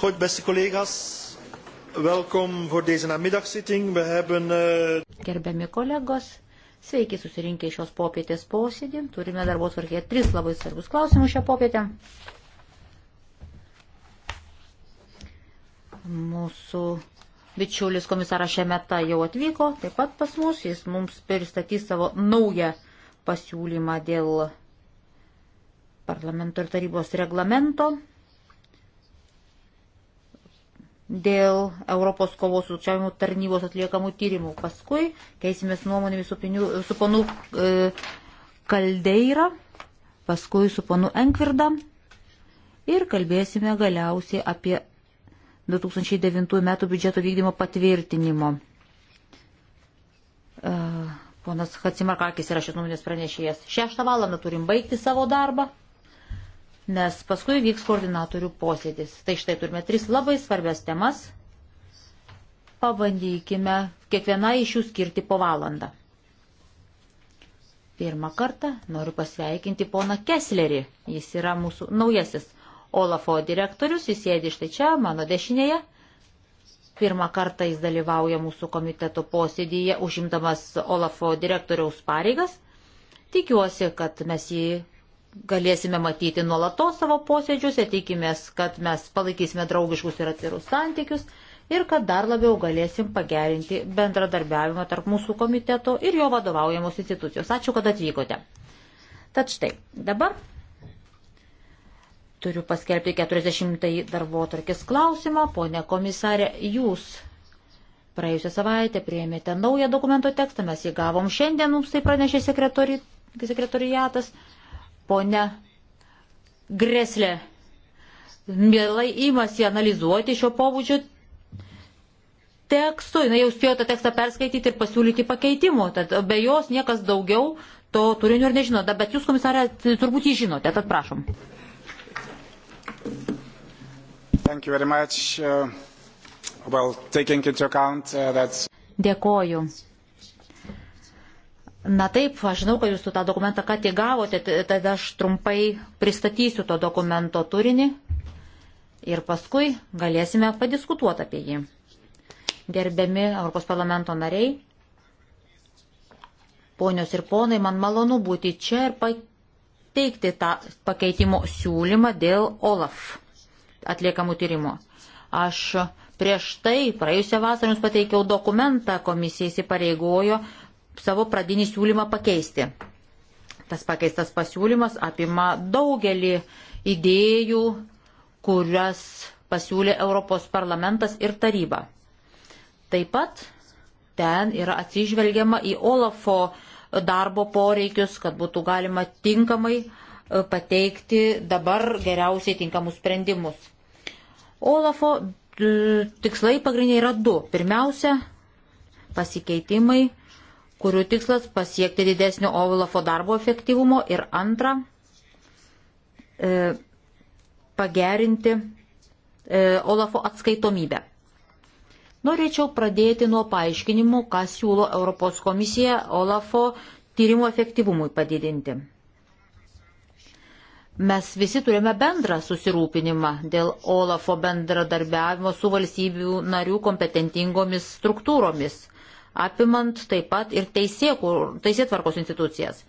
Goed, beste collega's. Welkom voor deze namiddagzitting. We hebben. Uh... Gerbiami kolegos, sveiki susirinkę į šios popietės posėdį. Turime darbo tvarkėje tris labai svarbus klausimus šią popietę. Mūsų bičiulis komisaras Šemeta jau atvyko, taip pat pas mus. Jis mums pristatys savo naują pasiūlymą dėl parlamento ir tarybos reglamento dėl Europos kovos sukčiavimo tarnybos atliekamų tyrimų. Paskui keisimės nuomonėmis su, piniu, su panu e, Kaldeira, paskui su panu Enkvirda ir kalbėsime galiausiai apie 2009 metų biudžeto vykdymo patvirtinimo. E, ponas Hatsimarkakis yra šios nuomonės pranešėjas. Šeštą valandą turim baigti savo darbą nes paskui vyks koordinatorių posėdis. Tai štai turime tris labai svarbias temas. Pabandykime kiekvieną iš jų skirti po valandą. Pirmą kartą noriu pasveikinti poną Kesslerį. Jis yra mūsų naujasis Olafo direktorius, jis sėdi štai čia, mano dešinėje. Pirmą kartą jis dalyvauja mūsų komiteto posėdyje, užimdamas Olafo direktoriaus pareigas. Tikiuosi, kad mes jį galėsime matyti nuolatos savo posėdžiuose, tikimės, kad mes palaikysime draugiškus ir atvirus santykius ir kad dar labiau galėsim pagerinti bendradarbiavimą tarp mūsų komiteto ir jo vadovaujamos institucijos. Ačiū, kad atvykote. Tad štai, dabar turiu paskelbti 40-ąjį darbo tarkis klausimą. Pone komisarė, jūs praėjusią savaitę prieimėte naują dokumento tekstą, mes jį gavom šiandien, mums tai pranešė sekretori, sekretoriatas. Sekretori Pone Greslė, mielai imasi analizuoti šio pobūdžio teksto, jinai jau spėjo tą tekstą perskaityti ir pasiūlyti pakeitimų, tad be jos niekas daugiau to turinio ir nežino, bet jūs komisarė turbūt jį žinote, tad prašom. Uh, well, account, uh, Dėkoju. Na taip, aš žinau, kad jūs tą dokumentą ką tik gavote, tada aš trumpai pristatysiu to dokumento turinį ir paskui galėsime padiskutuoti apie jį. Gerbiami Europos parlamento nariai, ponios ir ponai, man malonu būti čia ir pateikti tą pakeitimo siūlymą dėl OLAF atliekamų tyrimų. Aš prieš tai, praėjusią vasarą, jums pateikiau dokumentą, komisija įsipareigojo savo pradinį siūlymą pakeisti. Tas pakeistas pasiūlymas apima daugelį idėjų, kurias pasiūlė Europos parlamentas ir taryba. Taip pat ten yra atsižvelgiama į Olafo darbo poreikius, kad būtų galima tinkamai e, pateikti dabar geriausiai tinkamus sprendimus. Olafo tikslai pagrindiniai yra du. Pirmiausia, pasikeitimai kurių tikslas pasiekti didesnio OLAFO darbo efektyvumo ir antra, e, pagerinti e, OLAFO atskaitomybę. Norėčiau pradėti nuo paaiškinimų, ką siūlo Europos komisija OLAFO tyrimų efektyvumui padidinti. Mes visi turime bendrą susirūpinimą dėl OLAFO bendradarbiavimo su valstybių narių kompetentingomis struktūromis apimant taip pat ir teisėtvarkos institucijas.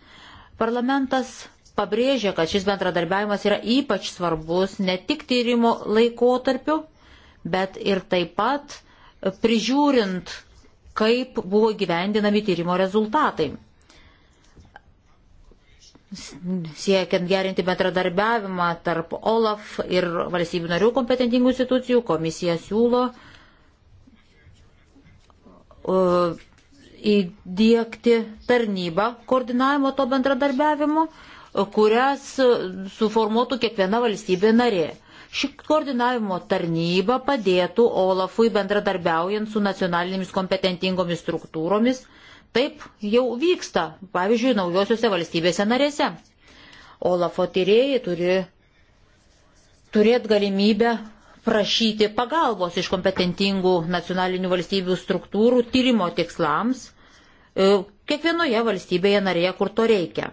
Parlamentas pabrėžia, kad šis bendradarbiavimas yra ypač svarbus ne tik tyrimo laikotarpiu, bet ir taip pat prižiūrint, kaip buvo gyvendinami tyrimo rezultatai. Siekiant gerinti bendradarbiavimą tarp OLAF ir valstybių narių kompetentingų institucijų, komisija siūlo uh, įdėkti tarnybą koordinavimo to bendradarbiavimo, kurias e, suformuotų kiekviena valstybė narė. Ši koordinavimo tarnyba padėtų Olafui bendradarbiaujant su nacionalinėmis kompetentingomis struktūromis. Taip jau vyksta, pavyzdžiui, naujosiuose valstybėse narėse. Olafo tyrėjai turi turėti galimybę prašyti pagalbos iš kompetentingų nacionalinių valstybių struktūrų tyrimo tikslams e, kiekvienoje valstybėje narėje, kur to reikia.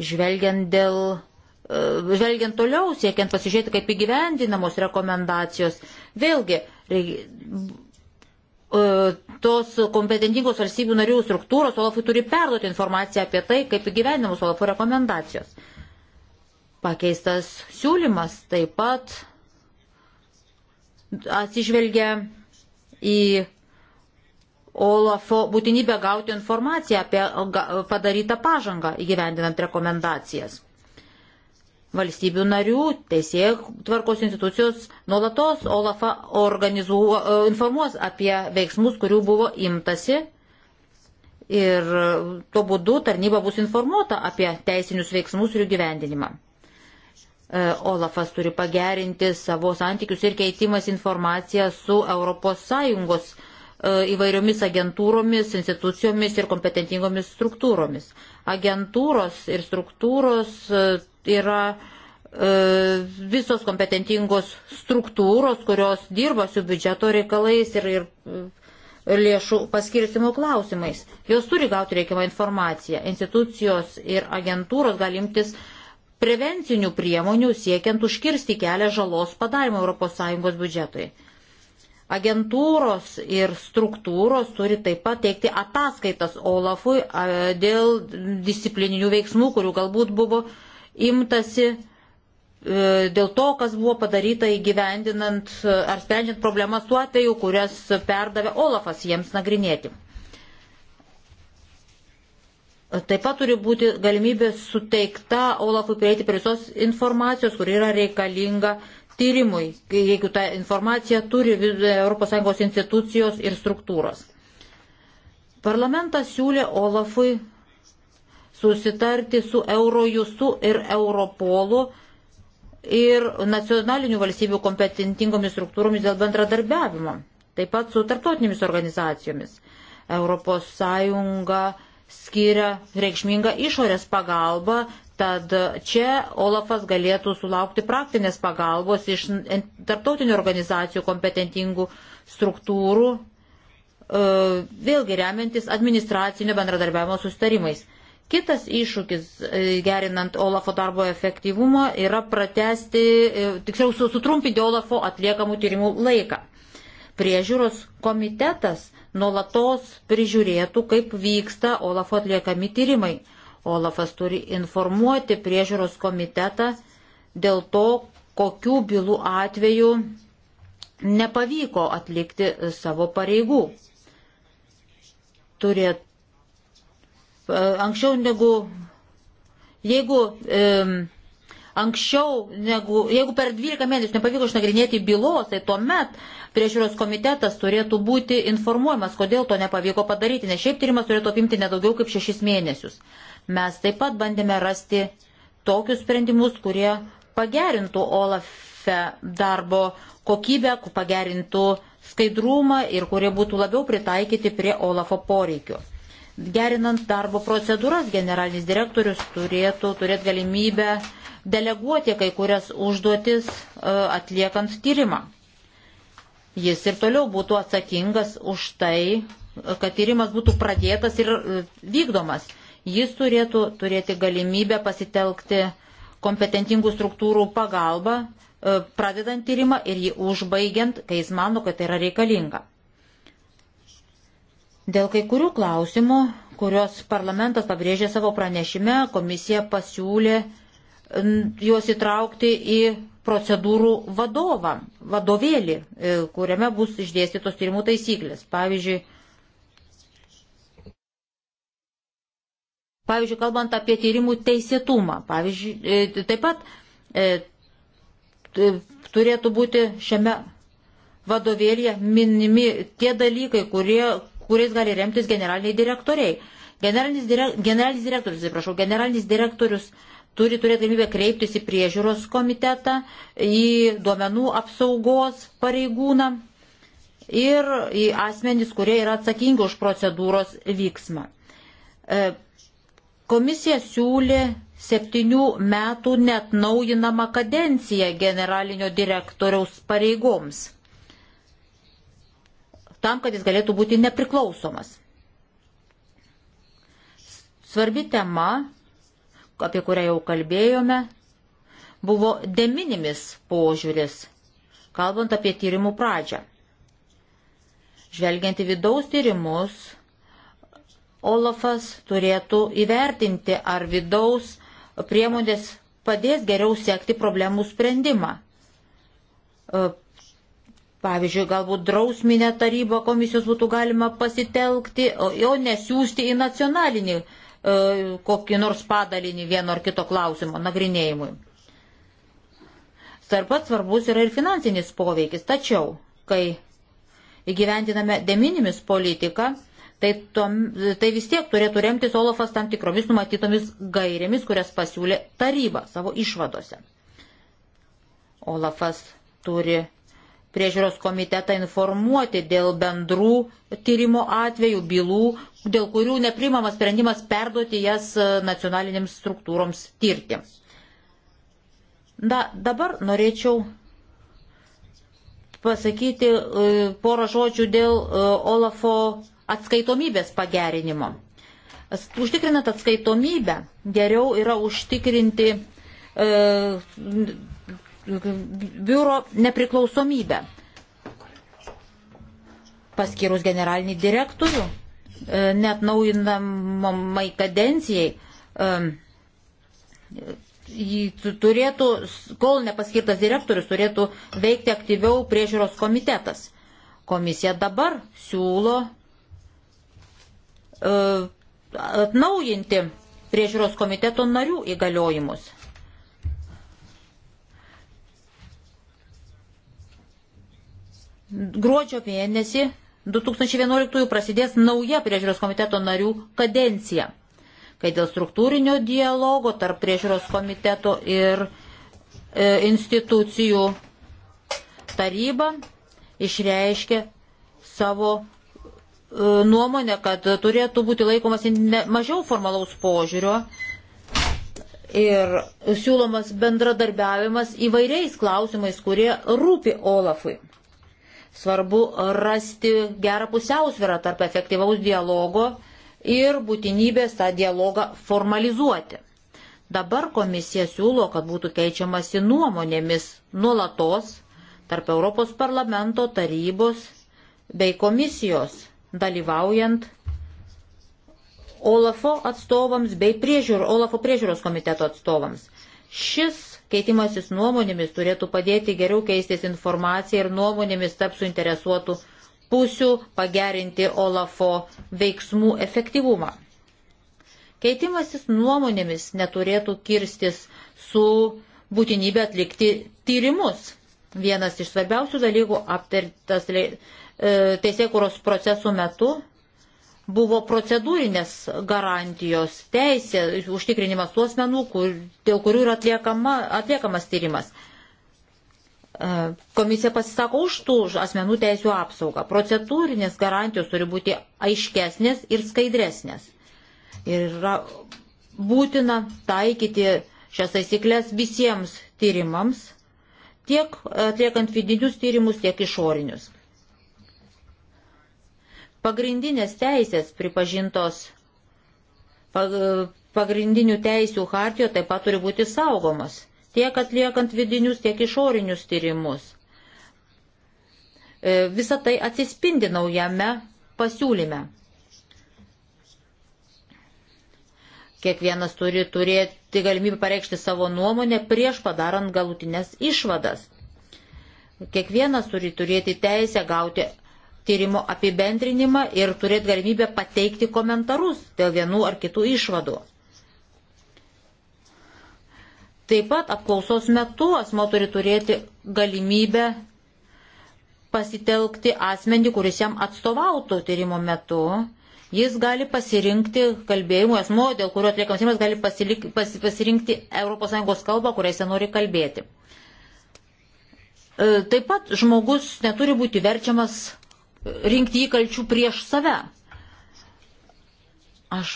Žvelgiant dėl e, žvelgiant toliau, siekiant pasižiūrėti, kaip įgyvendinamos rekomendacijos, vėlgi e, tos kompetentingos valstybių narių struktūros Olafui turi perduoti informaciją apie tai, kaip įgyvendinamos Olafų rekomendacijos. Pakeistas siūlymas taip pat atsižvelgia į Olafo būtinybę gauti informaciją apie padarytą pažangą įgyvendinant rekomendacijas. Valstybių narių, teisėjų tvarkos institucijos nuolatos Olafą informuos apie veiksmus, kurių buvo imtasi ir tuo būdu tarnyba bus informuota apie teisinius veiksmus ir jų gyvendinimą. E, Olafas turi pagerinti savo santykius ir keitimas informaciją su ES e, įvairiomis agentūromis, institucijomis ir kompetentingomis struktūromis. Agentūros ir struktūros e, yra visos kompetentingos struktūros, kurios dirba su biudžeto reikalais ir, ir lėšų paskirstimo klausimais. Jos turi gauti reikiamą informaciją. Institucijos ir agentūros gali imtis uh, prevencinių priemonių siekiant užkirsti kelią žalos padarimo ES biudžetui. Agentūros ir struktūros turi taip pat teikti ataskaitas Olafui dėl disciplininių veiksmų, kurių galbūt buvo imtasi e, dėl to, kas buvo padaryta įgyvendinant e, ar sprendžiant problemas tuo atveju, kurias perdavė Olafas jiems nagrinėti. Taip pat turi būti galimybė suteikta Olafui prieiti prie visos informacijos, kur yra reikalinga tyrimui, jeigu tą informaciją turi ES institucijos ir struktūros. Parlamentas siūlė Olafui susitarti su Eurojustu ir Europolu ir nacionalinių valstybių kompetentingomis struktūromis dėl bendradarbiavimo, taip pat su tarptautinėmis organizacijomis. Europos Sąjunga skiria reikšmingą išorės pagalbą, tad čia Olafas galėtų sulaukti praktinės pagalbos iš tarptautinių organizacijų kompetentingų struktūrų, e, vėlgi remiantis administracinio bendradarbiavimo sustarimais. Kitas iššūkis e, gerinant Olafo darbo efektyvumą yra pratesti, e, tiksliau sutrumpinti Olafo atliekamų tyrimų laiką. Priežiūros komitetas nuolatos prižiūrėtų, kaip vyksta Olafo atliekami tyrimai. Olafas turi informuoti priežiūros komitetą dėl to, kokių bylų atveju nepavyko atlikti savo pareigų. Turėt, anksčiau negu, jeigu, e, anksčiau negu, jeigu per 12 mėnesių nepavyko išnagrinėti bylos, tai tuomet priežiūros komitetas turėtų būti informuojamas, kodėl to nepavyko padaryti, nes šiaip tyrimas turėtų apimti nedaugiau kaip šešis mėnesius. Mes taip pat bandėme rasti tokius sprendimus, kurie pagerintų OLAFE darbo kokybę, pagerintų skaidrumą ir kurie būtų labiau pritaikyti prie OLAFO poreikių. Gerinant darbo procedūras, generalinis direktorius turėtų turėti galimybę deleguoti kai kurias užduotis e, atliekant tyrimą jis ir toliau būtų atsakingas už tai, kad tyrimas būtų pradėtas ir e, vykdomas. Jis turėtų turėti galimybę pasitelkti kompetentingų struktūrų pagalbą, e, pradedant tyrimą ir jį užbaigiant, kai jis mano, kad tai yra reikalinga. Dėl kai kurių klausimų, kuriuos parlamentas pabrėžė savo pranešime, komisija pasiūlė juos įtraukti į procedūrų vadovą, vadovėlį, e, kuriame bus išdėstytos tyrimų taisyklės. Pavyzdžiui, Pavyzdžiui, kalbant apie tyrimų teisėtumą, pavyzdžiui, e, taip pat e, turėtų būti šiame vadovėlėje minimi tie dalykai, kurie, kuriais gali remtis generaliniai direktoriai. Generalinis, direk, generalinis direktorius, atsiprašau, generalinis direktorius e, turi turėti galimybę kreiptis į priežiūros komitetą, į duomenų apsaugos pareigūną ir į asmenys, kurie yra atsakingi už procedūros vyksmą. E, komisija siūlė septynių metų net naujinamą kadenciją generalinio direktoriaus pareigoms, tam, kad jis galėtų būti nepriklausomas. Svarbi tema apie kurią jau kalbėjome, buvo deminimis požiūris, kalbant apie tyrimų pradžią. Žvelgiant į vidaus tyrimus, Olafas turėtų įvertinti, ar vidaus priemonės padės geriau sekti problemų sprendimą. E, pavyzdžiui, galbūt drausminę tarybą komisijos būtų galima pasitelkti, o nesiųsti į nacionalinį E, kokį nors padalinį vieno ar kito klausimo nagrinėjimui. Taip pat svarbus yra ir finansinis poveikis, tačiau, kai įgyvendiname deminimis politiką, tai, tom, tai vis tiek turėtų remtis Olofas tam tikromis numatytomis gairėmis, kurias pasiūlė taryba savo išvadose. Olafas turi priežiūros komitetą informuoti dėl bendrų tyrimo atvejų, bylų, dėl kurių neprimamas sprendimas perduoti jas e, nacionalinėms struktūroms tirti. Na, dabar norėčiau pasakyti e, porą žodžių dėl e, Olafo atskaitomybės pagerinimo. Užtikrinant atskaitomybę, geriau yra užtikrinti biuro nepriklausomybę. Paskirus generalinį direktorių, e, net naujinamai kadencijai, e, turėtų, kol nepaskirtas direktorius, turėtų veikti aktyviau priežiūros komitetas. Komisija dabar siūlo e, atnaujinti priežiūros komiteto narių įgaliojimus. Gruodžio mėnesį 2011 prasidės nauja priežiūros komiteto narių kadencija, kai dėl struktūrinio dialogo tarp priežiūros komiteto ir e, institucijų taryba išreiškė savo e, nuomonę, kad turėtų būti laikomas mažiau formalaus požiūrio ir siūlomas bendradarbiavimas įvairiais klausimais, kurie rūpi Olafui. Svarbu rasti gerą pusiausvyrą tarp efektyvaus dialogo ir būtinybės tą dialogą formalizuoti. Dabar komisija siūlo, kad būtų keičiamasi nuomonėmis nuolatos tarp Europos parlamento tarybos bei komisijos, dalyvaujant Olafo atstovams bei priežiūro, Olafo priežiūros komiteto atstovams. Šis Keitimasis nuomonėmis turėtų padėti geriau keistis informaciją ir nuomonėmis tarp suinteresuotų pusių pagerinti Olafo veiksmų efektyvumą. Keitimasis nuomonėmis neturėtų kirstis su būtinybė atlikti tyrimus. Vienas iš svarbiausių dalykų aptartas e, teisėkuros procesų metu buvo procedūrinės garantijos, teisė, užtikrinimas tų asmenų, kur, dėl kurių yra atliekama, atliekamas tyrimas. E, komisija pasisako už tų asmenų teisų apsaugą. Procedūrinės garantijos turi būti aiškesnės ir skaidresnės. Ir yra būtina taikyti šias taisyklės visiems tyrimams, tiek atliekant vidinius tyrimus, tiek išorinius. Pagrindinės teisės pripažintos pagrindinių teisių hartijo taip pat turi būti saugomos, tiek atliekant vidinius, tiek išorinius tyrimus. E, Visą tai atsispindi naujame pasiūlyme. Kiekvienas turi turėti galimybę pareikšti savo nuomonę prieš padarant galutinės išvadas. Kiekvienas turi turėti teisę gauti tyrimo apibendrinimą ir turėti galimybę pateikti komentarus dėl vienų ar kitų išvadų. Taip pat apklausos metu asmo turi turėti galimybę pasitelkti asmenį, kuris jam atstovautų tyrimo metu. Jis gali pasirinkti kalbėjimų asmo, dėl kurio atliekamas tyrimas gali pasilik, pas, pasirinkti ES kalbą, kurią jis nori kalbėti. E, taip pat žmogus neturi būti verčiamas rinkti įkalčių prieš save. Aš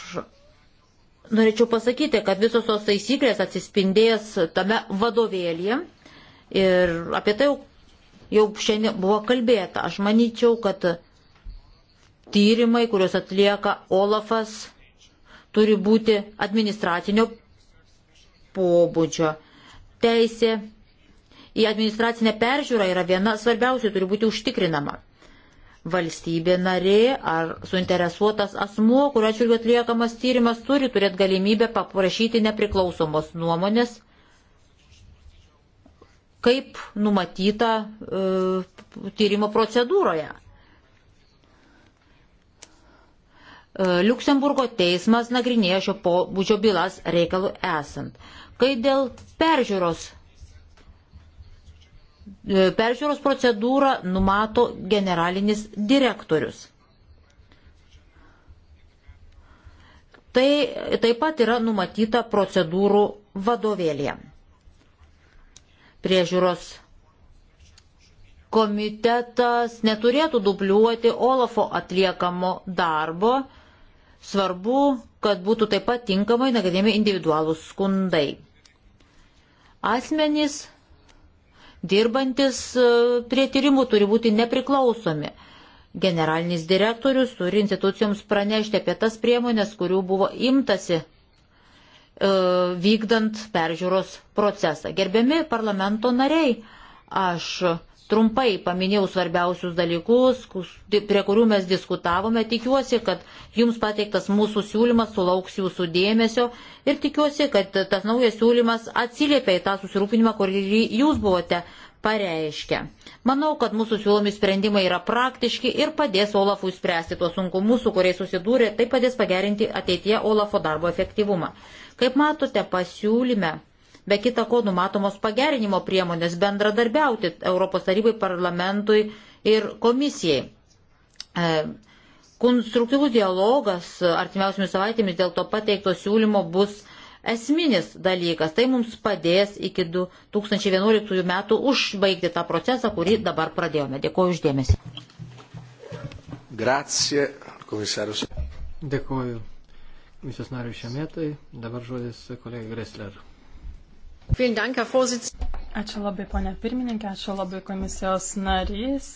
norėčiau pasakyti, kad visos tos taisyklės atsispindės tame vadovėlyje ir apie tai jau, jau šiandien buvo kalbėta. Aš manyčiau, kad tyrimai, kuriuos atlieka Olafas, turi būti administracinio pobūdžio. Teisė į administracinę peržiūrą yra viena svarbiausių, turi būti užtikrinama valstybė narė ar suinteresuotas asmuo, kurio atžvilgiu atliekamas tyrimas, turi turėti galimybę paprašyti nepriklausomos nuomonės, kaip numatyta e, tyrimo procedūroje. E, Liuksemburgo teismas nagrinėjo šio pobūdžio bylas reikalų esant. Kai dėl peržiūros E, peržiūros procedūrą numato generalinis direktorius. Tai taip pat yra numatyta procedūrų vadovėlėje. Priežiūros komitetas neturėtų dubliuoti Olafo atliekamo darbo. Svarbu, kad būtų taip pat tinkamai nagrinėjami individualūs skundai. Asmenys dirbantis e, prie tyrimų turi būti nepriklausomi. Generalinis direktorius turi institucijoms pranešti apie tas priemonės, kurių buvo imtasi e, vykdant peržiūros procesą. Gerbiami parlamento nariai, aš Trumpai paminėjau svarbiausius dalykus, prie kurių mes diskutavome. Tikiuosi, kad jums pateiktas mūsų siūlymas sulauks jūsų dėmesio ir tikiuosi, kad tas naujas siūlymas atsiliepia į tą susirūpinimą, kurį jūs buvote pareiškia. Manau, kad mūsų siūlomi sprendimai yra praktiški ir padės Olafui spręsti tuos sunkumus, su kuriais susidūrė, tai padės pagerinti ateityje Olafo darbo efektyvumą. Kaip matote, pasiūlyme Be kita ko numatomos pagerinimo priemonės bendradarbiauti Europos tarybai, parlamentui ir komisijai. E, konstruktyvus dialogas artimiausiamis savaitėmis dėl to pateikto siūlymo bus esminis dalykas. Tai mums padės iki 2011 metų užbaigti tą procesą, kurį dabar pradėjome. Dėkuoju uždėmesi. Grazie, komisarius. Dėkuoju. Visos narių šiamėtai. Dabar žodis kolegai Gressler. Ačiū labai, ponė pirmininkė, ačiū labai komisijos narys.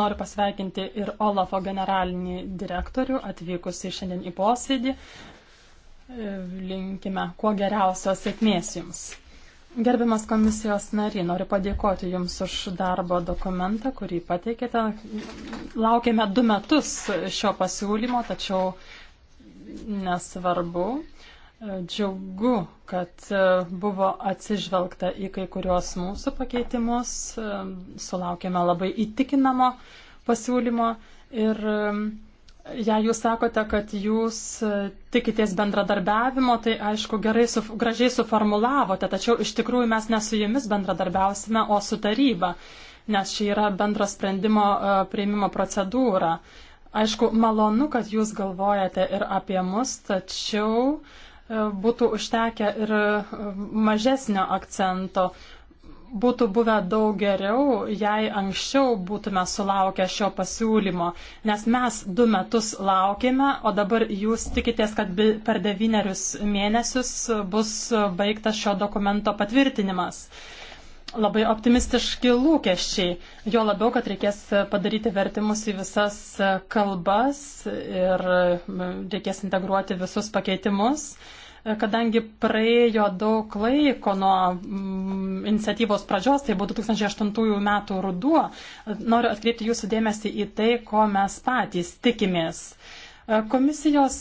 Noriu pasveikinti ir Olafo generalinį direktorių atvykusi šiandien į posėdį. Linkime kuo geriausios sėkmės jums. Gerbiamas komisijos nariai, noriu padėkoti Jums už darbo dokumentą, kurį pateikėte. Laukėme du metus šio pasiūlymo, tačiau nesvarbu. Džiaugu, kad e, buvo atsižvelgta į kai kuriuos mūsų pakeitimus, e, sulaukėme labai įtikinamo pasiūlymo ir e, jei jūs sakote, kad jūs tikitės bendradarbiavimo, tai aišku, gerai, su, gražiai suformulavote, tačiau iš tikrųjų mes ne su jumis bendradarbiausime, o su taryba, nes čia yra bendro sprendimo prieimimo procedūra. Aišku, malonu, kad jūs galvojate ir apie mus, tačiau uh, būtų užtekę ir mažesnio akcento. Būtų buvę daug geriau, jei anksčiau būtume sulaukę šio pasiūlymo, nes mes du metus laukime, o dabar jūs tikitės, kad per devynerius mėnesius bus baigtas šio dokumento patvirtinimas labai optimistiški lūkesčiai, jo labiau, kad reikės padaryti vertimus į visas kalbas ir reikės integruoti visus pakeitimus. Kadangi praėjo daug laiko nuo mm, iniciatyvos pradžios, tai buvo 2008 metų ruduo, noriu atkreipti jūsų dėmesį į tai, ko mes patys tikimės. Uh, Komisijos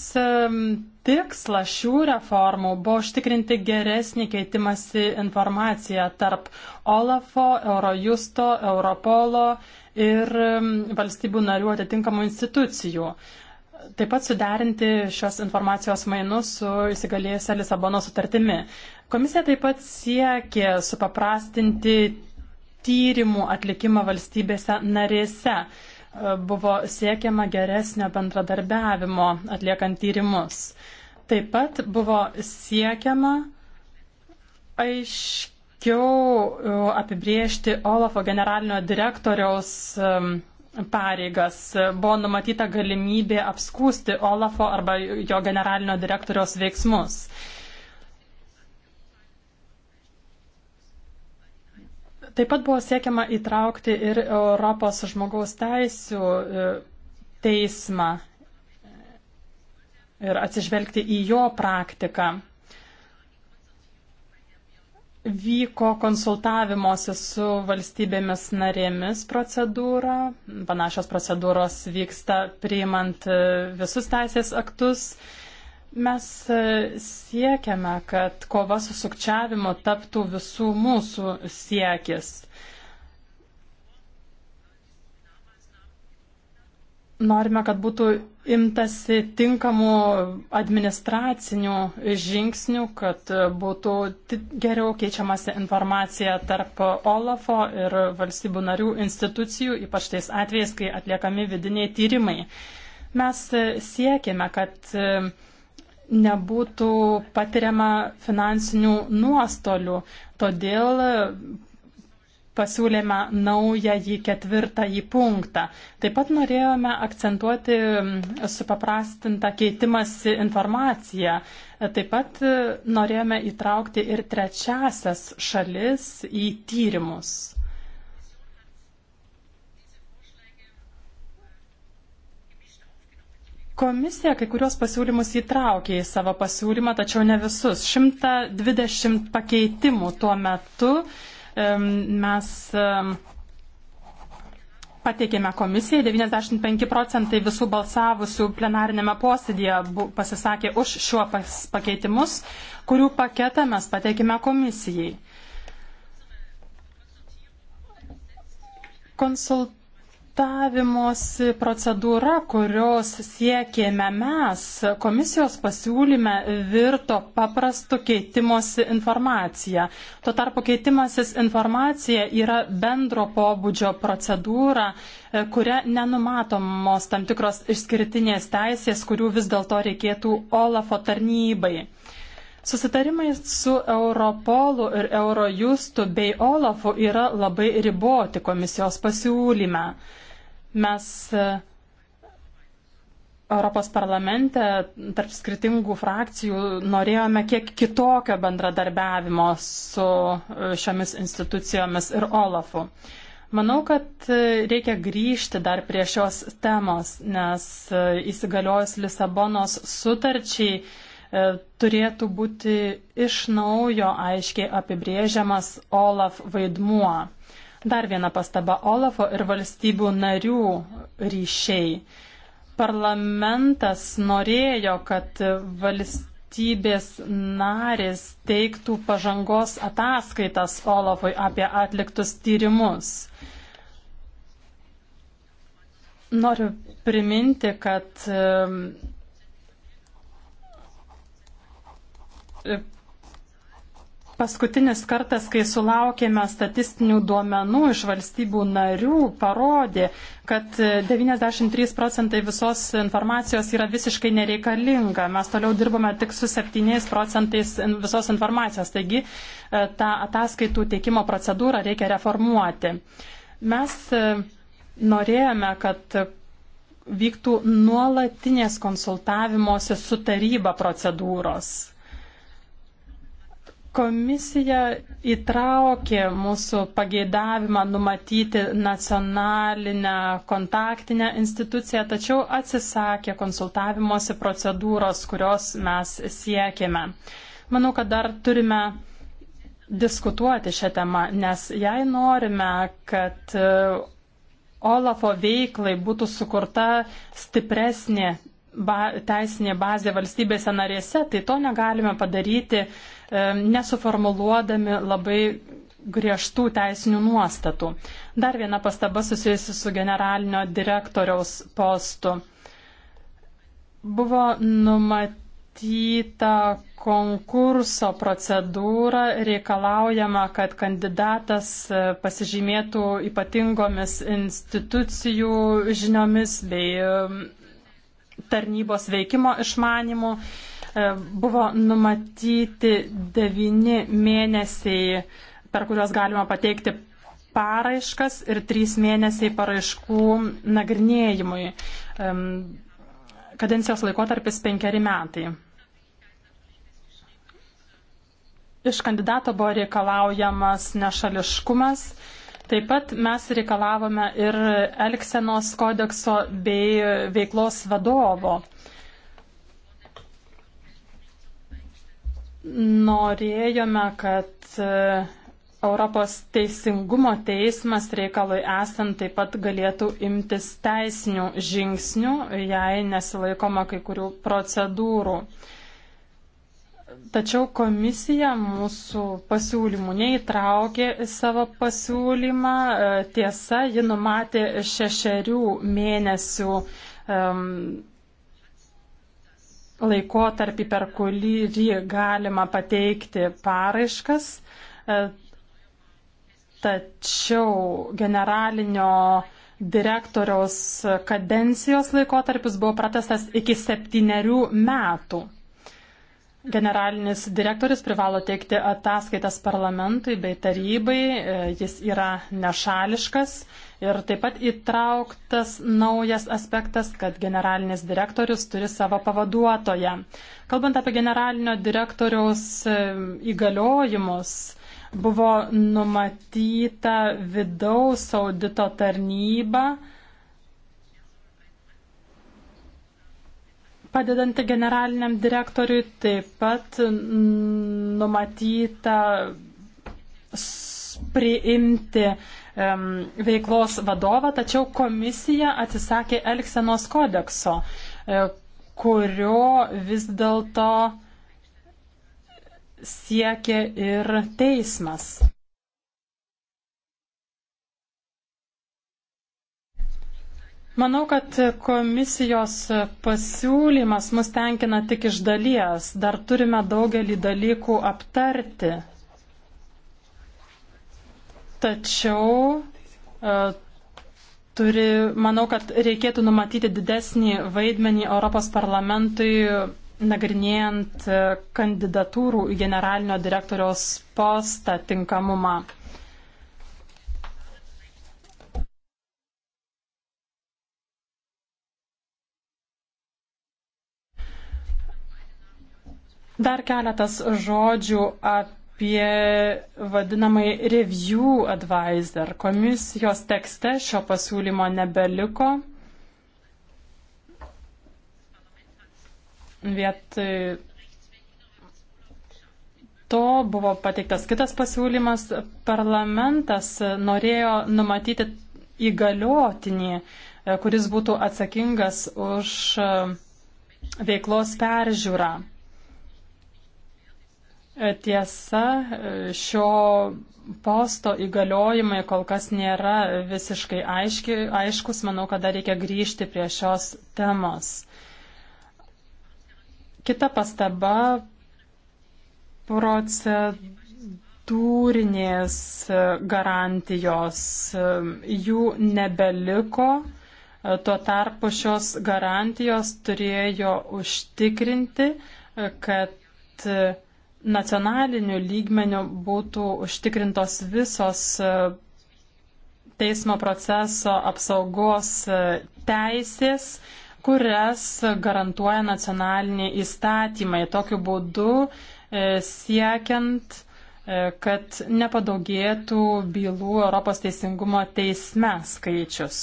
tikslas šių reformų buvo užtikrinti geresnį keitimąsi informaciją tarp OLAFO, Eurojusto, Europolo ir valstybių narių atitinkamų institucijų. Taip pat suderinti šios informacijos mainus su įsigalėjusią Lisabono sutartimi. Komisija taip pat siekė supaprastinti tyrimų atlikimą valstybėse narėse buvo siekiama geresnio bendradarbiavimo atliekant tyrimus. Taip pat buvo siekiama aiškiau e, apibriežti Olafo generalinio direktoriaus pareigas. Buvo numatyta galimybė apskūsti Olafo arba jo generalinio direktoriaus veiksmus. Taip pat buvo siekiama įtraukti ir Europos žmogaus teisų e, teismą ir atsižvelgti į jo praktiką. Vyko konsultavimuose su valstybėmis narėmis procedūra. Panašios procedūros vyksta priimant e, visus teisės aktus. Mes e, siekiame, kad kova su sukčiavimu taptų visų mūsų siekis. Norime, kad būtų imtasi tinkamų administracinių žingsnių, kad būtų geriau keičiamasi informacija tarp OLAFO ir valstybių narių institucijų, ypač tais atvejais, kai atliekami vidiniai tyrimai. Mes e, siekime, kad e, nebūtų patiriama finansinių nuostolių. Todėl pasiūlėme naują į ketvirtąjį punktą. Taip pat norėjome akcentuoti supaprastintą keitimąsi informaciją. Taip pat norėjome įtraukti ir trečiasias šalis į tyrimus. Komisija kai kurios pasiūlymus įtraukė į savo pasiūlymą, tačiau ne visus. 120 pakeitimų tuo metu mes pateikėme komisijai, 95 procentai visų balsavusių plenarinėme posėdėje pasisakė už šiuo pakeitimus, kurių paketą mes pateikėme komisijai. Konsult konsultavimosi procedūra, kurios siekėme mes, komisijos pasiūlyme virto paprastu keitimosi informacija. Tuo tarpu keitimasis informacija yra bendro pobūdžio procedūra, e, kuria nenumatomos tam tikros išskirtinės teisės, kurių vis dėlto reikėtų Olafo tarnybai. Susitarimai su Europolu ir Eurojustu bei Olafu yra labai riboti komisijos pasiūlyme. Mes e, Europos parlamente tarp skirtingų frakcijų norėjome kiek kitokio bendradarbiavimo su e, šiomis institucijomis ir Olafu. Manau, kad e, reikia grįžti dar prie šios temos, nes įsigaliojus Lisabonos sutarčiai turėtų būti iš naujo aiškiai apibrėžiamas Olaf vaidmuo. Dar viena pastaba - Olafo ir valstybių narių ryšiai. Parlamentas norėjo, kad valstybės narės teiktų pažangos ataskaitas Olafui apie atliktus tyrimus. Noriu priminti, kad Paskutinis kartas, kai sulaukėme statistinių duomenų iš valstybių narių, parodė, kad 93 procentai visos informacijos yra visiškai nereikalinga. Mes toliau dirbame tik su 7 procentais visos informacijos. Taigi e, tą ataskaitų teikimo procedūrą reikia reformuoti. Mes e, norėjome, kad vyktų nuolatinės konsultavimosi su taryba procedūros Komisija įtraukė mūsų pageidavimą numatyti nacionalinę kontaktinę instituciją, tačiau atsisakė konsultavimosi procedūros, kurios mes siekėme. Manau, kad dar turime diskutuoti šią temą, nes jei norime, kad e, Olafo veiklai būtų sukurta stipresnė ba, teisinė bazė valstybėse narėse, tai to negalime padaryti e, nesuformuluodami labai griežtų teisinių nuostatų. Dar viena pastaba susijusi su generalinio direktoriaus postu. Buvo numatyta konkurso procedūra, reikalaujama, kad kandidatas e, pasižymėtų ypatingomis institucijų žiniomis bei e, tarnybos veikimo išmanimu. E, buvo numatyti devini mėnesiai, per kuriuos galima pateikti paraiškas ir trys mėnesiai paraiškų nagrinėjimui. E, kadencijos laikotarpis penkeri metai. Iš kandidato buvo reikalaujamas nešališkumas Taip pat mes reikalavome ir Elksenos kodekso bei veiklos vadovo. Norėjome, kad e, Europos teisingumo teismas reikalui esant taip pat galėtų imtis teisinių žingsnių, jei nesilaikoma kai kurių procedūrų. Tačiau komisija mūsų pasiūlymų neįtraukė į savo pasiūlymą. E, tiesa, ji numatė šešerių mėnesių um, laikotarpį, per kurį galima pateikti paraiškas. E, tačiau generalinio direktoriaus kadencijos laikotarpis buvo pratestas iki septyniarių metų. Generalinis direktorius privalo teikti ataskaitas parlamentui bei tarybai, e, jis yra nešališkas ir taip pat įtrauktas naujas aspektas, kad generalinis direktorius turi savo pavaduotoją. Kalbant apie generalinio direktoriaus e, įgaliojimus, buvo numatyta vidaus audito tarnyba, padedanti generaliniam direktoriui, taip pat numatyta priimti um, veiklos vadovą, tačiau komisija atsisakė Elksenos kodekso, e, kurio vis dėlto siekia ir teismas. Manau, kad komisijos pasiūlymas mus tenkina tik iš dalies. Dar turime daugelį dalykų aptarti. Tačiau e, turi, manau, kad reikėtų numatyti didesnį vaidmenį Europos parlamentui nagrinėjant e, kandidatūrų į generalinio direktoriaus postą tinkamumą. Dar keletas žodžių apie vadinamai review advisor. Komisijos tekste šio pasiūlymo nebeliko. Vietoj to buvo pateiktas kitas pasiūlymas. Parlamentas norėjo numatyti įgaliotinį, kuris būtų atsakingas už veiklos peržiūrą. E, tiesa, e, šio posto įgaliojimai kol kas nėra visiškai aiški, aiškus. Manau, kad dar reikia grįžti prie šios temos. Kita pastaba procedūrinės garantijos. Jų nebeliko. Tuo tarpu šios garantijos turėjo užtikrinti, kad nacionaliniu lygmeniu būtų užtikrintos visos e, teismo proceso apsaugos e, teisės, kurias garantuoja nacionaliniai įstatymai. Tokiu būdu e, siekiant, kad nepadaugėtų bylų Europos teisingumo teisme skaičius.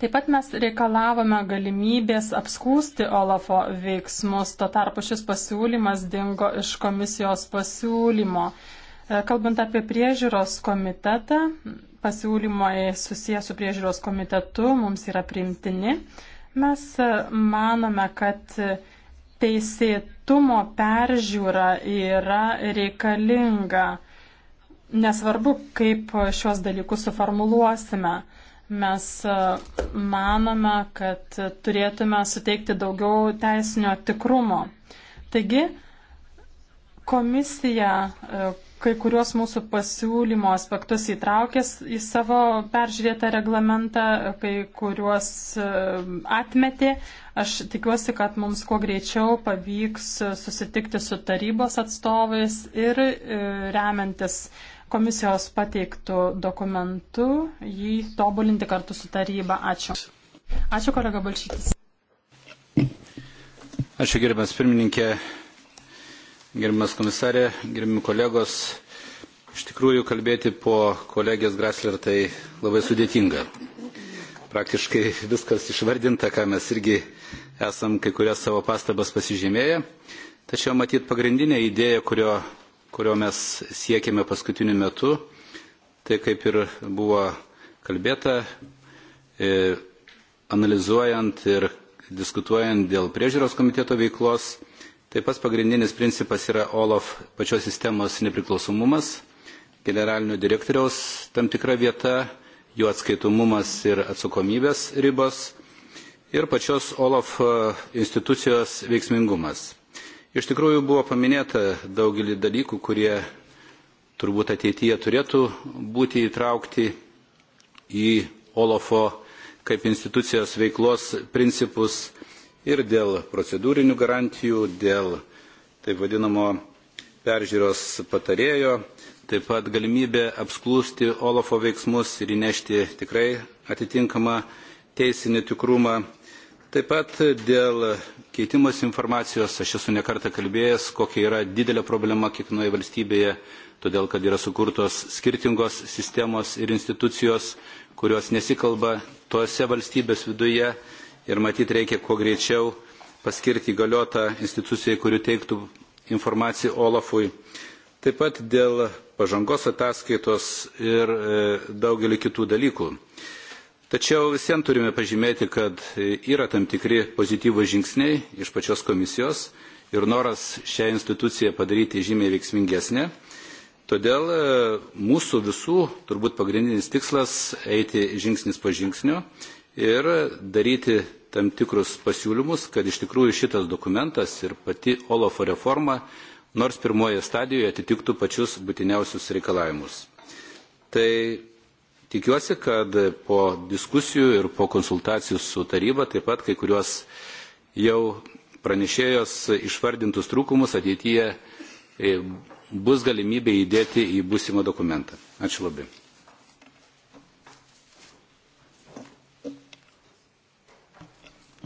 Taip pat mes reikalavome galimybės apskūsti Olafo veiksmus, to tarpu šis pasiūlymas dingo iš komisijos pasiūlymo. E, kalbant apie priežiūros komitetą, pasiūlymai susijęs su priežiūros komitetu mums yra primtini. Mes e, manome, kad teisėtumo peržiūra yra reikalinga. Nesvarbu, kaip šios dalykus suformuluosime. Mes e, manome, kad turėtume suteikti daugiau teisinio tikrumo. Taigi, komisija e, kai kuriuos mūsų pasiūlymo aspektus įtraukęs į savo peržiūrėtą reglamentą, kai kuriuos e, atmetė. Aš tikiuosi, kad mums kuo greičiau pavyks susitikti su tarybos atstovais ir remiantis komisijos pateiktų dokumentų, jį tobulinti kartu su taryba. Ačiū. Ačiū, kolega Balšytis. Ačiū, gerbiamas pirmininkė, gerbiamas komisarė, gerbiami kolegos. Iš tikrųjų, kalbėti po kolegės Grasler tai labai sudėtinga. Praktiškai viskas išvardinta, ką mes irgi esam kai kurias savo pastabas pasižymėję. Tačiau matyt pagrindinė idėja, kurio kurio mes siekėme paskutiniu metu, tai kaip ir buvo kalbėta, e, analizuojant ir diskutuojant dėl priežiūros komiteto veiklos, tai pas pagrindinis principas yra OLAF pačios sistemos nepriklausomumas, generalinio direktoriaus tam tikra vieta, jų atskaitomumas ir atsakomybės ribos ir pačios OLAF e, institucijos veiksmingumas. Iš tikrųjų buvo paminėta daugelį dalykų, kurie turbūt ateityje turėtų būti įtraukti į Olofo kaip institucijos veiklos principus ir dėl procedūrinių garantijų, dėl taip vadinamo peržiūros patarėjo, taip pat galimybė apsklūsti Olofo veiksmus ir įnešti tikrai atitinkamą teisinį tikrumą Taip pat dėl keitimos informacijos aš esu nekartą kalbėjęs, kokia yra didelė problema kiekvienoje valstybėje, todėl kad yra sukurtos skirtingos sistemos ir institucijos, kurios nesikalba tuose valstybės viduje ir matyt reikia kuo greičiau paskirti įgaliotą instituciją, kuri teiktų informaciją Olafui. Taip pat dėl pažangos ataskaitos ir e, daugelį kitų dalykų. E, Tačiau visiems turime pažymėti, kad yra tam tikri pozityvų žingsniai iš pačios komisijos ir noras šią instituciją padaryti žymiai veiksmingesnė. Todėl e, mūsų visų turbūt pagrindinis tikslas eiti žingsnis po žingsnio ir daryti tam tikrus pasiūlymus, kad iš tikrųjų šitas dokumentas ir pati Olofo reforma nors pirmoje stadijoje atitiktų pačius būtiniausius reikalavimus. Tai Tikiuosi, kad po diskusijų ir po konsultacijų su taryba taip pat kai kuriuos jau pranešėjos išvardintus trūkumus ateityje e, bus galimybė įdėti į būsimą dokumentą. Ačiū labai.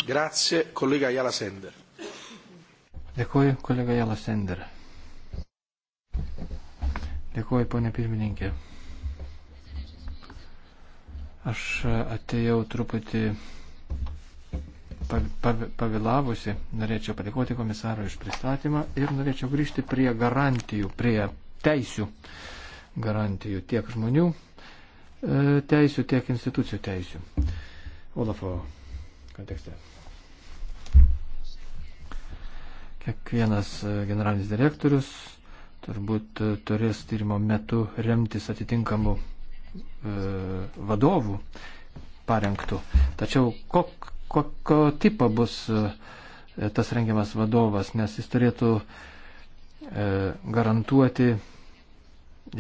Grazie, kolega Jala Sender. Dėkuoju, kolega Jala Sender. Dėkuoju, ponė pirmininkė. Aš atėjau truputį pavėlavusi. Norėčiau padėkoti komisaro iš pristatymą ir norėčiau grįžti prie garantijų, prie teisių garantijų tiek žmonių e, teisių, tiek institucijų teisių. Olafo kontekste. Kiekvienas e, generalinis direktorius turbūt e, turės tyrimo metu remtis atitinkamų E, vadovų parengtų. Tačiau kok, kokio tipo bus e, tas rengiamas vadovas, nes jis turėtų e, garantuoti,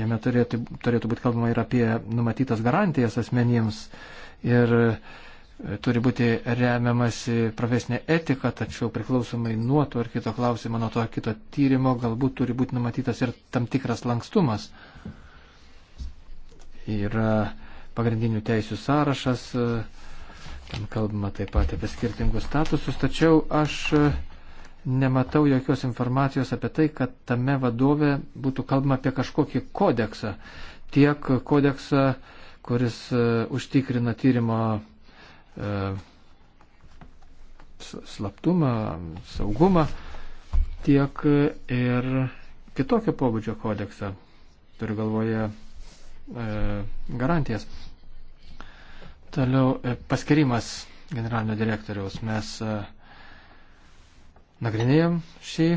jame turėtų, turėtų būti kalbama ir apie numatytas garantijas asmenims ir turi būti remiamasi profesinė etika, tačiau priklausomai nuo to ar kito klausimo, nuo to ar kito tyrimo, galbūt turi būti numatytas ir tam tikras lankstumas. Uh, yra pagrindinių teisių sąrašas, ten kalbama taip pat apie skirtingus statusus, tačiau aš nematau jokios informacijos apie tai, kad tame vadove būtų kalbama apie kažkokį kodeksą. Tiek kodeksą, kuris e, užtikrina tyrimo e, slaptumą, saugumą, tiek e, ir kitokio pobūdžio kodeksą. Turiu galvoje E, garantijas. Toliau e, paskirimas generalinio direktoriaus. Mes e, nagrinėjom šį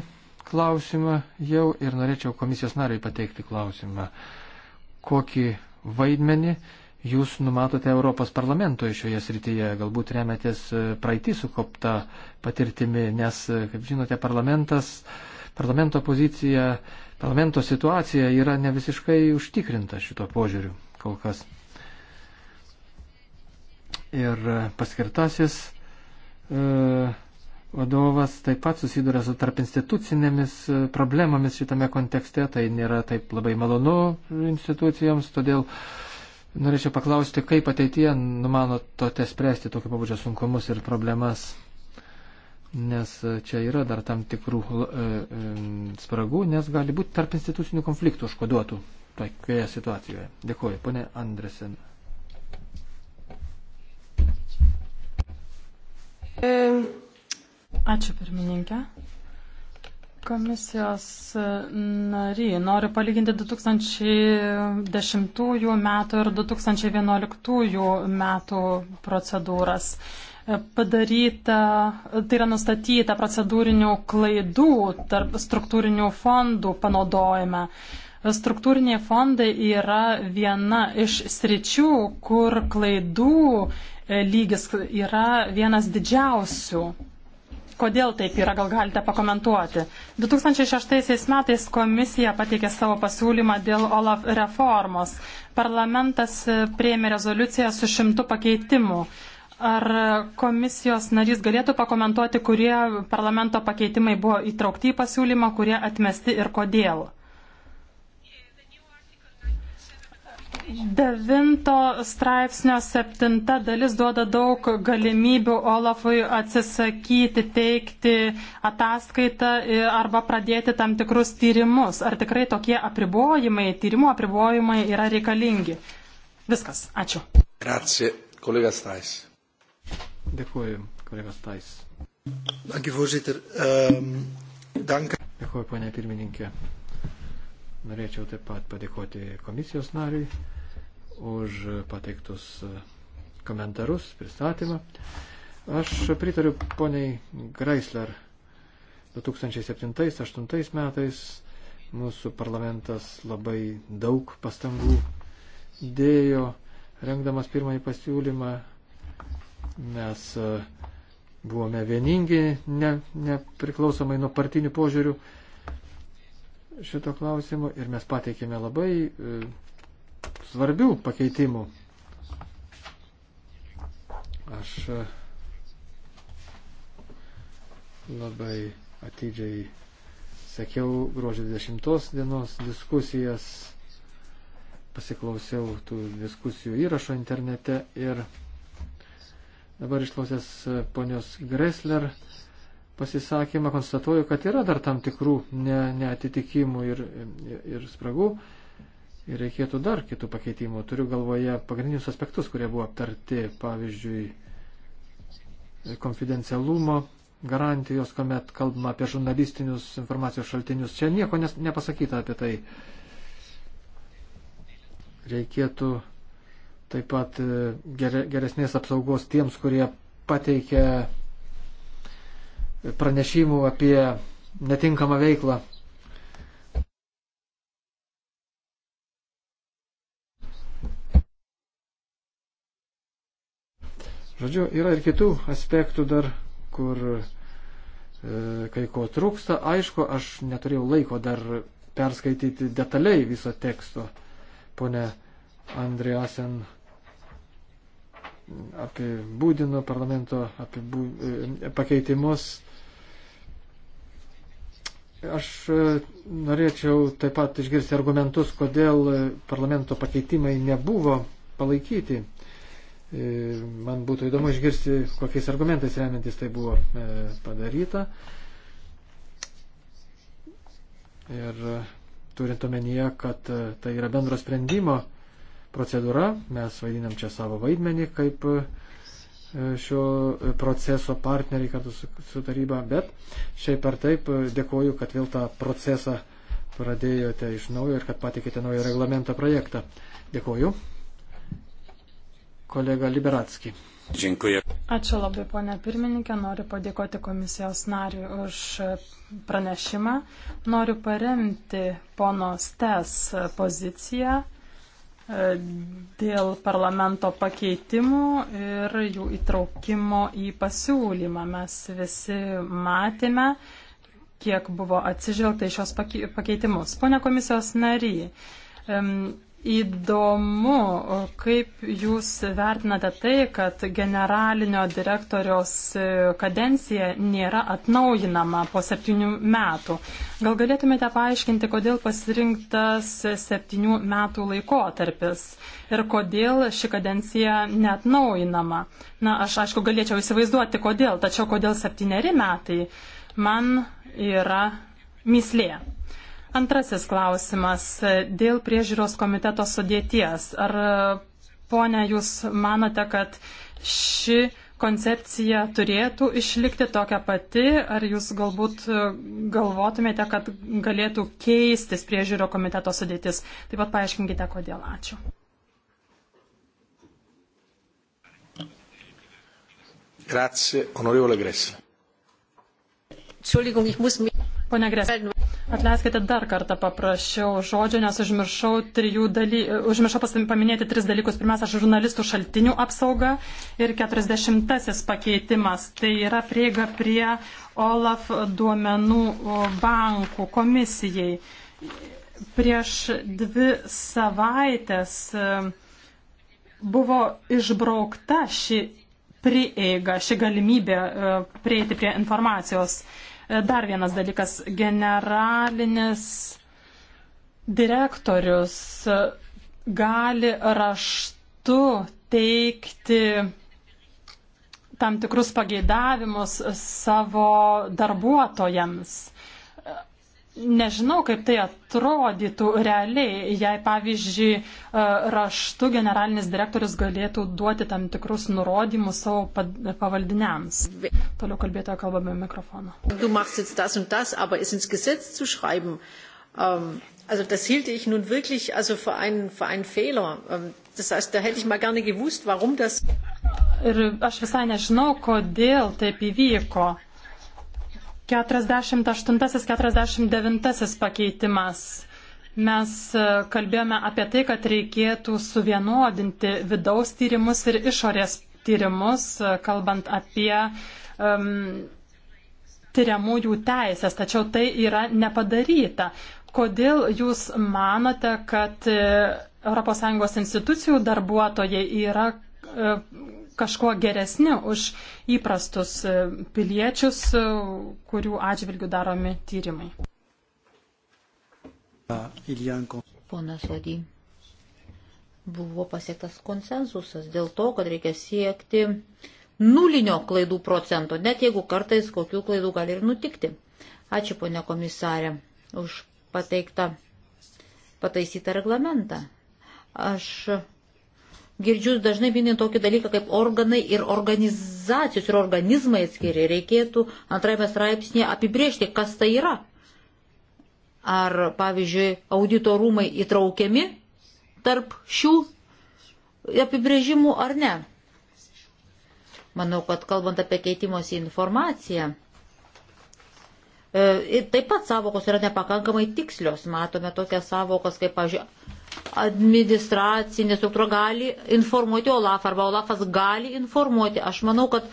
klausimą jau ir norėčiau komisijos nariai pateikti klausimą. Kokį vaidmenį jūs numatote Europos parlamentoje šioje srityje? Galbūt remiatės praeitį sukauptą patirtimi, nes, kaip žinote, parlamentas, parlamento pozicija Parlamento situacija yra ne visiškai užtikrinta šito požiūriu kol kas. Ir e, paskirtasis e, vadovas taip pat susiduria su tarp institucinėmis e, problemomis šitame kontekste, tai nėra taip labai malonu institucijoms, todėl norėčiau paklausti, kaip ateityje numanote spręsti tokio pabudžio sunkumus ir problemas nes e, čia yra dar tam tikrų e, e, spragų, nes gali būti tarp institucinių konfliktų užkoduotų tokioje situacijoje. Dėkuoju, ponė Andresen. Ačiū pirmininkė. Komisijos nariai, noriu palyginti 2010 metų ir 2011 metų procedūras padaryta, tai yra nustatyta procedūrinių klaidų tarp struktūrinių fondų panaudojime. Struktūriniai fondai yra viena iš sričių, kur klaidų e, lygis yra vienas didžiausių. Kodėl taip yra, gal galite pakomentuoti. 2006 metais komisija pateikė savo pasiūlymą dėl OLAF reformos. Parlamentas e, prieėmė rezoliuciją su šimtu pakeitimu. Ar komisijos narys galėtų pakomentuoti, kurie parlamento pakeitimai buvo įtraukti į pasiūlymą, kurie atmesti ir kodėl? Devinto straipsnio septinta dalis duoda daug galimybių Olafui atsisakyti, teikti ataskaitą arba pradėti tam tikrus tyrimus. Ar tikrai tokie apribojimai, tyrimo apribojimai yra reikalingi? Viskas. Ačiū. Grazie. Kolega Stais. Dėkuoju, kolegas Tais. Ehm, Dėkuoju, ponė pirmininkė. Norėčiau taip pat padėkoti komisijos nariui už pateiktus e, komentarus, pristatymą. Aš pritariu poniai Greisler. 2007-2008 metais mūsų parlamentas labai daug pastangų dėjo, rengdamas pirmąjį pasiūlymą Mes e, buvome vieningi, ne, nepriklausomai nuo partinių požiūrių šito klausimu ir mes pateikėme labai e, svarbių pakeitimų. Aš e, labai atidžiai sekiau gruodžio 20 dienos diskusijas, pasiklausiau tų diskusijų įrašo internete ir Dabar išklausęs e, ponios Gressler pasisakymą, konstatuoju, kad yra dar tam tikrų ne, neatitikimų ir, ir, ir spragų. Ir reikėtų dar kitų pakeitimų. Turiu galvoje pagrindinius aspektus, kurie buvo aptarti, pavyzdžiui, konfidencialumo garantijos, kuomet kalbama apie žurnalistinius informacijos šaltinius. Čia nieko nes, nepasakyta apie tai. Reikėtų taip pat e, geresnės apsaugos tiems, kurie pateikia pranešimų apie netinkamą veiklą. Žodžiu, yra ir kitų aspektų dar, kur e, kai ko trūksta. Aišku, aš neturėjau laiko dar perskaityti detaliai viso teksto. Pone Andriasen apibūdino parlamento apibū, e, pakeitimus. Aš e, norėčiau taip pat išgirsti argumentus, kodėl parlamento pakeitimai nebuvo palaikyti. E, man būtų įdomu išgirsti, kokiais argumentais remiantis tai buvo padaryta. Ir turint omenyje, kad tai yra bendro sprendimo procedūra, mes vaidinam čia savo vaidmenį kaip e, šio proceso partneriai kartu su, su taryba, bet šiaip ar taip e, dėkoju, kad vėl tą procesą pradėjote iš naujo ir kad patikėte naują reglamento projektą. Dėkoju. Kolega Liberatski. Dziękuję. Ačiū labai, ponė pirmininkė. Noriu padėkoti komisijos nariui už pranešimą. Noriu paremti pono Stes poziciją dėl parlamento pakeitimų ir jų įtraukimo į pasiūlymą. Mes visi matėme, kiek buvo atsižvelgta į šios pakeitimus. Pone komisijos nary, Įdomu, kaip Jūs vertinate tai, kad generalinio direktoriaus kadencija nėra atnaujinama po septynių metų. Gal galėtumėte paaiškinti, kodėl pasirinktas septynių metų laikotarpis ir kodėl ši kadencija neatnaujinama? Na, aš aišku galėčiau įsivaizduoti, kodėl, tačiau kodėl septyneri metai man yra mislė. Antrasis klausimas dėl priežiūros komiteto sudėties. Ar, ponia, jūs manote, kad ši koncepcija turėtų išlikti tokia pati, ar jūs galbūt e, galvotumėte, kad galėtų keistis priežiūro komiteto sudėtis? Taip pat paaiškinkite, kodėl. Ačiū. Grazie, onorevole Gressle. Entschuldigung, ich muss mich. Pone Gres, atleiskite dar kartą paprašiau žodžio, nes užmiršau, daly... užmiršau paminėti tris dalykus. Pirmiausia, žurnalistų šaltinių apsauga ir 40-asis pakeitimas. Tai yra prieiga prie OLAF duomenų bankų komisijai. Prieš dvi savaitės e, buvo išbraukta ši prieiga, ši galimybė e, prieiti prie informacijos. E, dar vienas dalykas. Generalinis direktorius gali raštu teikti tam tikrus pageidavimus savo darbuotojams. Nežinau, kaip tai atrodytų realiai, jei, pavyzdžiui, e, raštu generalinis direktorius galėtų duoti tam tikrus nurodymus savo pavaldiniams. Toliau kalbėtoja kalba be mikrofono. Du machst jetzt das und das, aber es ins Gesetz zu schreiben. Ähm, also das hielte ich nun wirklich also für einen, für einen Fehler. Ähm, das heißt, da hätte ich mal gerne gewusst, warum das. Ir aš visai nežinau, kodėl taip įvyko. 48-49 pakeitimas. Mes e, kalbėjome apie tai, kad reikėtų suvienodinti vidaus tyrimus ir išorės tyrimus, e, kalbant apie um, tyriamųjų teisės, tačiau tai yra nepadaryta. Kodėl jūs manote, kad ES institucijų darbuotojai yra e, kažkuo geresni už įprastus e, piliečius, e, kurių atžvilgių daromi tyrimai. Ponas Odį, buvo pasiektas konsensusas dėl to, kad reikia siekti nulinio klaidų procento, net jeigu kartais kokių klaidų gali ir nutikti. Ačiū, ponė komisarė, už pateiktą pataisytą reglamentą. Aš girdžiu dažnai minint tokį dalyką kaip organai ir organizacijos ir organizmai atskiri. Reikėtų antrajame straipsnėje apibriežti, kas tai yra. Ar, pavyzdžiui, auditorumai įtraukiami tarp šių apibrėžimų ar ne. Manau, kad kalbant apie keitimosi informaciją, e, ir taip pat savokos yra nepakankamai tikslios. Matome tokias savokas kaip, pavyzdžiui, administracinė struktūra gali informuoti Olaf arba Olafas gali informuoti. Aš manau, kad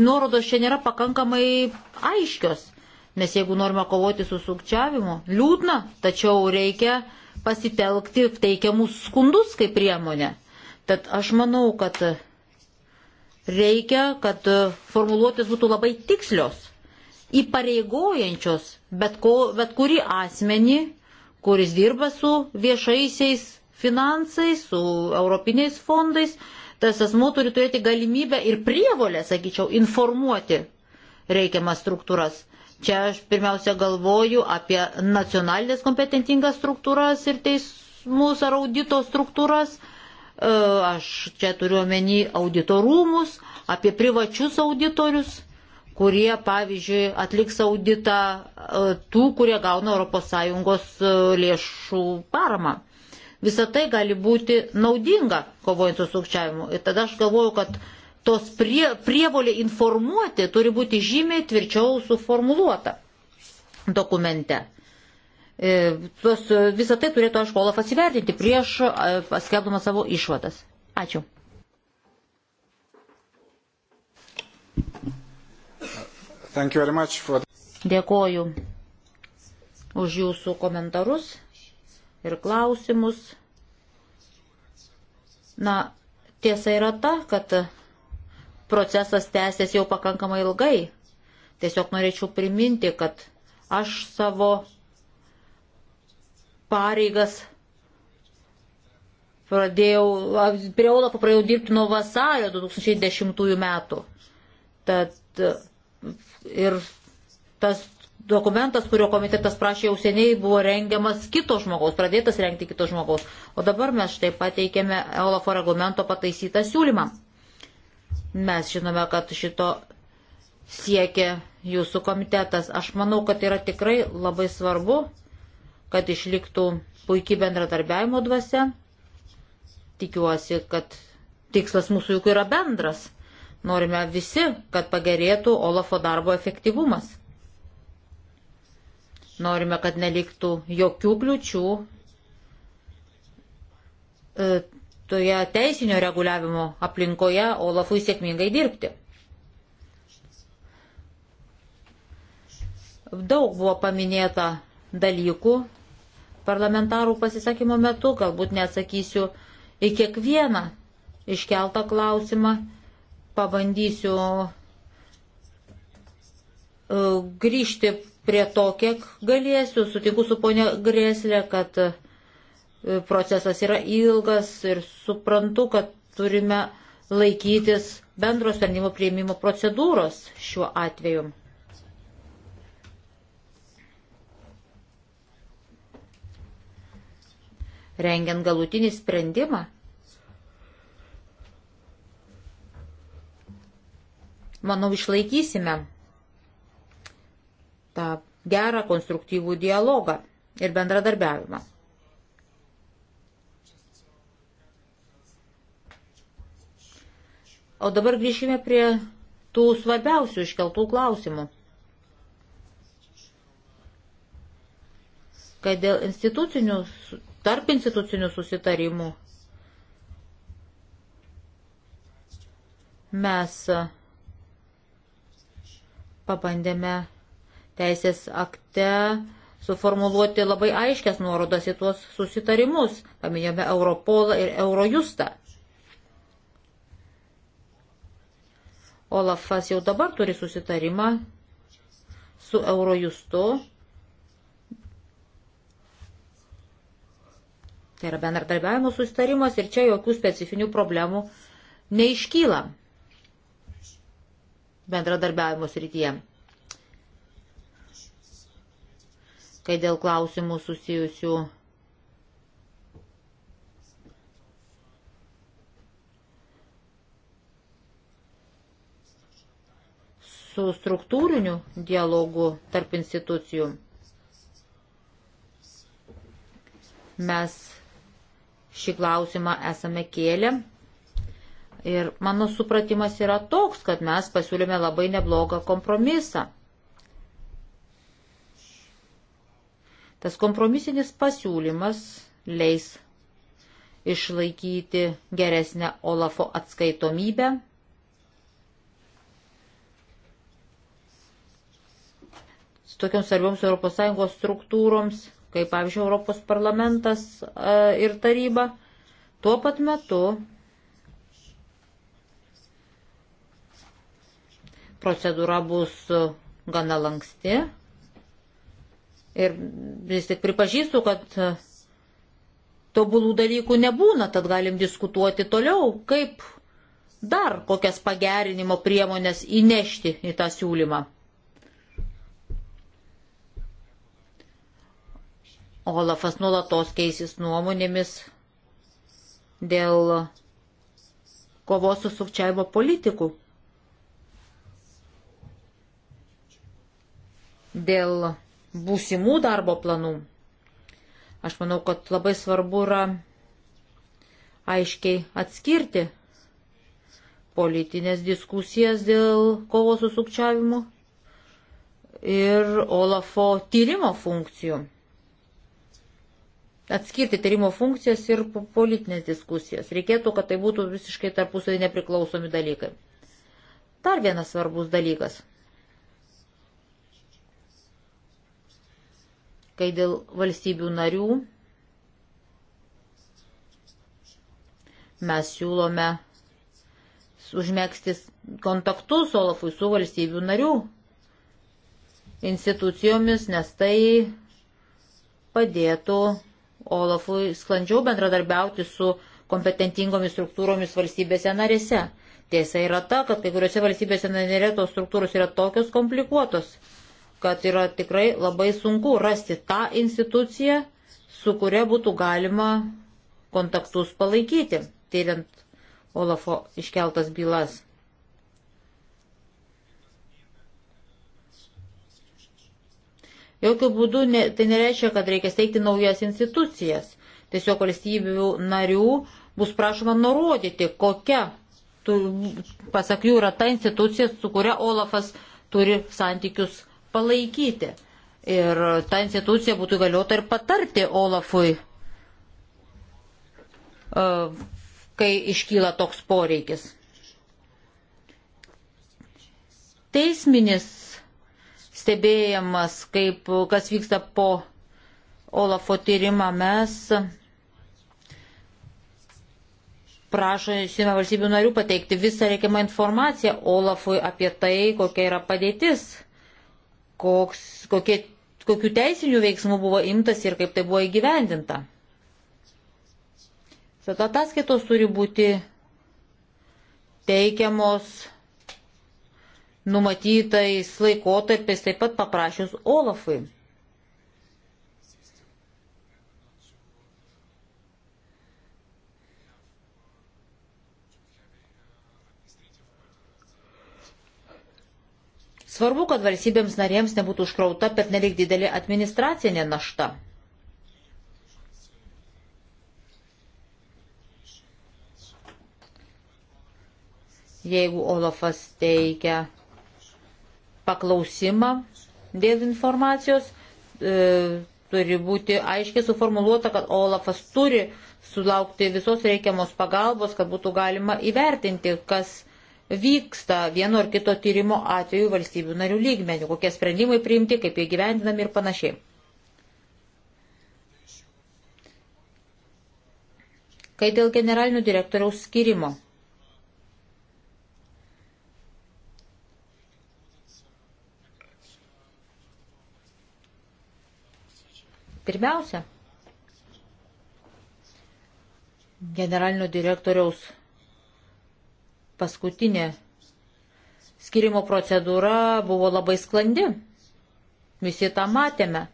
nuorodos čia nėra pakankamai aiškios, nes jeigu norime kovoti su sukčiavimu, liūdna, tačiau reikia pasitelkti teikiamus skundus kaip priemonę. Tad aš manau, kad reikia, kad formuluotės būtų labai tikslios, įpareigojančios bet, ko, bet kuri asmenį kuris dirba su viešaisiais finansais, su europiniais fondais, tas asmo turi turėti galimybę ir prievolę, sakyčiau, informuoti reikiamas struktūras. Čia aš pirmiausia galvoju apie nacionalinės kompetentingas struktūras ir teismus ar audito struktūras. Aš čia turiu omeny auditorumus, apie privačius auditorius kurie, pavyzdžiui, atliks auditą e, tų, kurie gauna ES e, lėšų paramą. Visą tai gali būti naudinga kovojant su sukčiavimu. Ir tada aš galvoju, kad tos prie, prievolė informuoti turi būti žymiai tvirčiau suformuluota dokumente. E, tos, visą tai turėtų, aišku, Olafas įvertinti prieš paskelbdamas savo išvadas. Ačiū. For... Dėkoju už jūsų komentarus ir klausimus. Na, tiesa yra ta, kad procesas tęsės jau pakankamai ilgai. Tiesiog norėčiau priminti, kad aš savo pareigas pradėjau, prie Olafo pradėjau dirbti nuo vasario 2010 metų. Tad Ir tas dokumentas, kurio komitetas prašė jau seniai, buvo rengiamas kito žmogaus, pradėtas rengti kito žmogaus. O dabar mes štai pateikėme Olafo reglamento pataisytą siūlymą. Mes žinome, kad šito siekia jūsų komitetas. Aš manau, kad yra tikrai labai svarbu, kad išliktų puikiai bendradarbiavimo dvasia. Tikiuosi, kad tikslas mūsų juk yra bendras. Norime visi, kad pagerėtų Olafo darbo efektyvumas. Norime, kad neliktų jokių kliučių e, toje teisinio reguliavimo aplinkoje Olafui sėkmingai dirbti. Daug buvo paminėta dalykų parlamentarų pasisakymo metu, galbūt neatsakysiu į kiekvieną iškeltą klausimą pabandysiu e, grįžti prie to, kiek galėsiu. Sutinku su ponia Grėslė, kad e, procesas yra ilgas ir suprantu, kad turime laikytis bendro sprendimo prieimimo procedūros šiuo atveju. Rengiant galutinį sprendimą, manau, išlaikysime tą gerą konstruktyvų dialogą ir bendradarbiavimą. O dabar grįžkime prie tų svarbiausių iškeltų klausimų. Kad dėl institucinių, tarp institucinių susitarimų mes pabandėme teisės akte suformuluoti labai aiškias nuorodas į tuos susitarimus. Paminėjome Europolą ir Eurojustą. Olafas jau dabar turi susitarimą su Eurojustu. Tai yra bendradarbiavimo susitarimas ir čia jokių specifinių problemų neiškyla bendradarbiavimo srityje. Kai dėl klausimų susijusių su struktūriniu dialogu tarp institucijų, mes šį klausimą esame kėlę Ir mano supratimas yra toks, kad mes pasiūlėme labai neblogą kompromisą. Tas kompromisinis pasiūlymas leis išlaikyti geresnę Olafo atskaitomybę. Tokioms svarbioms ES struktūroms, kaip pavyzdžiui Europos parlamentas e, ir taryba, tuo pat metu procedūra bus gana lanksti. Ir vis tik pripažįstu, kad tobulų dalykų nebūna, tad galim diskutuoti toliau, kaip dar kokias pagerinimo priemonės įnešti į tą siūlymą. Olafas nuolatos keisis nuomonėmis dėl kovos su sukčiavimo politikų dėl būsimų darbo planų. Aš manau, kad labai svarbu yra aiškiai atskirti politinės diskusijas dėl kovos su sukčiavimu ir Olafo tyrimo funkcijų. Atskirti tyrimo funkcijas ir politinės diskusijas. Reikėtų, kad tai būtų visiškai tarpusavį nepriklausomi dalykai. Dar vienas svarbus dalykas – kai dėl valstybių narių mes siūlome užmėgsti kontaktus Olafui su valstybių narių institucijomis, nes tai padėtų Olafui sklandžiau bendradarbiauti su kompetentingomis struktūromis valstybėse narėse. Tiesa yra ta, kad kai kuriuose valstybėse narėse tos struktūros yra tokios komplikuotos, kad yra tikrai labai sunku rasti tą instituciją, su kuria būtų galima kontaktus palaikyti, tyriant Olafo iškeltas bylas. Jokių būdų ne, tai nereiškia, kad reikia steigti naujas institucijas. Tiesiog valstybių narių bus prašoma nurodyti, kokia, tu, pasak jų, yra ta institucija, su kuria Olafas turi santykius palaikyti. Ir ta institucija būtų galiota ir patarti Olafui, e, kai iškyla toks poreikis. Teisminis stebėjimas, kaip kas vyksta po Olafo tyrimą, mes prašysime valstybių narių pateikti visą reikiamą informaciją Olafui apie tai, kokia yra padėtis koks, kokie, kokių teisinių veiksmų buvo imtas ir kaip tai buvo įgyvendinta. Tad ataskaitos turi būti teikiamos numatytais laikotarpiais, taip pat paprašius Olafui. Svarbu, kad valstybėms narėms nebūtų užkrauta per nelik didelė administracinė našta. Jeigu Olafas teikia paklausimą dėl informacijos, e, turi būti aiškiai suformuoluota, kad Olafas turi sulaukti visos reikiamos pagalbos, kad būtų galima įvertinti, kas vyksta vieno ar kito tyrimo atveju valstybių narių lygmenių, kokie sprendimai priimti, kaip jie gyvendinami ir panašiai. Kai dėl generalinių direktoriaus skirimo. Pirmiausia, generalinio direktoriaus paskutinė skirimo procedūra buvo labai sklandi. Visi tą matėme.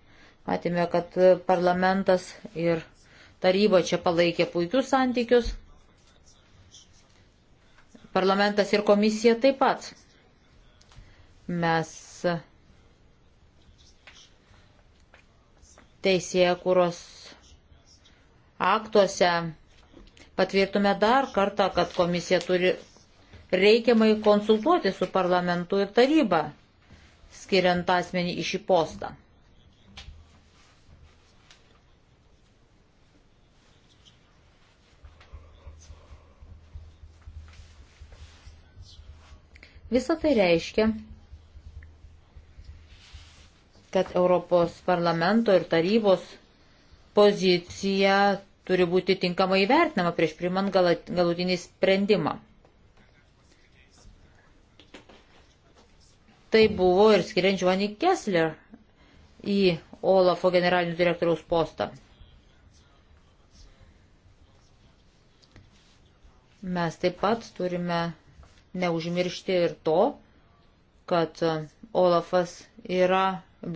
Matėme, kad parlamentas ir taryba čia palaikė puikius santykius. Parlamentas ir komisija taip pat. Mes teisėje kūros aktuose patvirtume dar kartą, kad komisija turi reikiamai konsultuoti su parlamentu ir taryba, skiriant asmenį į šį postą. Visą tai reiškia, kad Europos parlamento ir tarybos pozicija turi būti tinkamai įvertinama prieš primant galutinį sprendimą. Tai buvo ir skiriant Joanny Kessler į Olafo generalinio direktoriaus postą. Mes taip pat turime neužmiršti ir to, kad Olafas yra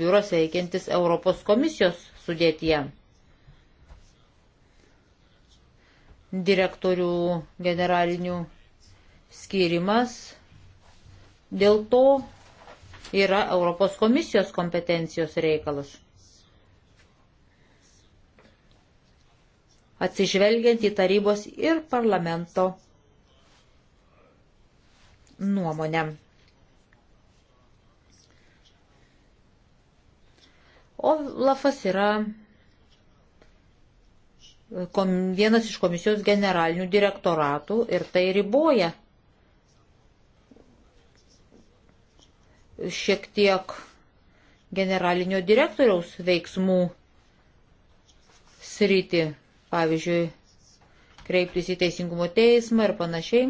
biuras veikiantis Europos komisijos sudėtyje. Direktorių generalinių skirimas dėl to yra Europos komisijos kompetencijos reikalas. Atsižvelgiant į tarybos ir parlamento nuomonę. Olafas yra kom, vienas iš komisijos generalinių direktoratų ir tai riboja šiek tiek generalinio direktoriaus veiksmų sritį, pavyzdžiui, kreiptis į teisingumo teismą ir panašiai.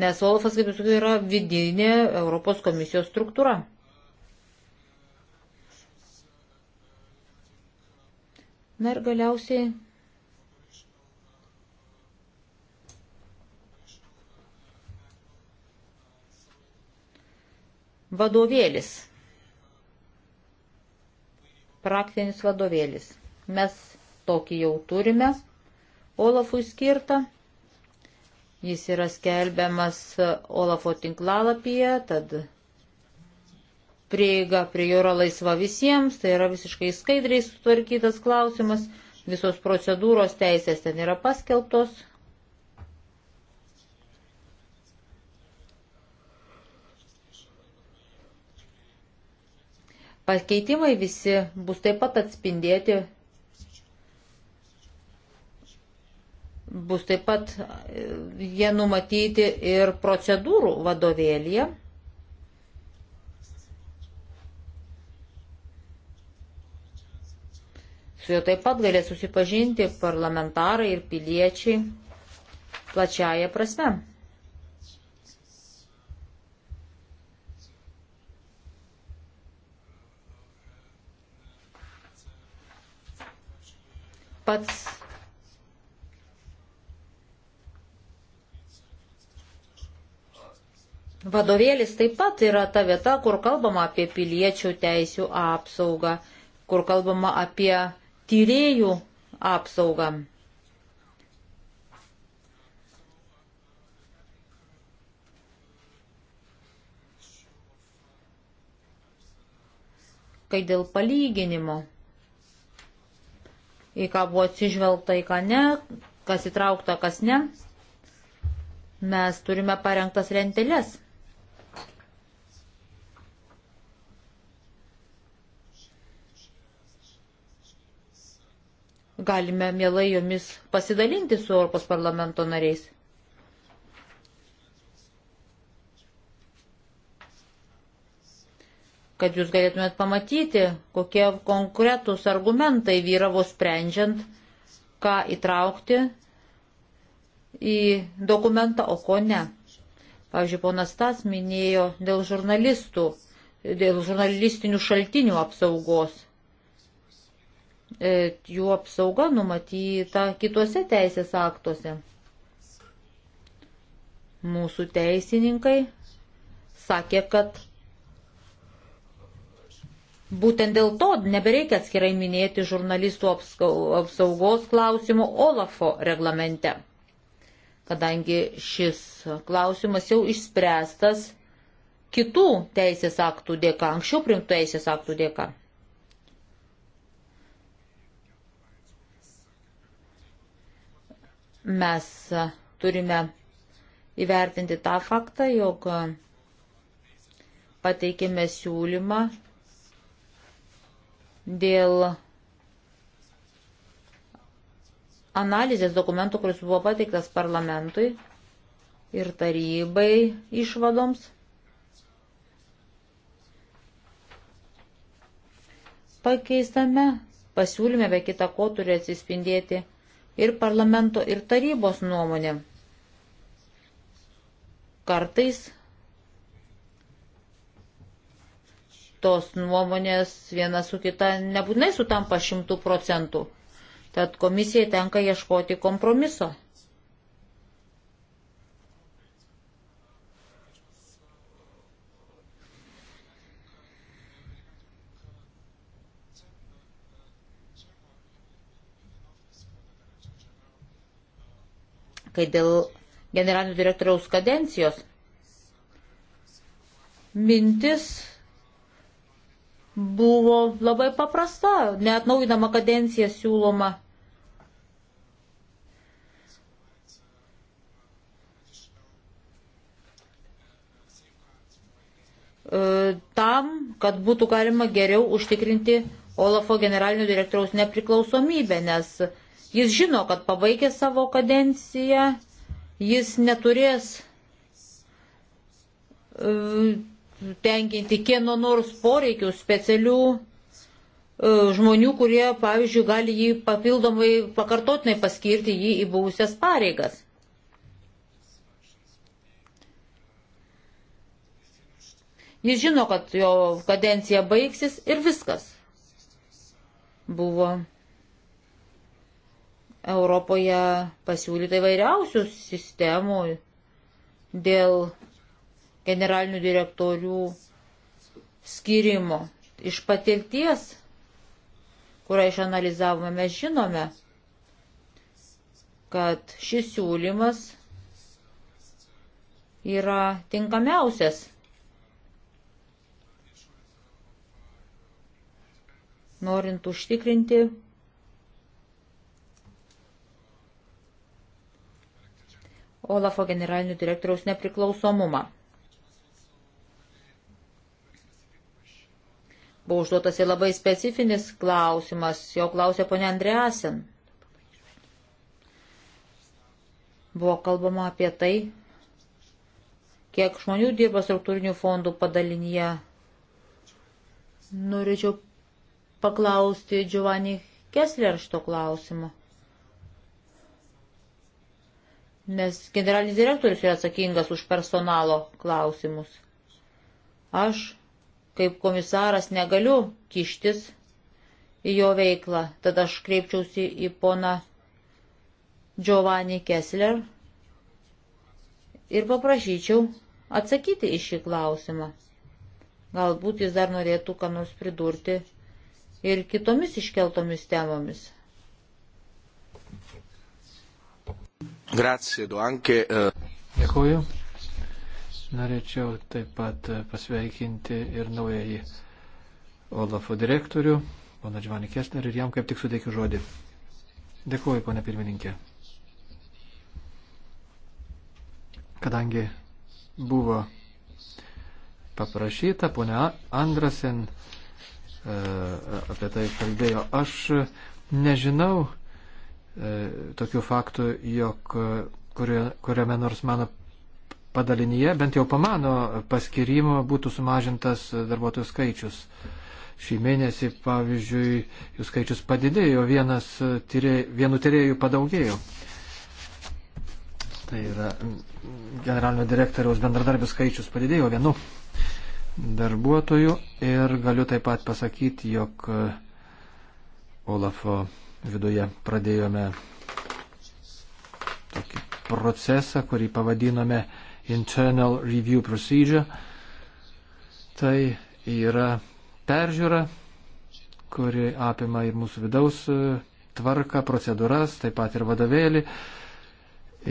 Nes Olafas, kaip jūs sakiau, yra vidinė Europos komisijos struktūra. Na ir galiausiai Vadovėlis. Praktinis vadovėlis. Mes tokį jau turime. Olafui skirtą. Jis yra skelbiamas Olafo tinklalapyje, tad prieiga prie jo yra laisva visiems, tai yra visiškai skaidriai sutvarkytas klausimas, visos procedūros teisės ten yra paskelbtos. Pakeitimai visi bus taip pat atspindėti, bus taip pat e, jie numatyti ir procedūrų vadovėlėje. Su juo taip pat galės susipažinti parlamentarai ir piliečiai plačiaja prasme. pats Vadovėlis taip pat yra ta vieta, kur kalbama apie piliečių teisių apsaugą, kur kalbama apie tyriejų apsaugą. Kai dėl palyginimo į ką buvo atsižvelgta, į ką ne, kas įtraukta, kas ne. Mes turime parengtas lentelės. Galime mielai jomis pasidalinti su Europos parlamento nariais. kad jūs galėtumėt pamatyti, kokie konkretūs argumentai vyravo sprendžiant, ką įtraukti į dokumentą, o ko ne. Pavyzdžiui, ponas Tas minėjo dėl žurnalistų, dėl žurnalistinių šaltinių apsaugos. E, jų apsauga numatyta kitose teisės aktuose. Mūsų teisininkai sakė, kad Būtent dėl to nebereikia atskirai minėti žurnalistų apsaugos klausimų Olafo reglamente, kadangi šis klausimas jau išspręstas kitų teisės aktų dėka, anksčiau primtų teisės aktų dėka. Mes turime įvertinti tą faktą, jog pateikėme siūlymą dėl analizės dokumento, kuris buvo pateiktas parlamentui ir tarybai išvadoms. Pakeistame pasiūlyme be kita ko turi atsispindėti ir parlamento, ir tarybos nuomonė. Kartais tos nuomonės viena su kita nebūtinai sutampa šimtų procentų. Tad komisijai tenka ieškoti kompromiso. Kai dėl generalinio direktoriaus kadencijos mintis buvo labai paprasta, neatnaujinama kadencija siūloma. E, tam, kad būtų galima geriau užtikrinti Olafo generalinio direktoriaus nepriklausomybę, nes jis žino, kad pabaigė savo kadenciją, jis neturės e, tenkinti kieno nors poreikių specialių e, žmonių, kurie, pavyzdžiui, gali jį papildomai pakartotinai paskirti jį į buvusias pareigas. Jis žino, kad jo kadencija baigsis ir viskas. Buvo Europoje pasiūlyta įvairiausių sistemų dėl generalinių direktorių skirimo. Iš patirties, kurią išanalizavome, mes žinome, kad šis siūlymas yra tinkamiausias. Norint užtikrinti Olafo generalinio direktoriaus nepriklausomumą. Buvo užduotas ir labai specifinis klausimas, jo klausė ponia Andreasen. Buvo kalbama apie tai, kiek žmonių dirba struktūrinių fondų padalinyje. Norėčiau paklausti Giovanni Kessler šito klausimo. Nes generalinis direktorius yra atsakingas už personalo klausimus. Aš Kaip komisaras negaliu kištis į jo veiklą, tada aš kreipčiausi į poną Giovanni Kessler ir paprašyčiau atsakyti į šį klausimą. Galbūt jis dar norėtų ką nors pridurti ir kitomis iškeltomis temomis. Grazie, do anche. Uh... Dėkuoju. Norėčiau taip pat pasveikinti ir naująjį Olafo direktorių, pana Džvanį Kesner, ir jam kaip tik suteikiu žodį. Dėkuoju, pana pirmininkė. Kadangi buvo paprašyta, ponia Andrasen e, apie tai kalbėjo, aš nežinau e, tokių faktų, jog kurio, kuriame nors mano padalinyje, bent jau po mano paskirimo, būtų sumažintas darbuotojų skaičius. Šį mėnesį, pavyzdžiui, jų skaičius padidėjo, vienas tyrė, vienu tyrėjų padaugėjo. Tai yra generalinio direktoriaus bendradarbių skaičius padidėjo vienu darbuotoju ir galiu taip pat pasakyti, jog Olafo viduje pradėjome tokį procesą, kurį pavadinome uh, internal review procedure. Tai yra peržiūra, kuri apima ir mūsų vidaus e, tvarką, procedūras, taip pat ir vadovėlį.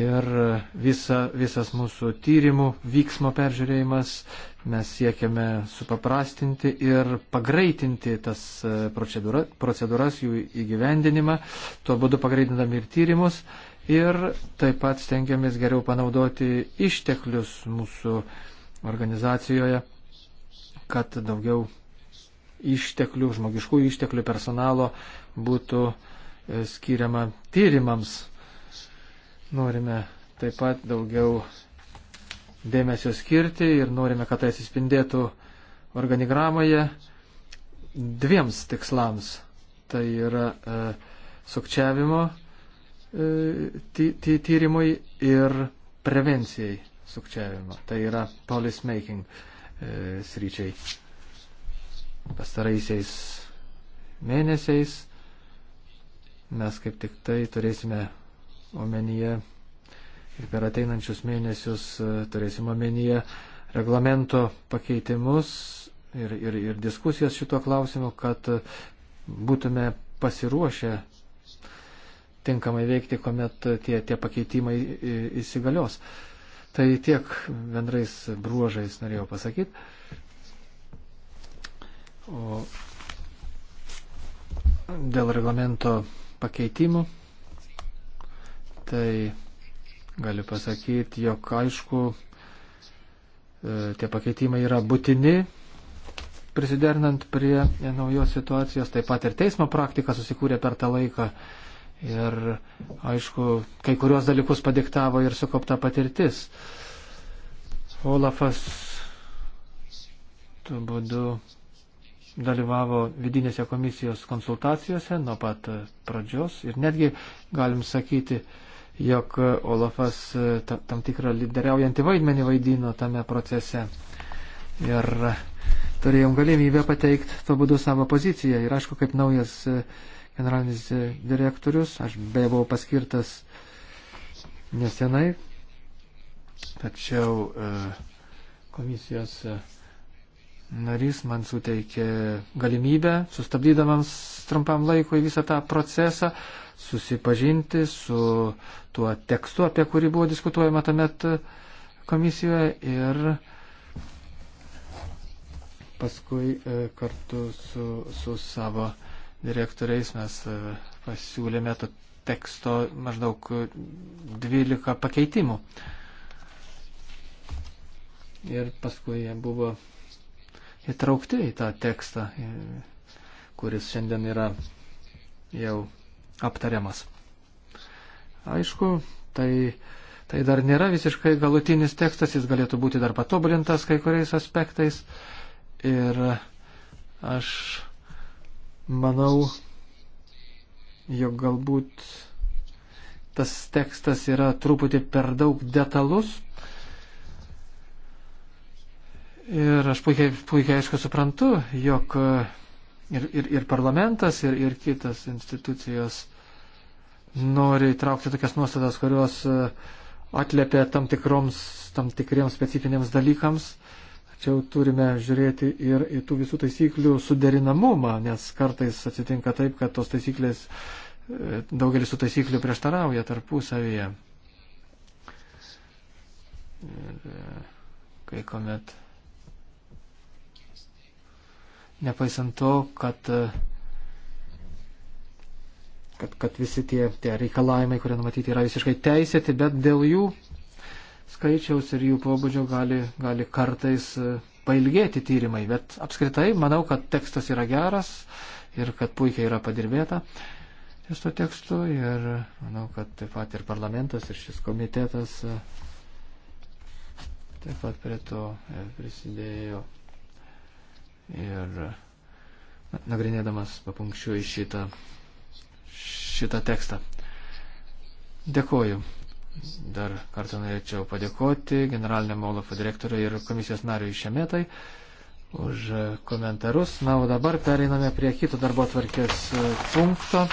Ir e, visa, visas mūsų tyrimų vyksmo peržiūrėjimas mes siekiame supaprastinti ir pagreitinti tas e, procedūra, procedūras, jų įgyvendinimą, tuo būdu pagreitindami ir tyrimus. Uh, ir taip pat stengiamės geriau panaudoti išteklius mūsų organizacijoje, kad daugiau išteklių, žmogiškų išteklių personalo būtų e, skiriama tyrimams. Norime taip pat daugiau dėmesio skirti ir norime, kad tai atsispindėtų organigramoje dviems tikslams. Tai yra e, sukčiavimo E, tyrimui ir prevencijai sukčiavimo. Tai yra police making e, sryčiai. Pastaraisiais mėnesiais mes kaip tik tai turėsime omenyje ir per ateinančius mėnesius e, turėsime omenyje reglamento pakeitimus ir, ir, ir diskusijas šituo klausimu, kad būtume pasiruošę tinkamai veikti, kuomet tie, tie pakeitimai įsigalios. Tai tiek bendrais bruožais norėjau pasakyti. O dėl reglamento pakeitimų, tai galiu pasakyti, jog aišku, e, tie pakeitimai yra būtini prisidernant prie naujos situacijos, taip pat ir teismo praktika susikūrė per tą laiką Ir, aišku, kai kurios dalykus padiktavo ir sukaupta patirtis. Olafas tuo būdu dalyvavo vidinėse komisijos konsultacijose nuo pat pradžios ir netgi galim sakyti, jog Olafas tam tikrą lyderiaujantį vaidmenį vaidino tame procese. Ir turėjom galimybę pateikti tuo būdu savo poziciją. Ir aišku, kaip naujas generalinis direktorius. Aš beje buvau paskirtas nesenai, tačiau e, komisijos e, narys man suteikė galimybę, sustabdydamams trumpam laikui visą tą procesą, susipažinti su tuo tekstu, apie kurį buvo diskutuojama tamet e, komisijoje ir paskui kartu su, su savo direktoriais mes e, pasiūlėme to teksto maždaug 12 pakeitimų. Ir paskui jie buvo įtraukti į tą tekstą, kuris šiandien yra jau aptariamas. Aišku, tai, tai dar nėra visiškai galutinis tekstas, jis galėtų būti dar patobulintas kai kuriais aspektais. Ir aš Manau, jog galbūt tas tekstas yra truputį per daug detalus. Ir aš puikiai, puikiai aišku suprantu, jog e, ir, ir, ir parlamentas, ir, ir kitas institucijos nori įtraukti tokias nuostatas, kurios e, atlėpia tam, tikroms, tam tikriems specifiniams dalykams. Uh, čia jau turime žiūrėti ir į tų visų taisyklių suderinamumą, nes kartais atsitinka taip, kad tos taisyklės, e, daugelis tų taisyklių prieštarauja tarpusavyje. Ir e, kai komet. Nepaisant to, kad e, kad, kad visi tie, tie reikalavimai, kurie numatyti, yra visiškai teisėti, bet dėl jų skaičiaus ir jų pobūdžio gali, gali kartais e, pailgėti tyrimai, bet apskritai manau, kad tekstas yra geras ir kad puikiai yra padirbėta ties to tekstu ir manau, kad taip pat ir parlamentas ir šis komitetas e, taip pat prie to e, prisidėjo ir nagrinėdamas papunkčiu į šitą, šitą tekstą. Dėkoju. Dar kartą norėčiau padėkoti generaliniam Olafo direktoriui ir komisijos nariui Šemetai už komentarus. Na, o dabar pereiname prie kito darbo tvarkės e, punkto.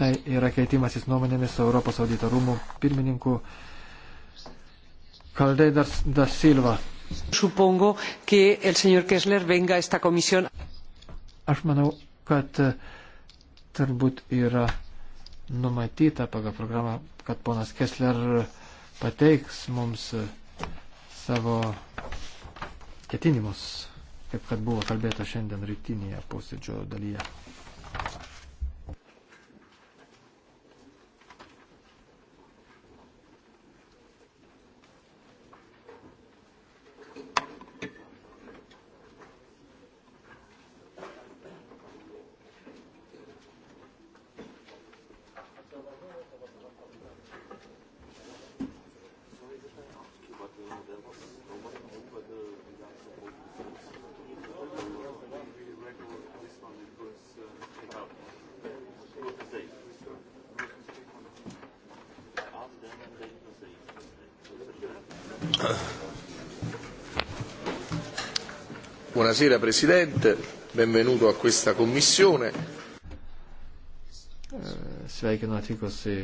Tai yra keitimasis nuomonėmis su Europos audito rūmų pirmininku Kaldei da Silva. Supongo, que el señor Kessler venga a esta comisión. Aš manau, kad e, turbūt yra numatyta pagal programą, kad ponas Kessler pateiks mums savo ketinimus, kaip kad buvo kalbėta šiandien rytinėje posėdžio dalyje. Buonasera Presidente, benvenuto a questa commissione. E, sveikinu atvykus į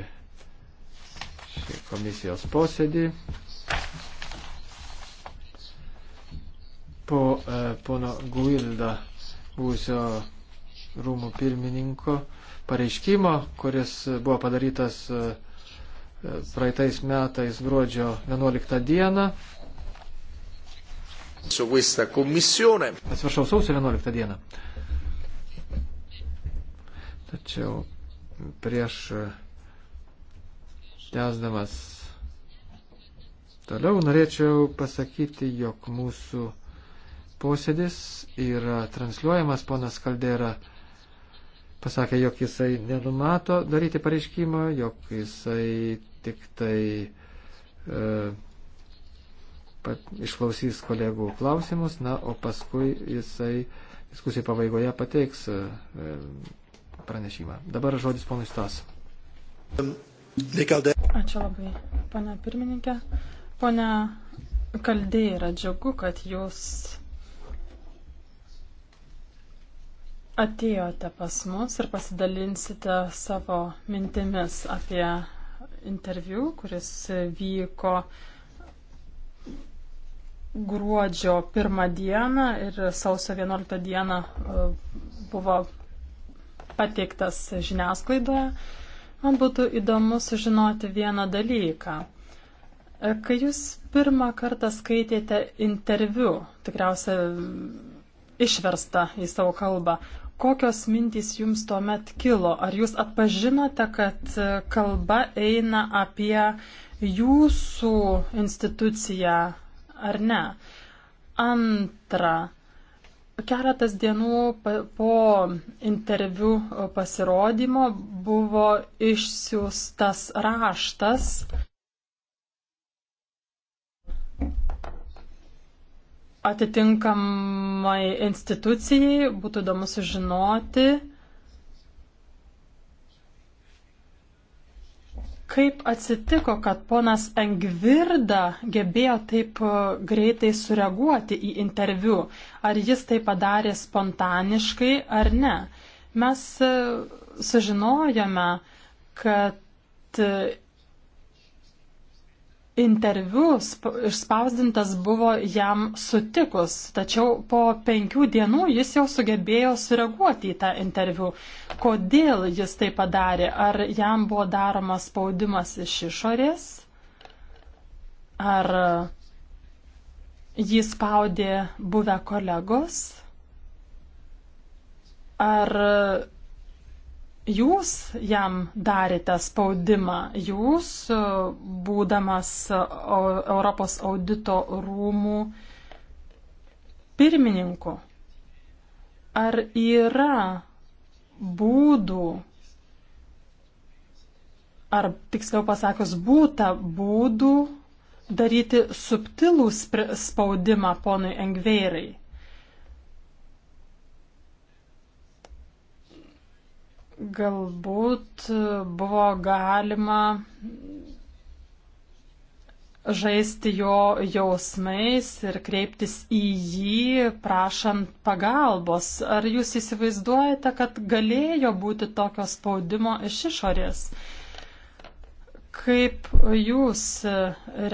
šį komisijos posėdį. Po e, pono Guilda, būsio rūmų pirmininko, pareiškimo, kuris buvo padarytas e, praeitais metais gruodžio 11 dieną, su questa commissione. Atsiprašau, sausio 11 dieną. Tačiau prieš e, tęsdamas toliau norėčiau pasakyti, jog mūsų posėdis yra transliuojamas, ponas Kaldera pasakė, jog jisai nenumato daryti pareiškimą, jog jisai tik tai e, išklausys kolegų klausimus, na, o paskui jisai diskusijų pabaigoje pateiks e, e, pranešimą. Dabar žodis ponui Stas. Ačiū labai, pana pirmininkė. Pone Kaldė yra džiugu, kad jūs atėjote pas mus ir pasidalinsite savo mintimis apie interviu, kuris vyko uh, gruodžio 1 dieną ir sausio 11 dieną e, buvo pateiktas žiniasklaidoje. Man būtų įdomu sužinoti vieną dalyką. E, kai jūs pirmą kartą skaitėte interviu, tikriausia išversta į savo kalbą, kokios mintys jums tuomet kilo? Ar jūs atpažinote, kad e, kalba eina apie jūsų instituciją, ar ne. Antra, keletas dienų po interviu e, pasirodymo buvo išsiųstas raštas. Atitinkamai institucijai būtų įdomu sužinoti, Kaip atsitiko, kad ponas Engvirda gebėjo taip e, greitai sureaguoti į interviu? Ar jis tai padarė spontaniškai ar ne? Mes e, sužinojome, kad e, interviu išspausdintas buvo jam sutikus, tačiau po penkių dienų jis jau sugebėjo sureaguoti į tą interviu. Kodėl jis tai padarė? Ar jam buvo daromas spaudimas iš išorės? Ar jį spaudė buvę kolegos? Ar jūs jam darėte spaudimą, jūs e, būdamas e, Europos audito rūmų pirmininku. Ar yra būdų, ar tiksliau pasakius, būta būdų daryti subtilų spaudimą ponui Engveirai? galbūt buvo galima žaisti jo jausmais ir kreiptis į jį, prašant pagalbos. Ar jūs įsivaizduojate, kad galėjo būti tokio spaudimo iš išorės? Kaip jūs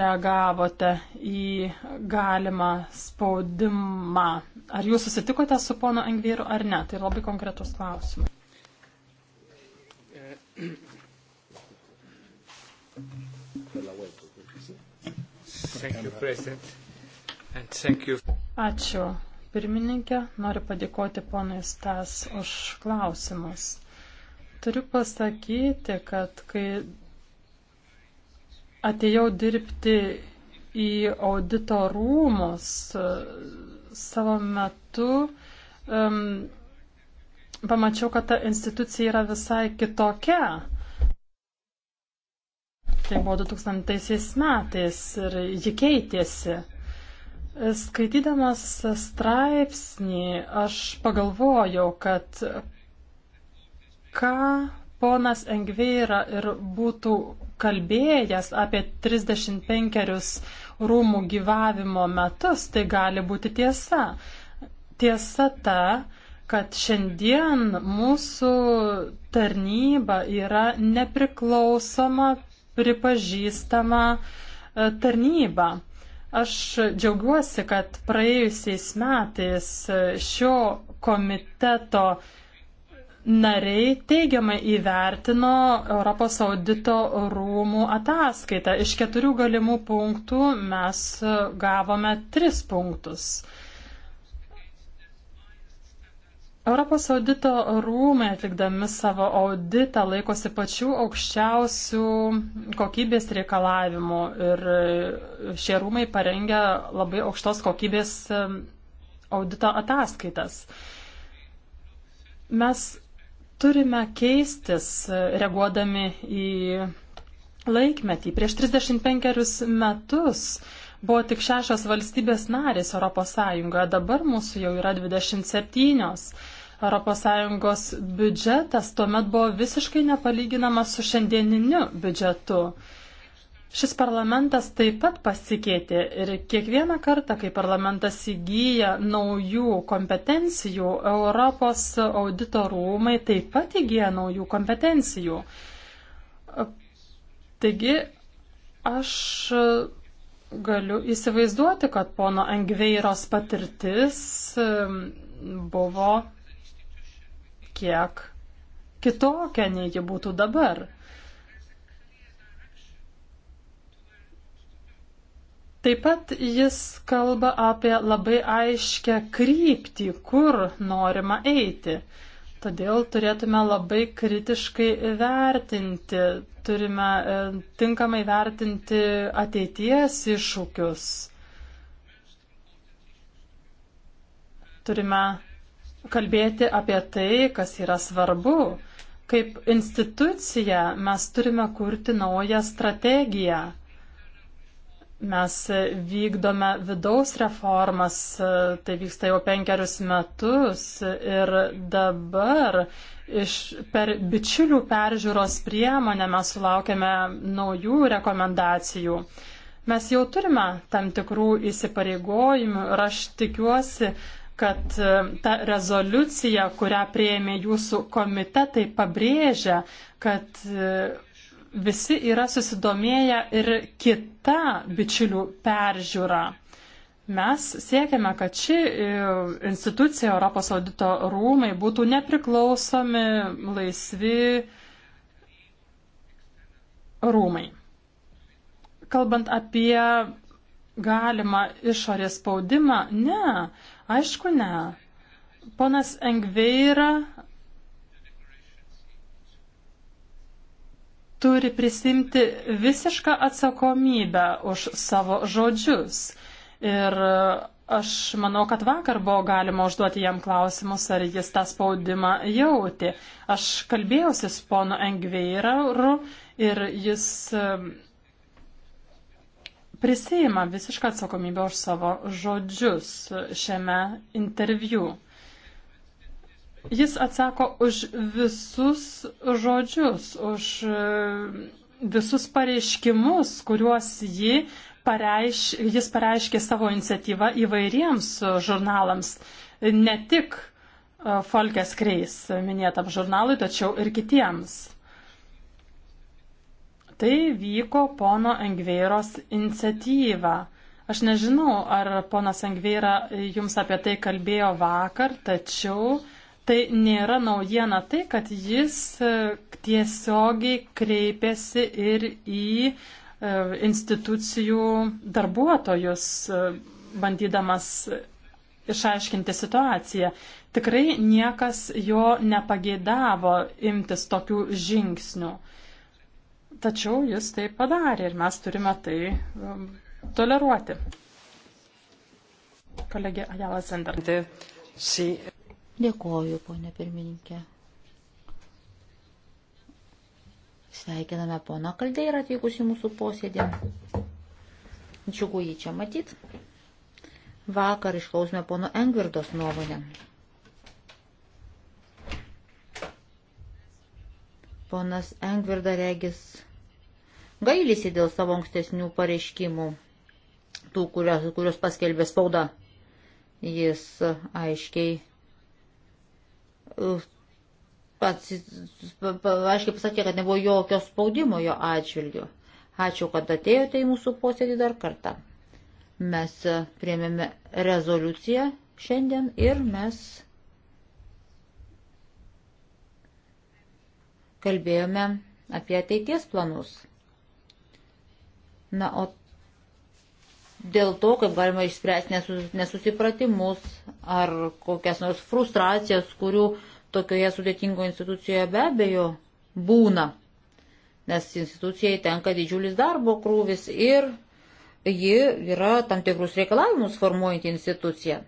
reagavote į galimą spaudimą? Ar jūs susitikote su pono Engvyru ar ne? Tai labai konkretus klausimas. Ačiū. Pirmininkė, noriu padėkoti ponui Stas už klausimus. Turiu pasakyti, kad kai atėjau dirbti į audito rūmus savo metu, um, pamačiau, kad ta institucija yra visai kitokia. Tai buvo 2000 metais ir ji keitėsi. Skaitydamas straipsnį, aš pagalvojau, kad ką ponas Engveira ir būtų kalbėjęs apie 35 rūmų gyvavimo metus, tai gali būti tiesa. Tiesa ta, kad šiandien mūsų tarnyba yra nepriklausoma, pripažįstama e, tarnyba. Aš džiaugiuosi, kad praėjusiais metais e, šio komiteto nariai teigiamai įvertino Europos audito rūmų ataskaitą. Iš keturių galimų punktų mes e, gavome tris punktus. Europos audito rūmai atlikdami savo auditą laikosi pačių aukščiausių kokybės reikalavimų ir šie rūmai parengia labai aukštos kokybės audito ataskaitas. Mes turime keistis e, reaguodami į laikmetį. Prieš 35 metus buvo tik šešios valstybės narės Europos Sąjungoje, dabar mūsų jau yra 27. ES biudžetas tuomet buvo visiškai nepalyginamas su šiandieniniu biudžetu. Šis parlamentas taip pat pasikeitė ir kiekvieną kartą, kai parlamentas įgyja naujų kompetencijų, Europos audito rūmai taip pat įgyja naujų kompetencijų. Taigi aš galiu įsivaizduoti, kad pono Engveiros patirtis um, buvo kiek kitokia, nei ji būtų dabar. Taip pat jis kalba apie labai aiškę kryptį, kur norima eiti. Todėl turėtume labai kritiškai vertinti, turime e, tinkamai vertinti ateities iššūkius. Turime kalbėti apie tai, kas yra svarbu. Kaip institucija mes turime kurti naują strategiją. Mes vykdome vidaus reformas, tai vyksta jau penkerius metus ir dabar iš, per bičiulių peržiūros priemonę mes sulaukėme naujų rekomendacijų mes jau turime tam tikrų įsipareigojimų ir aš tikiuosi, kad e, ta rezoliucija, kurią prieėmė jūsų komitetai, pabrėžia, kad e, visi yra susidomėję ir kita bičiulių peržiūra. Mes siekiame, kad ši e, institucija Europos audito rūmai būtų nepriklausomi, laisvi rūmai. Kalbant apie galimą išorės spaudimą, ne, Aišku, ne. Ponas Engveira turi prisimti visišką atsakomybę už savo žodžius. Ir e, aš manau, kad vakar buvo galima užduoti jam klausimus, ar jis tą spaudimą jauti. Aš kalbėjausi su ponu Engveiru ir jis e, prisėima visišką atsakomybę už savo žodžius šiame interviu. Jis atsako už visus žodžius, už e, visus pareiškimus, kuriuos ji pareiš, jis pareiškė savo iniciatyvą įvairiems žurnalams, ne tik e, Folkes Kreis minėtam žurnalui, tačiau ir kitiems. Tai vyko pono Engveiros iniciatyva. Aš nežinau, ar ponas Engveira jums apie tai kalbėjo vakar, tačiau tai nėra naujiena tai, kad jis e, tiesiogiai kreipėsi ir į e, institucijų darbuotojus, e, bandydamas išaiškinti situaciją. Tikrai niekas jo nepageidavo imtis tokių žingsnių. Tačiau jis tai padarė ir mes turime tai um, toleruoti. Kolegė Ajala Zender. Dėkoju, ponė pirmininkė. Sveikiname poną Kaldeirą atvykusi mūsų posėdį. Džiugu jį čia matyt. Vakar išklausime pono Engvirdos nuomonę. Ponas Engvirda regis gailisi dėl savo ankstesnių pareiškimų, tų, kurios, kurios paskelbė spauda. Jis aiškiai, uh, pats, aiškiai pasakė, kad nebuvo jokio spaudimo jo atžvilgiu. Ačiū, kad atėjote į mūsų posėdį dar kartą. Mes uh, priemėme rezoliuciją šiandien ir mes kalbėjome apie ateities planus. Na, o dėl to, kaip galima išspręsti nesusipratimus ar kokias nors frustracijas, kurių tokioje sudėtingoje institucijoje be abejo būna. Nes institucijai tenka didžiulis darbo krūvis ir ji yra tam tikrus reikalavimus formuojanti institucija.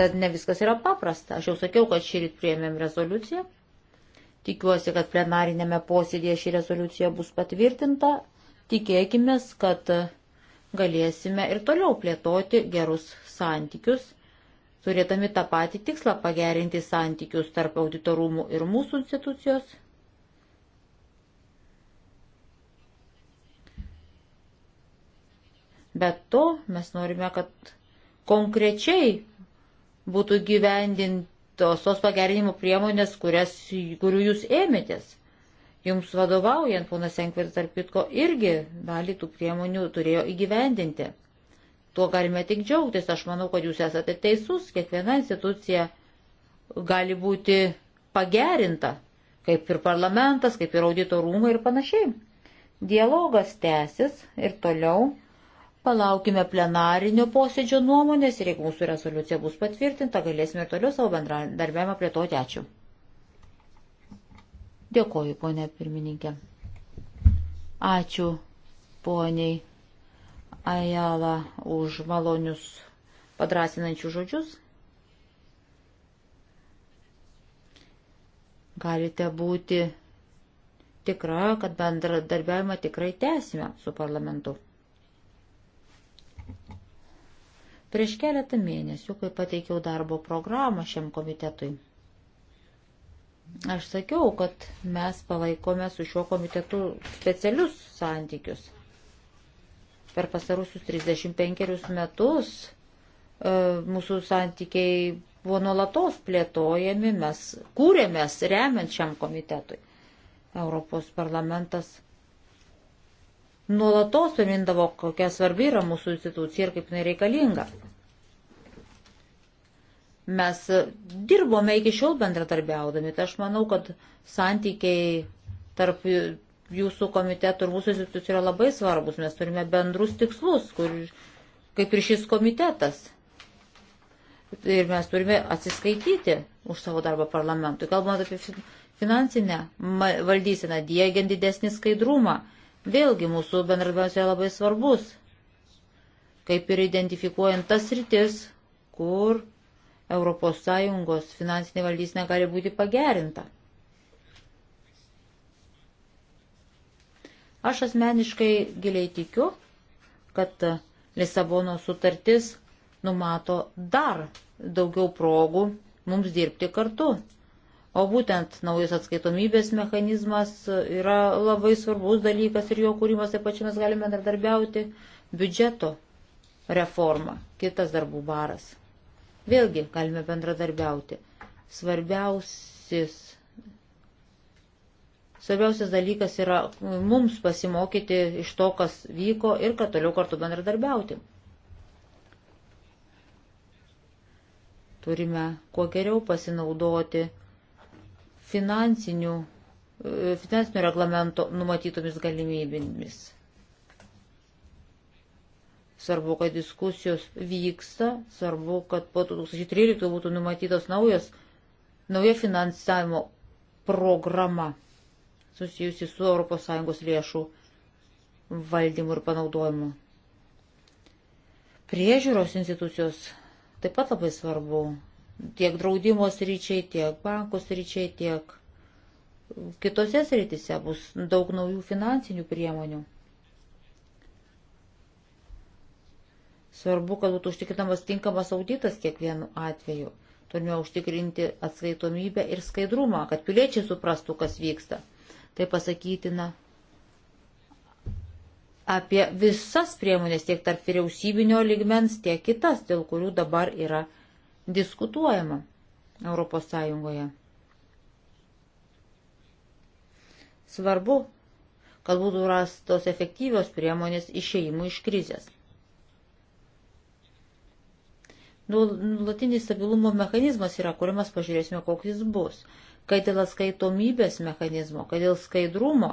Tad ne viskas yra paprasta. Aš jau sakiau, kad šį rytį priėmėm rezoliuciją Tikiuosi, kad plenarinėme posėdėje ši rezoliucija bus patvirtinta. Tikėkime, kad galėsime ir toliau plėtoti gerus santykius, turėdami tą patį tikslą pagerinti santykius tarp auditorumų ir mūsų institucijos. Bet to mes norime, kad konkrečiai būtų gyvendinti tos, tos pagerinimo priemonės, kurias, kurių jūs ėmėtės. Jums vadovaujant, ponas Senkveris, tarp kitko, irgi dalį tų priemonių turėjo įgyvendinti. Tuo galime tik džiaugtis, aš manau, kad jūs esate teisus, kiekviena institucija gali būti pagerinta, kaip ir parlamentas, kaip ir audito rūmai ir panašiai. Dialogas tęsis ir toliau Palaukime plenarinio posėdžio nuomonės ir jeigu mūsų rezoliucija bus patvirtinta, galėsime ir toliau savo bendradarbiavimą plėtoti. Ačiū. Dėkoju, ponė pirmininkė. Ačiū, poniai Ajala, už malonius padrasinančius žodžius. Galite būti tikra, kad bendradarbiavimą tikrai tęsime su parlamentu. Prieš keletą mėnesių, kai pateikiau darbo programą šiam komitetui, aš sakiau, kad mes palaikome su šiuo komitetu specialius santykius. Per pasarusius 35 metus e, mūsų santykiai buvo nuolatos plėtojami, mes kūrėmės remiant šiam komitetui. Europos parlamentas nuolatos primindavo, kokia svarbi yra mūsų institucija ir kaip jinai reikalinga. Mes dirbome iki šiol bendratarbiaudami, tai aš manau, kad santykiai tarp jūsų komitetų ir mūsų institucijų yra labai svarbus. Mes turime bendrus tikslus, kur, kaip ir šis komitetas. Ir mes turime atsiskaityti už savo darbą parlamentui. Kalbant apie finansinę valdyseną, diegiant didesnį skaidrumą. Vėlgi mūsų bendradarbiavimas yra labai svarbus, kaip ir identifikuojant tas rytis, kur ES finansinė valdysena gali būti pagerinta. Aš asmeniškai giliai tikiu, kad Lisabono sutartis numato dar daugiau progų mums dirbti kartu. O būtent naujas atskaitomybės mechanizmas yra labai svarbus dalykas ir jo kūrimas, taip pat čia mes galime darbiauti biudžeto reforma, kitas darbų baras. Vėlgi galime bendradarbiauti. Svarbiausias, svarbiausias dalykas yra mums pasimokyti iš to, kas vyko ir kad toliau kartu bendradarbiauti. Turime kuo geriau pasinaudoti finansinių, e, finansinių reglamento numatytomis galimybėmis. Svarbu, kad diskusijos vyksta, svarbu, kad po 2013 būtų numatytos naujas, nauja finansavimo programa susijusi su ES lėšų valdymu ir panaudojimu. Priežiūros institucijos taip pat labai svarbu. Tiek draudimo sryčiai, tiek bankų sryčiai, tiek kitose srityse bus daug naujų finansinių priemonių. Svarbu, kad būtų užtikrinamas tinkamas auditas kiekvienu atveju. Turime užtikrinti atskaitomybę ir skaidrumą, kad piliečiai suprastų, kas vyksta. Tai pasakytina apie visas priemonės, tiek tarp vyriausybinio ligmens, tiek kitas, dėl kurių dabar yra diskutuojama Europos Sąjungoje. Svarbu, kad būtų rastos efektyvios priemonės išeimų iš krizės. Nulatinis stabilumo mechanizmas yra kuriamas, pažiūrėsime, koks jis bus. Kai dėl atskaitomybės mechanizmo, kai dėl skaidrumo,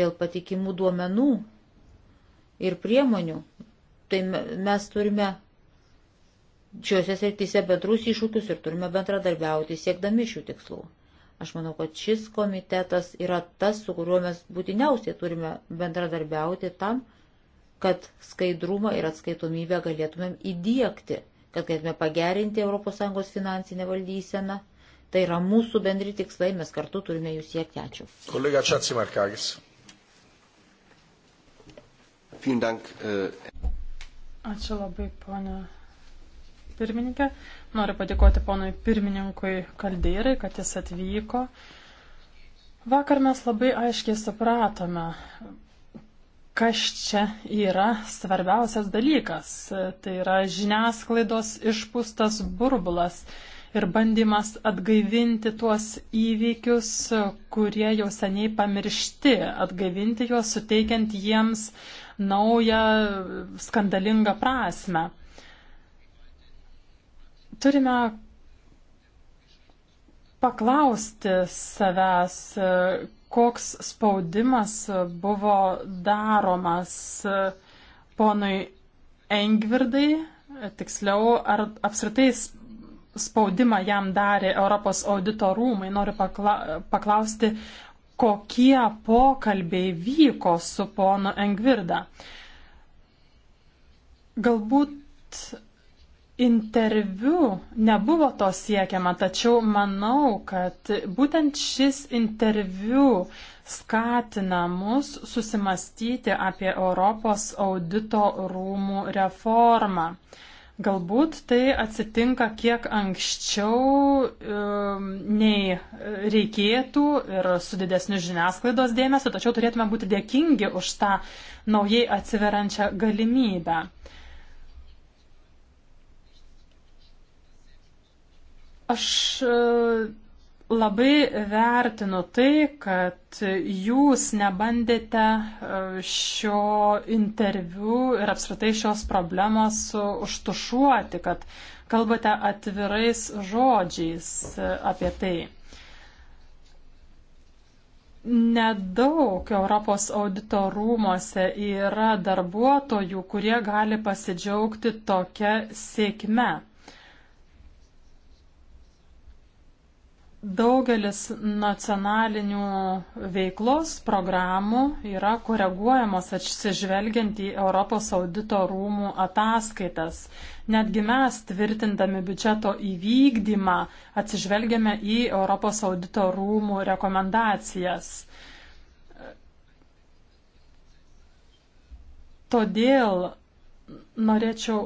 dėl patikimų duomenų ir priemonių, tai mes turime šiuose srityse bendrus iššūkius ir turime bendradarbiauti siekdami šių tikslų. Aš manau, kad šis komitetas yra tas, su kuriuo mes būtiniausiai turime bendradarbiauti tam, kad kad skaidrumą ir atskaitomybę galėtumėm įdėkti, kad galėtume pagerinti ES finansinę valdyseną. Tai yra mūsų bendri tikslai, mes kartu turime jų siekti. Ačiū. Kolega Čatsimarkagis. Äh, Ačiū labai, ponė pirmininkė. Noriu padėkoti ponui pirmininkui Kaldyrai, kad jis atvyko. Vakar mes labai aiškiai supratome, kas čia yra svarbiausias dalykas. Tai yra žiniasklaidos išpūstas burbulas ir bandymas atgaivinti tuos įvykius, kurie jau seniai pamiršti, atgaivinti juos, suteikiant jiems naują skandalingą prasme. Turime paklausti savęs, koks spaudimas buvo daromas ponui Engvirdai, tiksliau, ar apskritai spaudimą jam darė Europos audito rūmai. Noriu pakla paklausti, kokie pokalbiai vyko su ponu Engvirda. Galbūt interviu nebuvo to siekiama, tačiau manau, kad būtent šis interviu skatina mus susimastyti apie Europos audito rūmų reformą. Galbūt tai atsitinka kiek anksčiau um, nei reikėtų ir su didesniu žiniasklaidos dėmesiu, tačiau turėtume būti dėkingi už tą naujai atsiverančią galimybę. Aš e, labai vertinu tai, kad jūs nebandėte e, šio interviu ir apskritai šios problemos užtušuoti, kad kalbate atvirais žodžiais e, apie tai. Nedaug Europos audito rūmose yra darbuotojų, kurie gali pasidžiaugti tokią sėkme. Daugelis nacionalinių veiklos programų yra koreguojamos atsižvelgiant į Europos audito rūmų ataskaitas. Netgi mes, tvirtindami biudžeto įvykdymą, atsižvelgiame į Europos audito rūmų rekomendacijas. Todėl norėčiau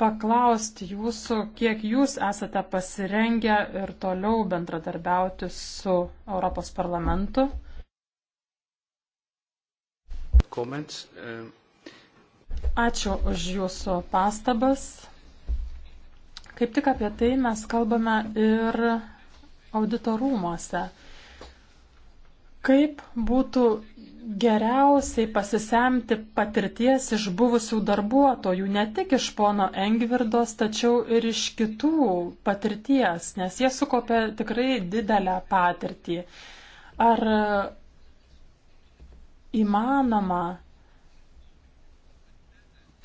paklausti jūsų, kiek jūs esate pasirengę ir toliau bendradarbiauti su Europos parlamentu. Comments, um... Ačiū už jūsų pastabas. Kaip tik apie tai mes kalbame ir auditorumuose. Kaip būtų geriausiai pasisemti patirties iš buvusių darbuotojų, ne tik iš pono Engvirdos, tačiau ir iš kitų patirties, nes jie sukopė tikrai didelę patirtį. Ar įmanoma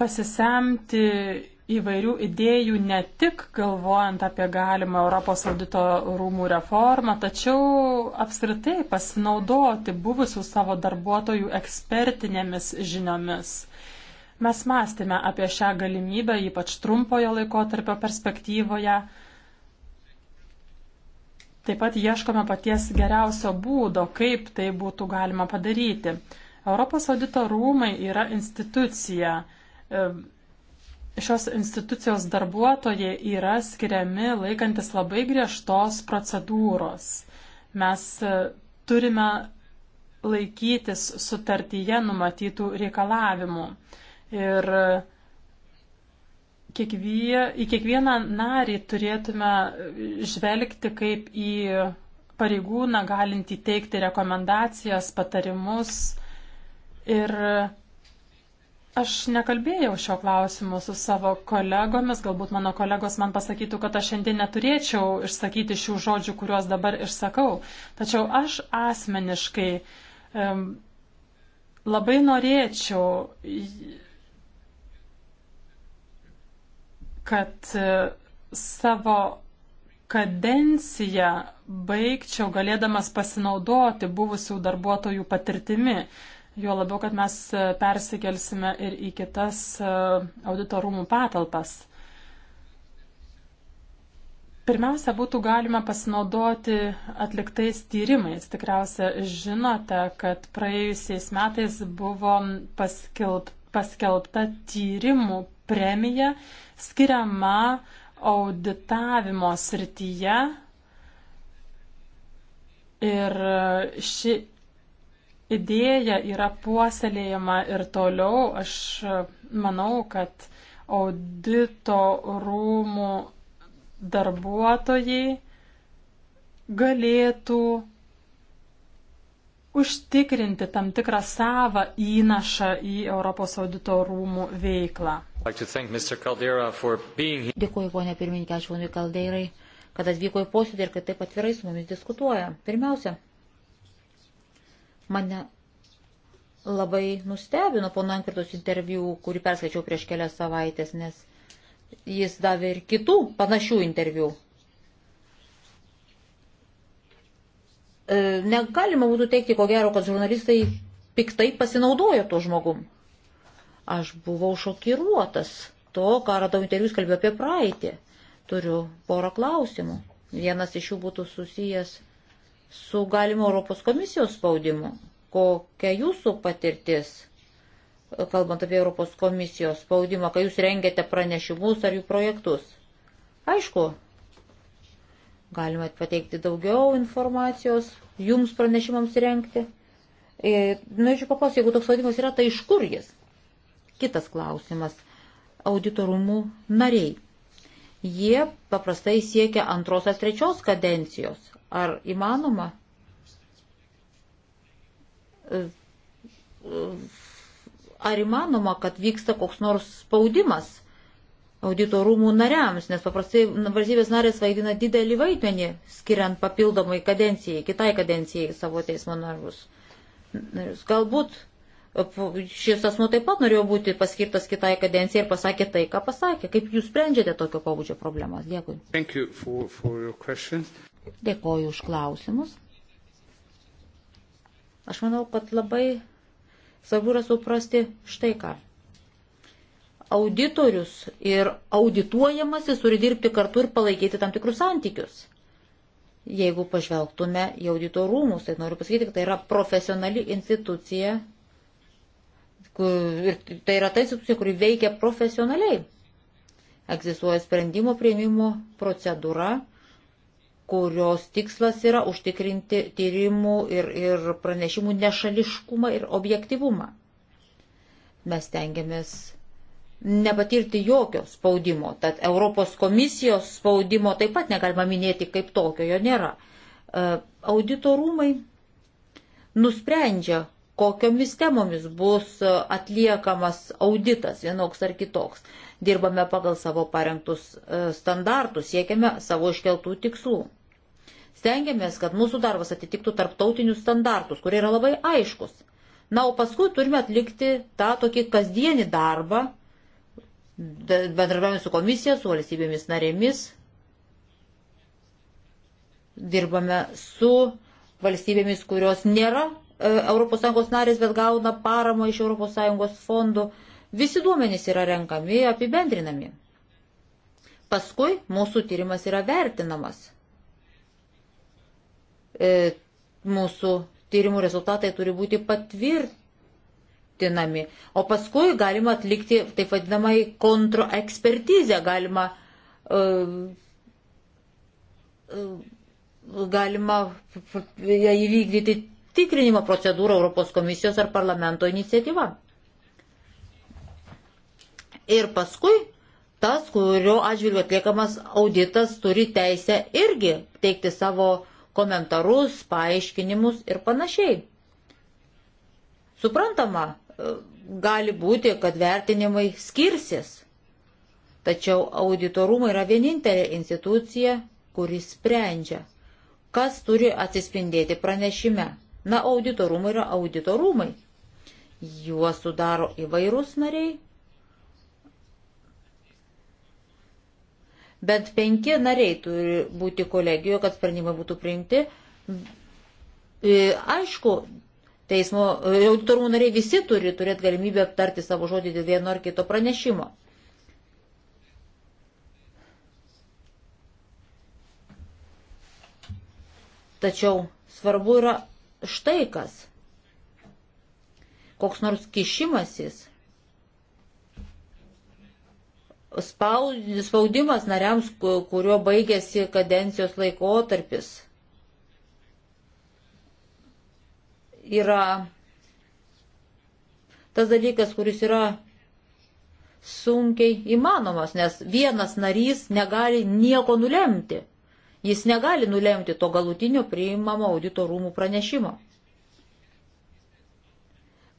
pasisemti įvairių idėjų ne tik galvojant apie galimą Europos audito rūmų reformą, tačiau apskritai pasinaudoti buvusių savo darbuotojų ekspertinėmis žiniomis. Mes mąstėme apie šią galimybę, ypač trumpojo laikotarpio perspektyvoje. Taip pat ieškome paties geriausio būdo, kaip tai būtų galima padaryti. Europos audito rūmai yra institucija šios institucijos darbuotojai yra skiriami laikantis labai griežtos procedūros. Mes e, turime laikytis sutartyje numatytų reikalavimų. Ir e, kiekvie, į kiekvieną narį turėtume žvelgti kaip į pareigūną galintį teikti rekomendacijas, patarimus ir Aš nekalbėjau šio klausimu su savo kolegomis, galbūt mano kolegos man pasakytų, kad aš šiandien neturėčiau išsakyti šių žodžių, kuriuos dabar išsakau. Tačiau aš asmeniškai um, labai norėčiau, kad e, savo kadenciją baigčiau galėdamas pasinaudoti buvusių darbuotojų patirtimi Jo labiau, kad mes e, persikelsime ir į kitas e, auditorumų patalpas. Pirmiausia, būtų galima pasinaudoti atliktais tyrimais. Tikriausia, žinote, kad praėjusiais metais buvo paskelb, paskelbta tyrimų premija skiriama auditavimo srityje. Ir e, ši idėja yra puoselėjama ir toliau, aš e, manau, kad audito rūmų darbuotojai galėtų užtikrinti tam tikrą savą įnašą į Europos audito rūmų veiklą. Dėkuoju, ponė pirmininkė, ačiū ponui Kaldeirai, kad atvyko į posėdį ir kad taip atvirai su mumis diskutuoja. Pirmiausia, Mane labai nustebino pono Ankritos interviu, kurį perskaičiau prieš kelias savaitės, nes jis davė ir kitų panašių interviu. E, negalima būtų teikti, ko gero, kad žurnalistai piktai pasinaudojo to žmogum. Aš buvau šokiruotas to, ką radau interviu, kalbėjau apie praeitį. Turiu porą klausimų. Vienas iš jų būtų susijęs su galimu Europos komisijos spaudimu. Kokia jūsų patirtis, kalbant apie Europos komisijos spaudimą, kai jūs rengiate pranešimus ar jų projektus? Aišku, galima pateikti daugiau informacijos, jums pranešimams renkti. Norėčiau nu, paklausti, jeigu toks spaudimas yra, tai iš kur jis? Kitas klausimas. Auditorumų nariai. Jie paprastai siekia antrosios trečios kadencijos. Ar įmanoma e, ar įmanoma, kad vyksta koks nors spaudimas audito rūmų nariams, nes paprastai valstybės narės vaidina didelį vaidmenį, skiriant papildomai kadencijai, kitai kadencijai savo teismo narus. Galbūt e, šis asmo taip pat norėjo būti paskirtas kitai kadencijai ir pasakė tai, ką pasakė. Kaip jūs sprendžiate tokio pabudžio problemas? Dėkui. For, for Dėkoju už klausimus. Aš manau, kad labai svarbu yra suprasti štai ką. Auditorius ir audituojamasis turi dirbti kartu ir palaikyti tam tikrus santykius. Jeigu pažvelgtume į auditorumus, tai noriu pasakyti, kad tai yra profesionali institucija. Kur, ir tai yra ta institucija, kuri veikia profesionaliai. Egzistuoja sprendimo prieimimo procedūra kurios tikslas yra užtikrinti tyrimų ir, ir pranešimų nešališkumą ir objektivumą. Mes tengiamės nepatirti jokio spaudimo, tad Europos komisijos spaudimo taip pat negalima minėti kaip tokio, jo nėra. E, auditorumai nusprendžia, kokiomis temomis bus atliekamas auditas vienoks ar kitoks. Dirbame pagal savo parengtus e, standartus, siekiame savo iškeltų tikslų. Stengiamės, kad mūsų darbas atitiktų tarptautinius standartus, kurie yra labai aiškus. Na, o paskui turime atlikti tą tokį kasdienį darbą, bendradarbiavame su komisija, su valstybėmis narėmis, dirbame su valstybėmis, kurios nėra ES narės, bet gauna paramą iš ES fondų. Visi duomenys yra renkami, apibendrinami. Paskui mūsų tyrimas yra vertinamas. E, mūsų tyrimų rezultatai turi būti patvirtinami. O paskui galima atlikti taip vadinamai kontroekspertizę, galima, e, e, galima įvykdyti tikrinimo procedūrą Europos komisijos ar parlamento iniciatyva. Ir paskui tas, kurio atžvilgiu atliekamas auditas turi teisę irgi teikti savo komentarus, paaiškinimus ir panašiai. Suprantama, e, gali būti, kad vertinimai skirsis. Tačiau auditorumai yra vienintelė institucija, kuris sprendžia, kas turi atsispindėti pranešime. Na, auditorumai yra auditorumai. Juos sudaro įvairūs nariai, Bent penki nariai turi būti kolegijoje, kad sprendimai būtų priimti. E, aišku, teismo e, auditorų nariai visi turi turėti galimybę aptarti savo žodį dėl vieno ar kito pranešimo. Tačiau svarbu yra štai kas. Koks nors kišimasis spaudimas nariams, kurio baigėsi kadencijos laikotarpis, yra tas dalykas, kuris yra sunkiai įmanomas, nes vienas narys negali nieko nulemti. Jis negali nulemti to galutinio priimamo audito rūmų pranešimo.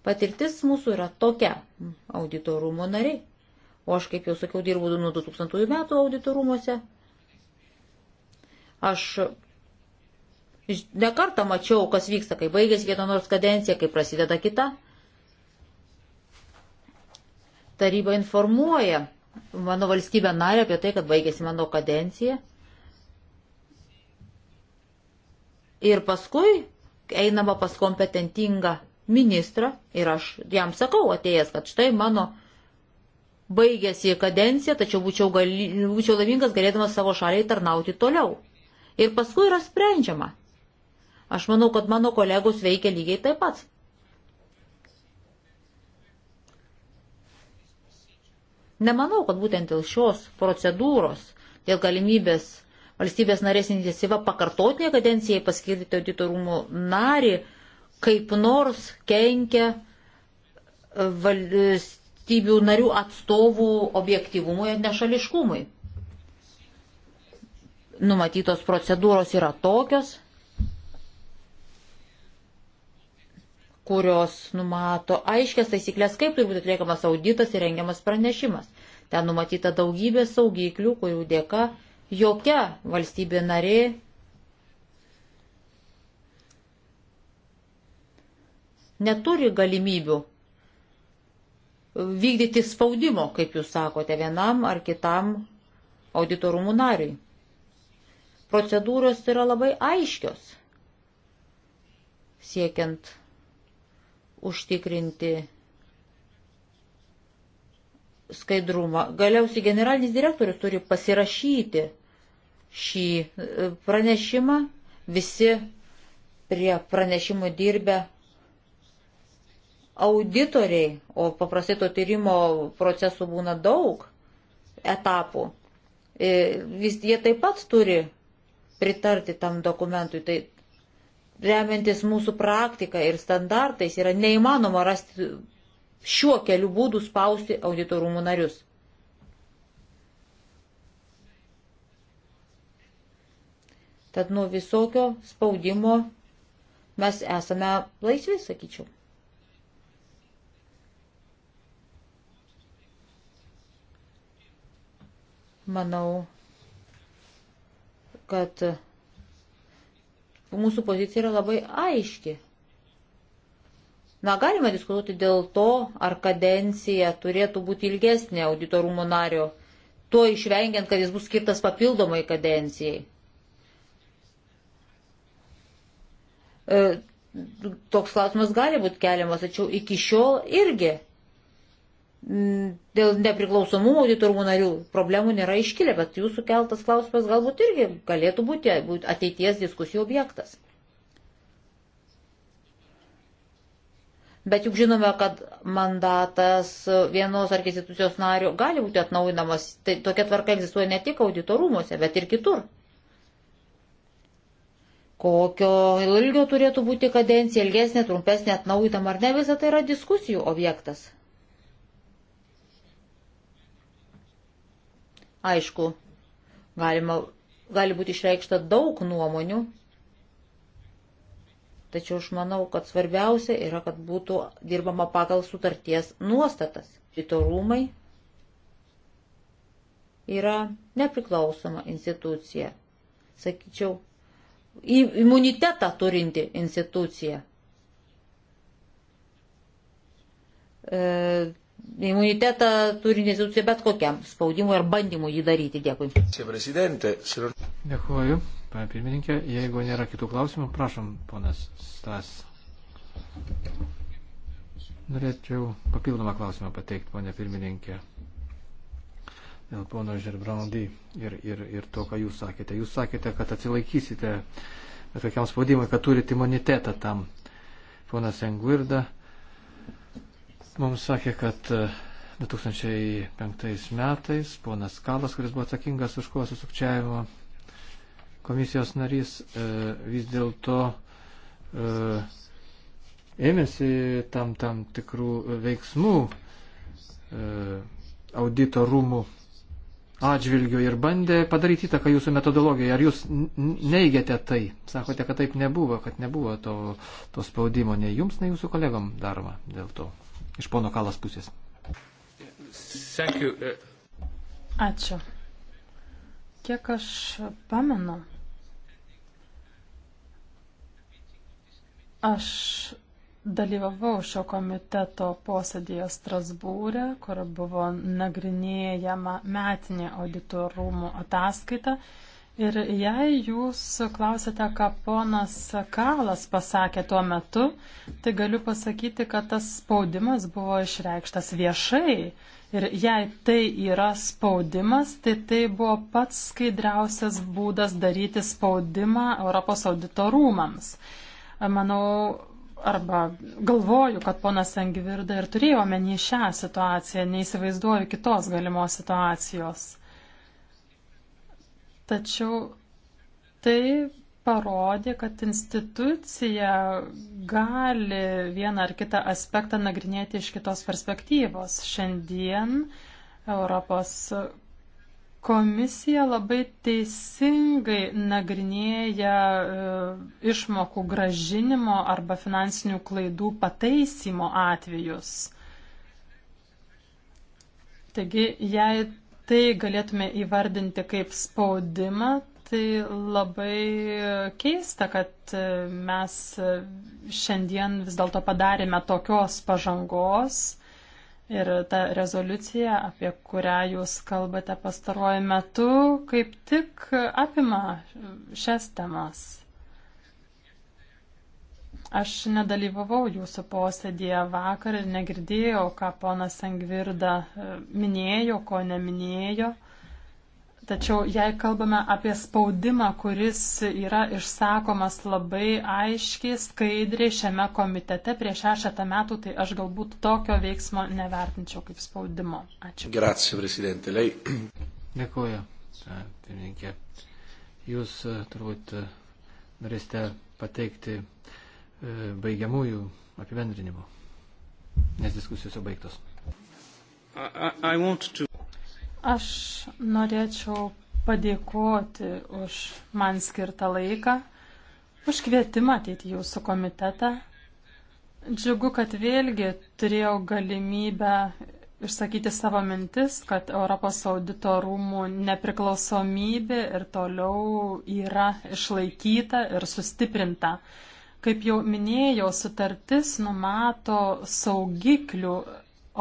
Patirtis mūsų yra tokia, audito rūmų nariai. O aš, kaip jau sakiau, dirbu nuo 2000 metų auditorumuose. Aš nekartą mačiau, kas vyksta, kai baigėsi viena nors kadencija, kai prasideda kita. Taryba informuoja mano valstybę narę apie tai, kad baigėsi mano kadencija. Ir paskui einama pas kompetentingą ministrą ir aš jam sakau atėjęs, kad štai mano baigėsi kadencija, tačiau būčiau, gali, būčiau laimingas galėdamas savo šaliai tarnauti toliau. Ir paskui yra sprendžiama. Aš manau, kad mano kolegos veikia lygiai taip pat. Nemanau, kad būtent dėl šios procedūros, dėl galimybės valstybės narės iniciatyva pakartotinė kadencijai paskirti auditorumų narį, kaip nors kenkia valstybės valstybių narių atstovų objektivumui ir nešališkumui. Numatytos procedūros yra tokios, kurios numato aiškias taisyklės, kaip turi būti atliekamas auditas ir rengiamas pranešimas. Ten numatyta daugybė saugyklių, kurių dėka jokia valstybė narė neturi galimybių vykdyti spaudimo, kaip jūs sakote, vienam ar kitam auditorumų nariui. Procedūros yra labai aiškios, siekiant užtikrinti skaidrumą. Galiausiai generalinis direktorius turi pasirašyti šį e, pranešimą, visi prie pranešimų dirbę auditoriai, o paprastai to tyrimo procesų būna daug etapų, e, vis jie taip pat turi pritarti tam dokumentui. Tai remiantis mūsų praktika ir standartais yra neįmanoma rasti šiuo keliu būdu spausti auditorumų narius. Tad nuo visokio spaudimo mes esame laisvi, sakyčiau. Manau, kad mūsų pozicija yra labai aiški. Na, galima diskutuoti dėl to, ar kadencija turėtų būti ilgesnė auditorumo nario, tuo išvengiant, kad jis bus skirtas papildomai kadencijai. E, toks klausimas gali būti keliamas, tačiau iki šiol irgi Mm, dėl nepriklausomumo auditorumų narių problemų nėra iškilę, bet jūsų keltas klausimas galbūt irgi galėtų būti ateities diskusijų objektas. Bet juk žinome, kad mandatas vienos ar institucijos nario gali būti atnaujinamas. Tai tokia tvarka egzistuoja ne tik auditorumuose, bet ir kitur. Kokio ilgio turėtų būti kadencija, ilgesnė, trumpesnė, atnaujinama ar ne, visa tai yra diskusijų objektas. Aišku, galima, gali būti išreikšta daug nuomonių, tačiau aš manau, kad svarbiausia yra, kad būtų dirbama pagal sutarties nuostatas. Šito rūmai yra nepriklausoma institucija, sakyčiau, imunitetą turinti institucija. E, imunitetą turi institucija bet kokiam spaudimui ar bandymui jį daryti. Dėkui. Dėkuoju, pana pirmininkė. Jeigu nėra kitų klausimų, prašom, ponas Stas. Norėčiau papildomą klausimą pateikti, ponė pirmininkė, dėl pono Žerbrandy ir, ir, ir to, ką jūs sakėte. Jūs sakėte, kad atsilaikysite bet kokiam spaudimui, kad turite imunitetą tam. Ponas Engvirda Mums sakė, kad 2005 e, metais ponas Kalas, kuris buvo atsakingas už kovą su sukčiavimo komisijos narys, e, vis dėlto e, ėmėsi tam, tam tikrų veiksmų audito rūmų atžvilgių ir bandė padaryti įtaką jūsų metodologijai. Ar jūs neigiate tai? Sakote, kad taip nebuvo, kad nebuvo to, to spaudimo nei jums, nei jūsų kolegom daroma dėl to iš pono Kalas pusės. Ačiū. Kiek aš pamenu, aš dalyvavau šio komiteto posėdėje Strasbūrė, kur buvo nagrinėjama metinė auditorumų ataskaita. Ir jei jūs klausėte, ką ponas Kalas pasakė tuo metu, tai galiu pasakyti, kad tas spaudimas buvo išreikštas viešai. Ir jei tai yra spaudimas, tai tai buvo pats skaidriausias būdas daryti spaudimą Europos auditorumams. Manau, arba galvoju, kad ponas Engvirda ir turėjo menį šią situaciją, neįsivaizduoju kitos galimos situacijos. Tačiau tai parodė, kad institucija gali vieną ar kitą aspektą nagrinėti iš kitos perspektyvos. Šiandien Europos komisija labai teisingai nagrinėja e, išmokų gražinimo arba finansinių klaidų pataisymo atvejus. Taigi, jei tai galėtume įvardinti kaip spaudimą, tai labai keista, kad e, mes e, šiandien vis dėlto padarėme tokios pažangos. Ir ta rezoliucija, apie kurią jūs kalbate pastaruoju metu, kaip tik apima šias temas. Aš nedalyvavau jūsų posėdėje vakar ir negirdėjau, ką ponas Angvirda e, minėjo, ko neminėjo. Tačiau jei kalbame apie spaudimą, kuris yra išsakomas labai aiškiai, skaidriai šiame komitete prieš šešetą metų, tai aš galbūt tokio veiksmo nevertinčiau kaip spaudimo. Ačiū. Grazie, prezidentė. Lei. Dėkuoju, e, pirmininkė. Jūs e, turbūt norėsite pateikti E, baigiamųjų apibendrinimų, nes diskusijos jau baigtos. I, I to... Aš norėčiau padėkoti už man skirtą laiką, už kvietimą ateiti jūsų komitetą. Džiugu, kad vėlgi turėjau galimybę išsakyti savo mintis, kad Europos audito rūmų nepriklausomybė ir toliau yra išlaikyta ir sustiprinta. Kaip jau minėjau, sutartis numato saugiklių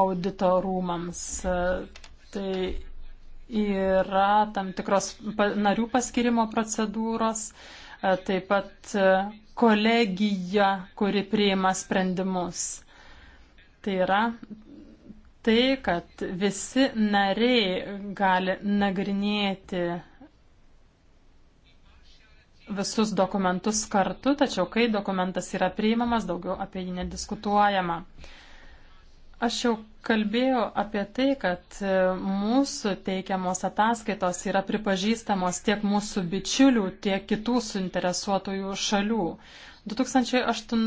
audito rūmams. Tai yra tam tikros narių paskirimo procedūros, e, taip pat e, kolegija, kuri priima sprendimus. Tai yra tai, kad visi nariai gali nagrinėti visus dokumentus kartu, tačiau kai dokumentas yra priimamas, daugiau apie jį nediskutuojama. Aš jau kalbėjau apie tai, kad e, mūsų teikiamos ataskaitos yra pripažįstamos tiek mūsų bičiulių, tiek kitų suinteresuotųjų šalių. 2008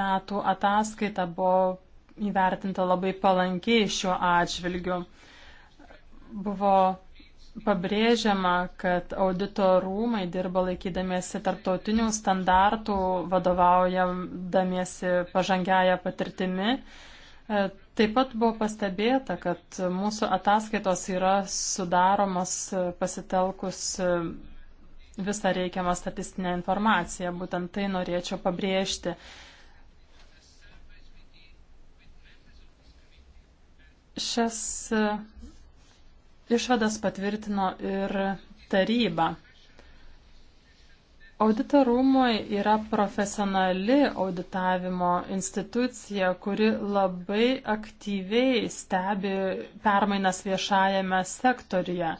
metų ataskaita buvo įvertinta labai palankiai šiuo atžvilgiu. Buvo pabrėžiama, kad audito rūmai dirba laikydamiesi tarptautinių standartų, vadovaujamiesi pažangiaja patirtimi. E, taip pat buvo pastebėta, kad mūsų ataskaitos yra sudaromas e, pasitelkus e, visą reikiamą statistinę informaciją. Būtent tai norėčiau pabrėžti. Šias Išvadas patvirtino ir taryba. Auditorumui yra profesionali auditavimo institucija, kuri labai aktyviai stebi permainas viešajame sektorija.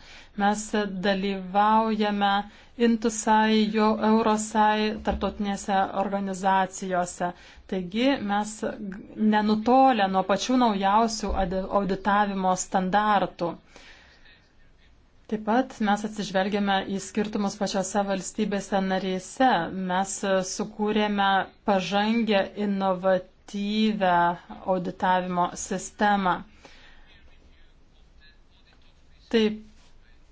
Mes dalyvaujame Intusai, jo Eurosai, tarptautinėse organizacijose. Taigi mes nenutolę nuo pačių naujausių auditavimo standartų. Taip pat mes atsižvelgėme į skirtumus pačiose valstybėse narėse. Mes e, sukūrėme pažangę inovatyvę auditavimo sistemą. Taip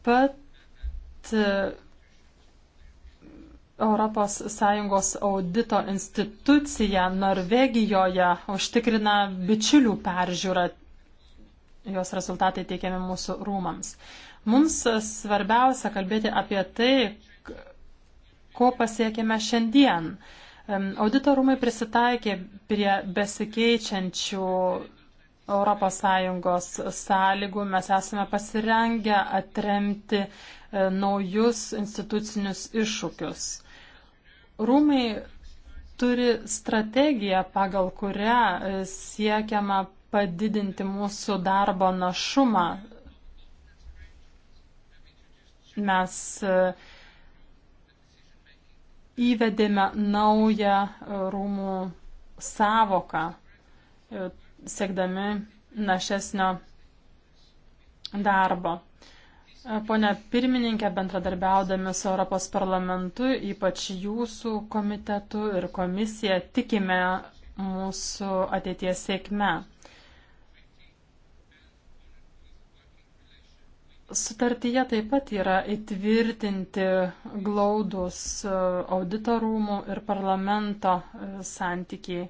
pat ES audito institucija Norvegijoje užtikrina bičiulių peržiūrą. Jos rezultatai teikiami mūsų rūmams. Mums svarbiausia kalbėti apie tai, ko pasiekėme šiandien. Auditorumai prisitaikė prie besikeičiančių ES sąlygų. Mes esame pasirengę atremti e, naujus institucinius iššūkius. Rūmai turi strategiją, pagal kurią e, siekiama padidinti mūsų darbo našumą Mes e, įvedėme naują e, rūmų savoką, e, siekdami našesnio darbo. Pone pirmininkė, bendradarbiaudami su Europos parlamentu, ypač jūsų komitetu ir komisija, tikime mūsų ateities sėkme. Sutartyje taip pat yra įtvirtinti glaudus e, auditorumų ir parlamento e, santykiai.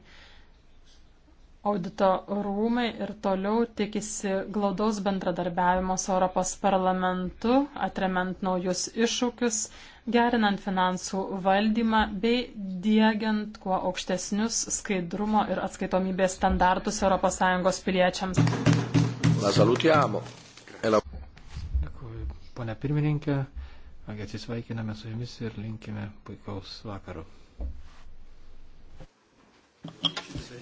Audito rūmai ir toliau tikisi glaudaus bendradarbiavimo su Europos parlamentu, atremiant naujus iššūkius, gerinant finansų valdymą bei diegiant kuo aukštesnius skaidrumo ir atskaitomybės standartus ES piliečiams. La salutiamo. Pone pirmininkė, atsisveikiname su jumis ir linkime puikaus vakaro.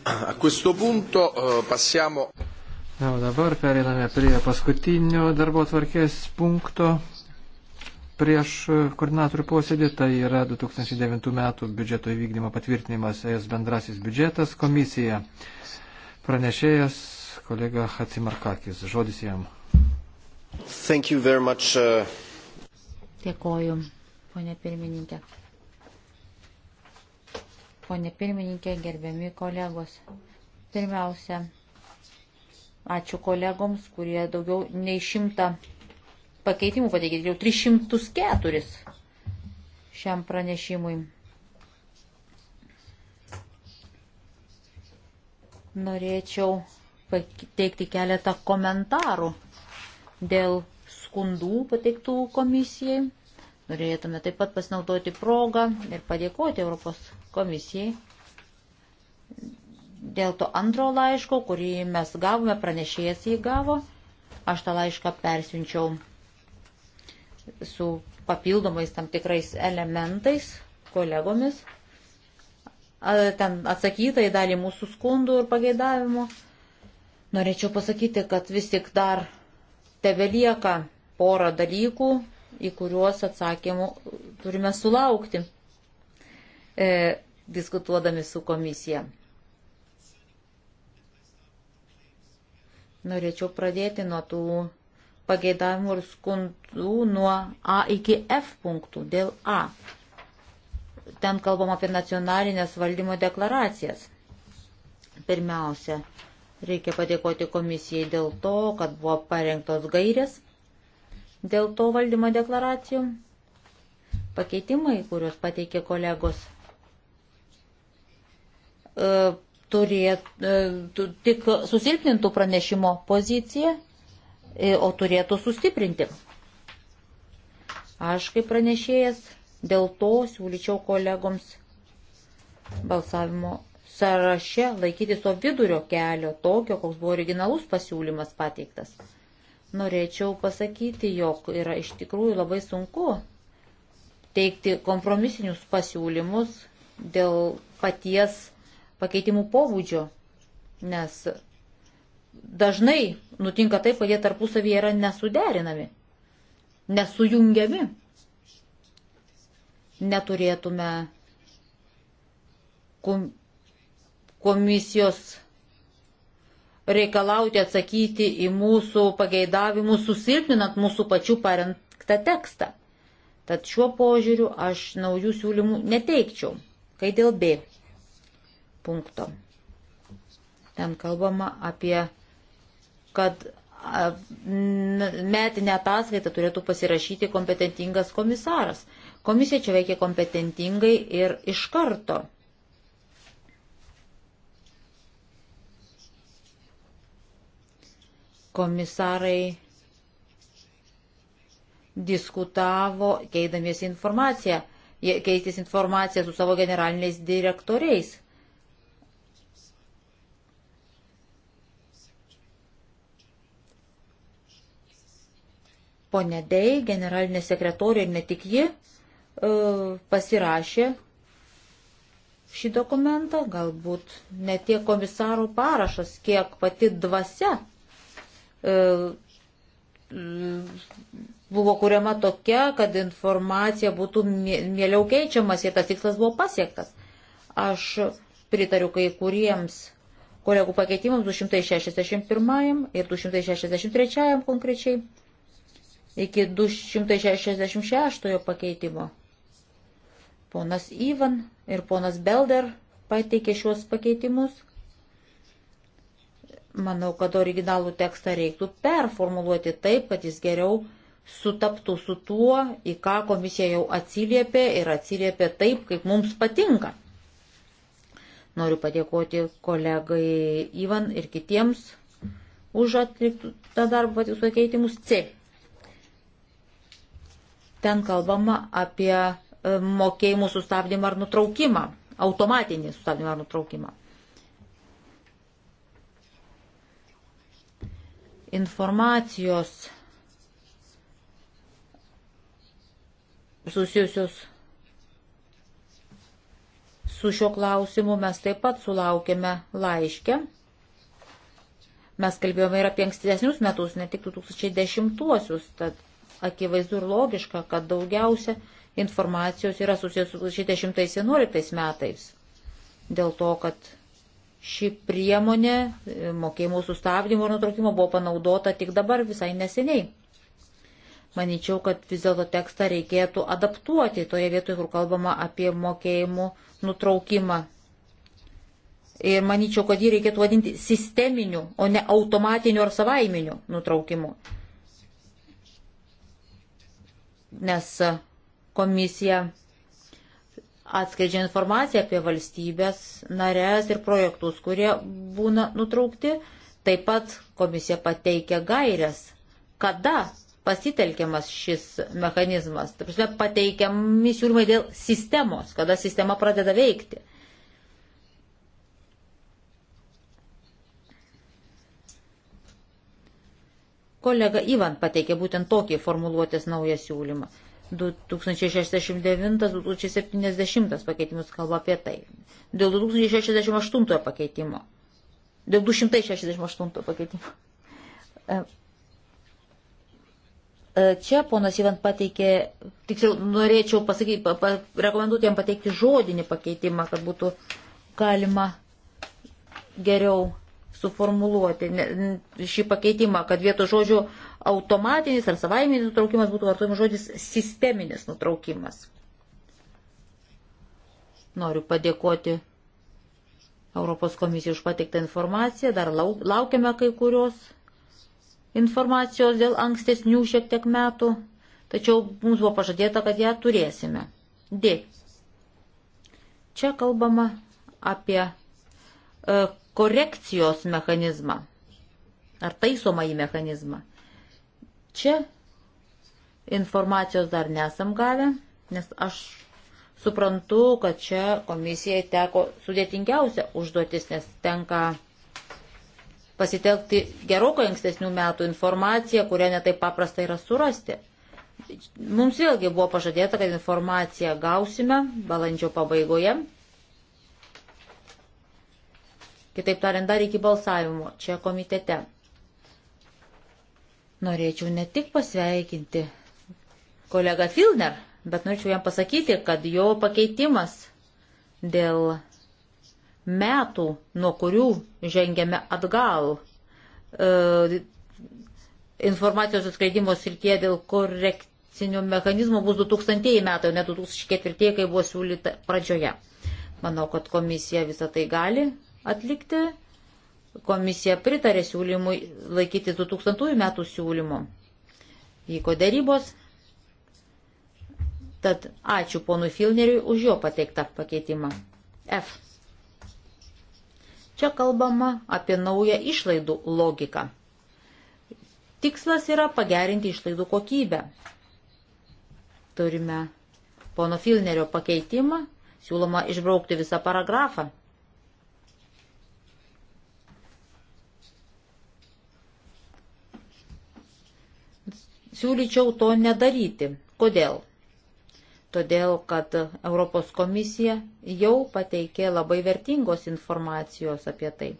A questo punto uh, passiamo. Na, o dabar pereiname prie paskutinio darbo tvarkės punkto prieš e, koordinatorių posėdį, tai yra 2009 metų biudžeto įvykdymo patvirtinimas ES bendrasis biudžetas komisija. Pranešėjas kolega Hatsimarkakis, žodis jam. Uh... Dėkoju, ponė pirmininkė. Pone pirmininkė, gerbiami kolegos. Pirmiausia, ačiū kolegoms, kurie daugiau nei šimtą pakeitimų pateikė, jau 304 šiam pranešimui. Norėčiau pateikti keletą komentarų dėl skundų pateiktų komisijai. Norėtume taip pat pasinaudoti progą ir padėkoti Europos komisijai dėl to antro laiško, kurį mes gavome, pranešėjas jį gavo. Aš tą laišką persiunčiau su papildomais tam tikrais elementais kolegomis. Ten atsakyta į dalį mūsų skundų ir pageidavimų. Norėčiau pasakyti, kad vis tik dar Tebe lieka porą dalykų, į kuriuos atsakymų turime sulaukti, e, diskutuodami su komisija. Norėčiau pradėti nuo tų pageidavimų ir skundų nuo A iki F punktų dėl A. Ten kalbam apie nacionalinės valdymo deklaracijas. Pirmiausia, Reikia padėkoti komisijai dėl to, kad buvo parengtos gairės dėl to valdymo deklaracijų. Pakeitimai, kuriuos pateikė kolegos, e, turėtų e, tik susilpnintų pranešimo poziciją, e, o turėtų sustiprinti. Aš kaip pranešėjas dėl to siūlyčiau kolegoms balsavimo sąraše laikytis to vidurio kelio, tokio, koks buvo originalus pasiūlymas pateiktas. Norėčiau pasakyti, jog yra iš tikrųjų labai sunku teikti kompromisinius pasiūlymus dėl paties pakeitimų pobūdžio, nes dažnai nutinka taip, kad jie tarpusavyje yra nesuderinami, nesujungiami. Neturėtume komisijos reikalauti atsakyti į mūsų pageidavimus, susilpninant mūsų pačių parengtą tekstą. Tad šiuo požiūriu aš naujų siūlymų neteikčiau, kai dėl B punkto. Ten kalbama apie, kad metinę ataskaitą turėtų pasirašyti kompetentingas komisaras. Komisija čia veikia kompetentingai ir iš karto. Komisarai diskutavo, keidamiesi informaciją, jie keistis informaciją su savo generaliniais direktoriais. Pone Dei, generalinė sekretorija ir ne tik ji e, pasirašė šį dokumentą, galbūt ne tiek komisarų parašas, kiek pati dvasia E, buvo kuriama tokia, kad informacija būtų mėliau keičiamas ir tas tikslas buvo pasiektas. Aš pritariu kai kuriems kolegų pakeitimams 261 ir 263 konkrečiai iki 266 pakeitimo. Ponas Ivan ir ponas Belder pateikė šios pakeitimus. Manau, kad originalų tekstą reiktų performuluoti taip, kad jis geriau sutaptų su tuo, į ką komisija jau atsiliepė ir atsiliepė taip, kaip mums patinka. Noriu padėkoti kolegai Ivan ir kitiems už atliktą darbą patiktų keitimus C. Ten kalbama apie e, mokėjimų sustabdymą ar nutraukimą, automatinį sustabdymą ar nutraukimą. informacijos susijusios su šiuo klausimu mes taip pat sulaukėme laiškę. Mes kalbėjome ir apie ankstesnius metus, ne tik 2010-uosius, tad akivaizdu ir logiška, kad daugiausia informacijos yra susijęs su 2011 metais. Dėl to, kad Ši priemonė e, mokėjimų sustabdymo ir nutraukimo buvo panaudota tik dabar visai neseniai. Maničiau, kad vis dėlto tekstą reikėtų adaptuoti toje vietoje, kur kalbama apie mokėjimų nutraukimą. Ir manyčiau, kad jį reikėtų vadinti sisteminiu, o ne automatiniu ar savaiminiu nutraukimu. Nes e, komisija atskleidžia informaciją apie valstybės narės ir projektus, kurie būna nutraukti. Taip pat komisija pateikia gairias, kada pasitelkiamas šis mechanizmas. Taip prasme, pateikiami siūlymai dėl sistemos, kada sistema pradeda veikti. Kolega Ivan pateikė būtent tokį formuluotės naują siūlymą. 2069-2070 pakeitimus kalba apie tai. Dėl 2068 pakeitimo. Dėl 268 pakeitimo. Čia ponas Ivan pateikė, tiksliau norėčiau pasakyti, pa, pa, rekomenduoti jam pateikti žodinį pakeitimą, kad būtų galima geriau suformuluoti šį pakeitimą, kad vieto žodžio automatinis ar savaiminis nutraukimas būtų vartojamas žodis sisteminis nutraukimas. Noriu padėkoti Europos komisijai už pateiktą informaciją, dar laukiame kai kurios informacijos dėl ankstesnių šiek tiek metų, tačiau mums buvo pažadėta, kad ją turėsime. D. Čia kalbama apie e, korekcijos mechanizmą ar taisomąjį mechanizmą. Čia informacijos dar nesam gavę, nes aš suprantu, kad čia komisijai teko sudėtingiausia užduotis, nes tenka pasitelkti gerokai ankstesnių metų informaciją, kurią netaip paprasta yra surasti. Mums vėlgi buvo pažadėta, kad informaciją gausime balandžio pabaigoje Kitaip tariant, dar iki balsavimo čia komitete. Norėčiau ne tik pasveikinti kolegą Filner, bet norėčiau jam pasakyti, kad jo pakeitimas dėl metų, nuo kurių žengėme atgal e, informacijos atskleidimo srityje dėl korekcinių mechanizmų bus 2000 metai, o ne 2004, kai buvo siūlyta pradžioje. Manau, kad komisija visą tai gali atlikti. Komisija pritarė siūlymui laikyti 2000 metų siūlymo. Vyko darybos. Tad ačiū ponui Filneriui už jo pateiktą pakeitimą. F. Čia kalbama apie naują išlaidų logiką. Tikslas yra pagerinti išlaidų kokybę. Turime pono Filnerio pakeitimą, siūloma išbraukti visą paragrafą siūlyčiau to nedaryti. Kodėl? Todėl, kad Europos komisija jau pateikė labai vertingos informacijos apie tai.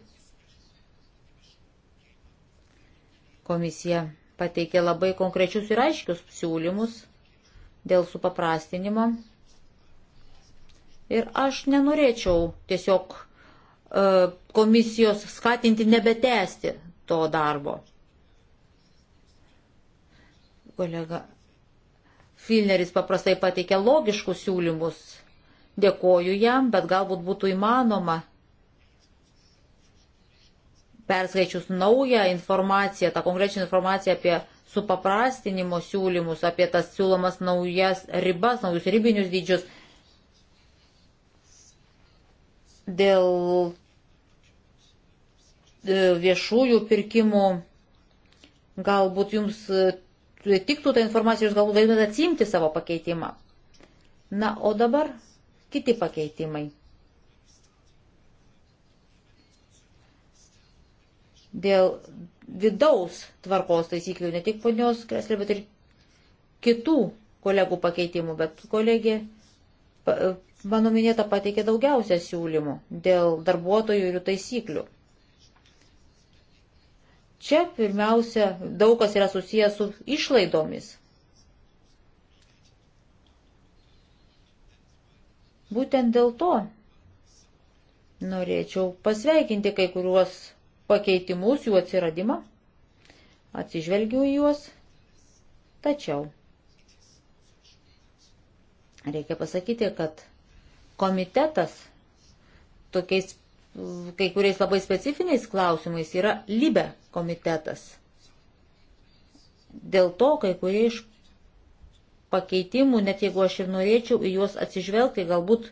Komisija pateikė labai konkrečius ir aiškius siūlymus dėl supaprastinimo. Ir aš nenorėčiau tiesiog e, komisijos skatinti nebetesti to darbo. Kolega Filneris paprastai pateikia logiškus siūlymus. Dėkoju jam, bet galbūt būtų įmanoma perskaičius naują informaciją, tą konkrečią informaciją apie supaprastinimo siūlymus, apie tas siūlomas naujas ribas, naujus ribinius dydžius. Dėl e, viešųjų pirkimų galbūt jums tiktų tą informaciją, jūs galbūt galėtumėte atsimti savo pakeitimą. Na, o dabar kiti pakeitimai. Dėl vidaus tvarkos taisyklių, ne tik ponios Kreslė, bet ir kitų kolegų pakeitimų, bet kolegė, mano minėta, pateikė daugiausia siūlymų dėl darbuotojų ir jų taisyklių. Čia pirmiausia daug kas yra susijęs su išlaidomis. Būtent dėl to norėčiau pasveikinti kai kuriuos pakeitimus, jų atsiradimą. Atsižvelgiu į juos, tačiau reikia pasakyti, kad komitetas tokiais kai kuriais labai specifiniais klausimais yra libe komitetas. Dėl to kai kurie iš pakeitimų, net jeigu aš ir norėčiau į juos atsižvelgti, galbūt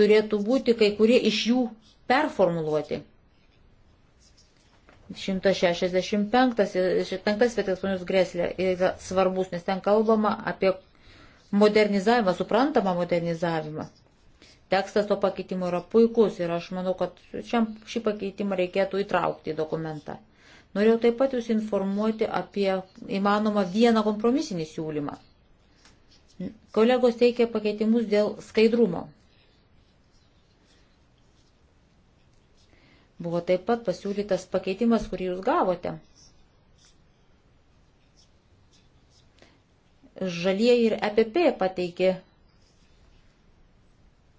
turėtų būti kai kurie iš jų performuluoti. 165 Svetlanaus Greslė yra svarbus, nes ten kalbama apie modernizavimą, suprantamą modernizavimą. Tekstas to pakeitimo yra puikus ir aš manau, kad šiam, šį pakeitimą reikėtų įtraukti į dokumentą. Norėjau taip pat jūs informuoti apie įmanomą vieną kompromisinį siūlymą. Kolegos teikia pakeitimus dėl skaidrumo. Buvo taip pat pasiūlytas pakeitimas, kurį jūs gavote. Žalieji ir EPP pateikė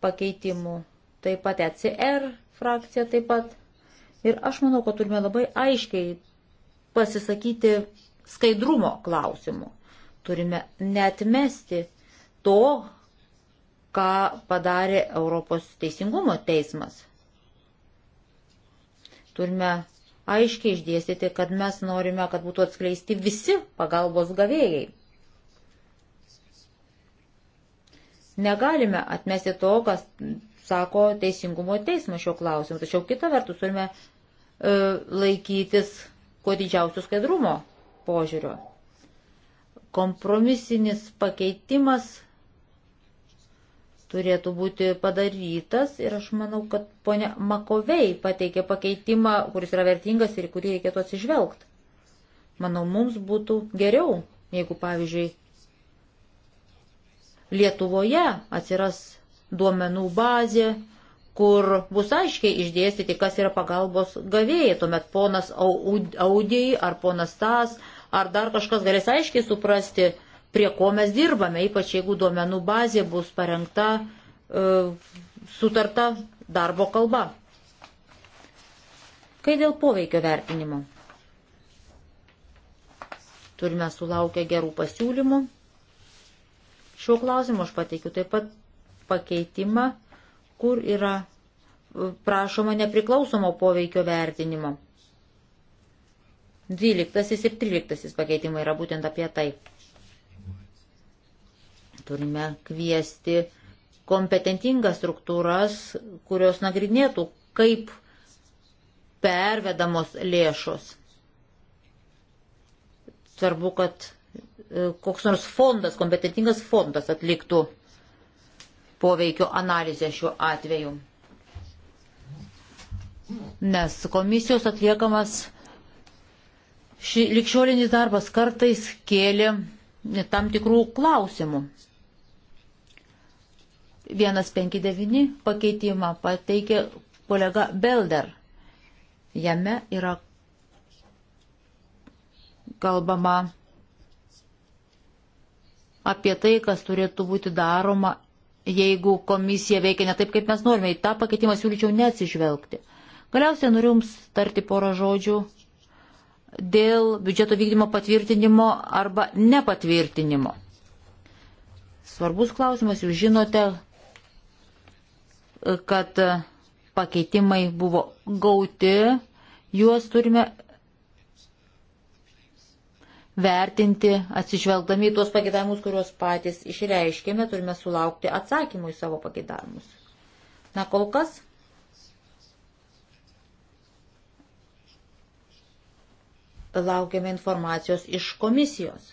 pakeitimų, taip pat ECR frakcija taip pat. Ir aš manau, kad turime labai aiškiai pasisakyti skaidrumo klausimu. Turime netmesti to, ką padarė Europos teisingumo teismas. Turime aiškiai išdėstyti, kad mes norime, kad būtų atskleisti visi pagalbos gavėjai. Negalime atmesti to, kas sako teisingumo teismas šio klausimu, tačiau kitą vertus turime e, laikytis kuo didžiausių skaidrumo požiūrio. Kompromisinis pakeitimas turėtų būti padarytas ir aš manau, kad ponia Makovei pateikė pakeitimą, kuris yra vertingas ir kurį reikėtų atsižvelgti. Manau, mums būtų geriau, jeigu, pavyzdžiui, Lietuvoje atsiras duomenų bazė, kur bus aiškiai išdėstyti, kas yra pagalbos gavėjai. Tuomet ponas Audijai ar ponas Tas ar dar kažkas galės aiškiai suprasti, prie ko mes dirbame, ypač jeigu duomenų bazė bus parengta e, sutarta darbo kalba. Kai dėl poveikio vertinimo. Turime sulaukę gerų pasiūlymų. Šiuo klausimu aš pateikiu taip pat pakeitimą, kur yra e, prašoma nepriklausomo poveikio vertinimo. 12 ir 13 pakeitimai yra būtent apie tai. Turime kviesti kompetentingas struktūras, kurios nagrinėtų, kaip pervedamos lėšos. Svarbu, kad E, koks nors fondas, kompetentingas fondas atliktų poveikio analizę šiuo atveju. Nes komisijos atliekamas ši, likščiolinis darbas kartais kėlė tam tikrų klausimų. 159 pakeitimą pateikė kolega Belder. Jame yra kalbama apie tai, kas turėtų būti daroma, jeigu komisija veikia ne taip, kaip mes norime. Į tą pakeitimą siūlyčiau neatsižvelgti. Galiausiai noriu Jums tarti porą žodžių dėl biudžeto vykdymo patvirtinimo arba nepatvirtinimo. Svarbus klausimas, jūs žinote, kad pakeitimai buvo gauti, juos turime vertinti, atsižvelgdami į tuos pagėdavimus, kuriuos patys išreiškėme, turime sulaukti atsakymų į savo pagėdavimus. Na kol kas. Laukiame informacijos iš komisijos.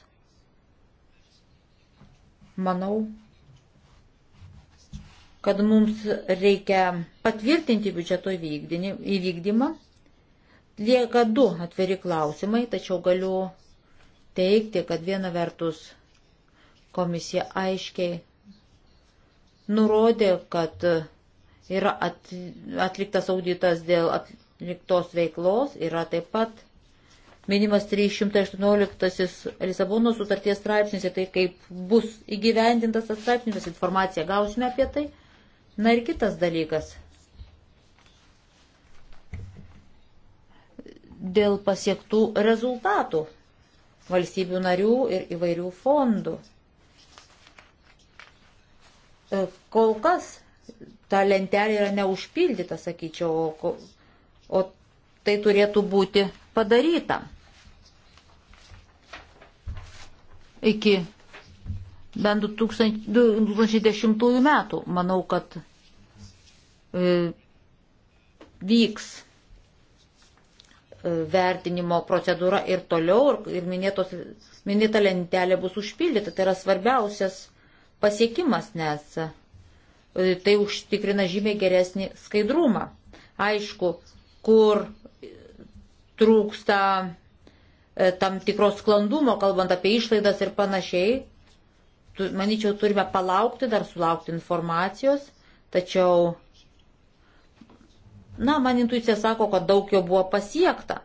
Manau, kad mums reikia patvirtinti biudžeto įvykdymą. Lieka du atviri klausimai, tačiau galiu teikti, kad viena vertus komisija aiškiai nurodė, kad yra atliktas auditas dėl atliktos veiklos, yra taip pat minimas 318 Lisabono sutarties straipsnis ir tai kaip bus įgyvendintas tas straipsnis, mes informaciją gausime apie tai. Na ir kitas dalykas. Dėl pasiektų rezultatų valstybių narių ir įvairių fondų. E, kol kas ta lentelė yra neužpildyta, sakyčiau, o, o tai turėtų būti padaryta. Iki bent 2010 metų, manau, kad e, vyks vertinimo procedūra ir toliau, ir minėtos, minėta lentelė bus užpildyta. Tai yra svarbiausias pasiekimas, nes e, tai užtikrina žymiai geresnį skaidrumą. Aišku, kur trūksta e, tam tikros sklandumo, kalbant apie išlaidas ir panašiai, tu, manyčiau, turime palaukti, dar sulaukti informacijos, tačiau Na, man intuicija sako, kad daug jo buvo pasiekta.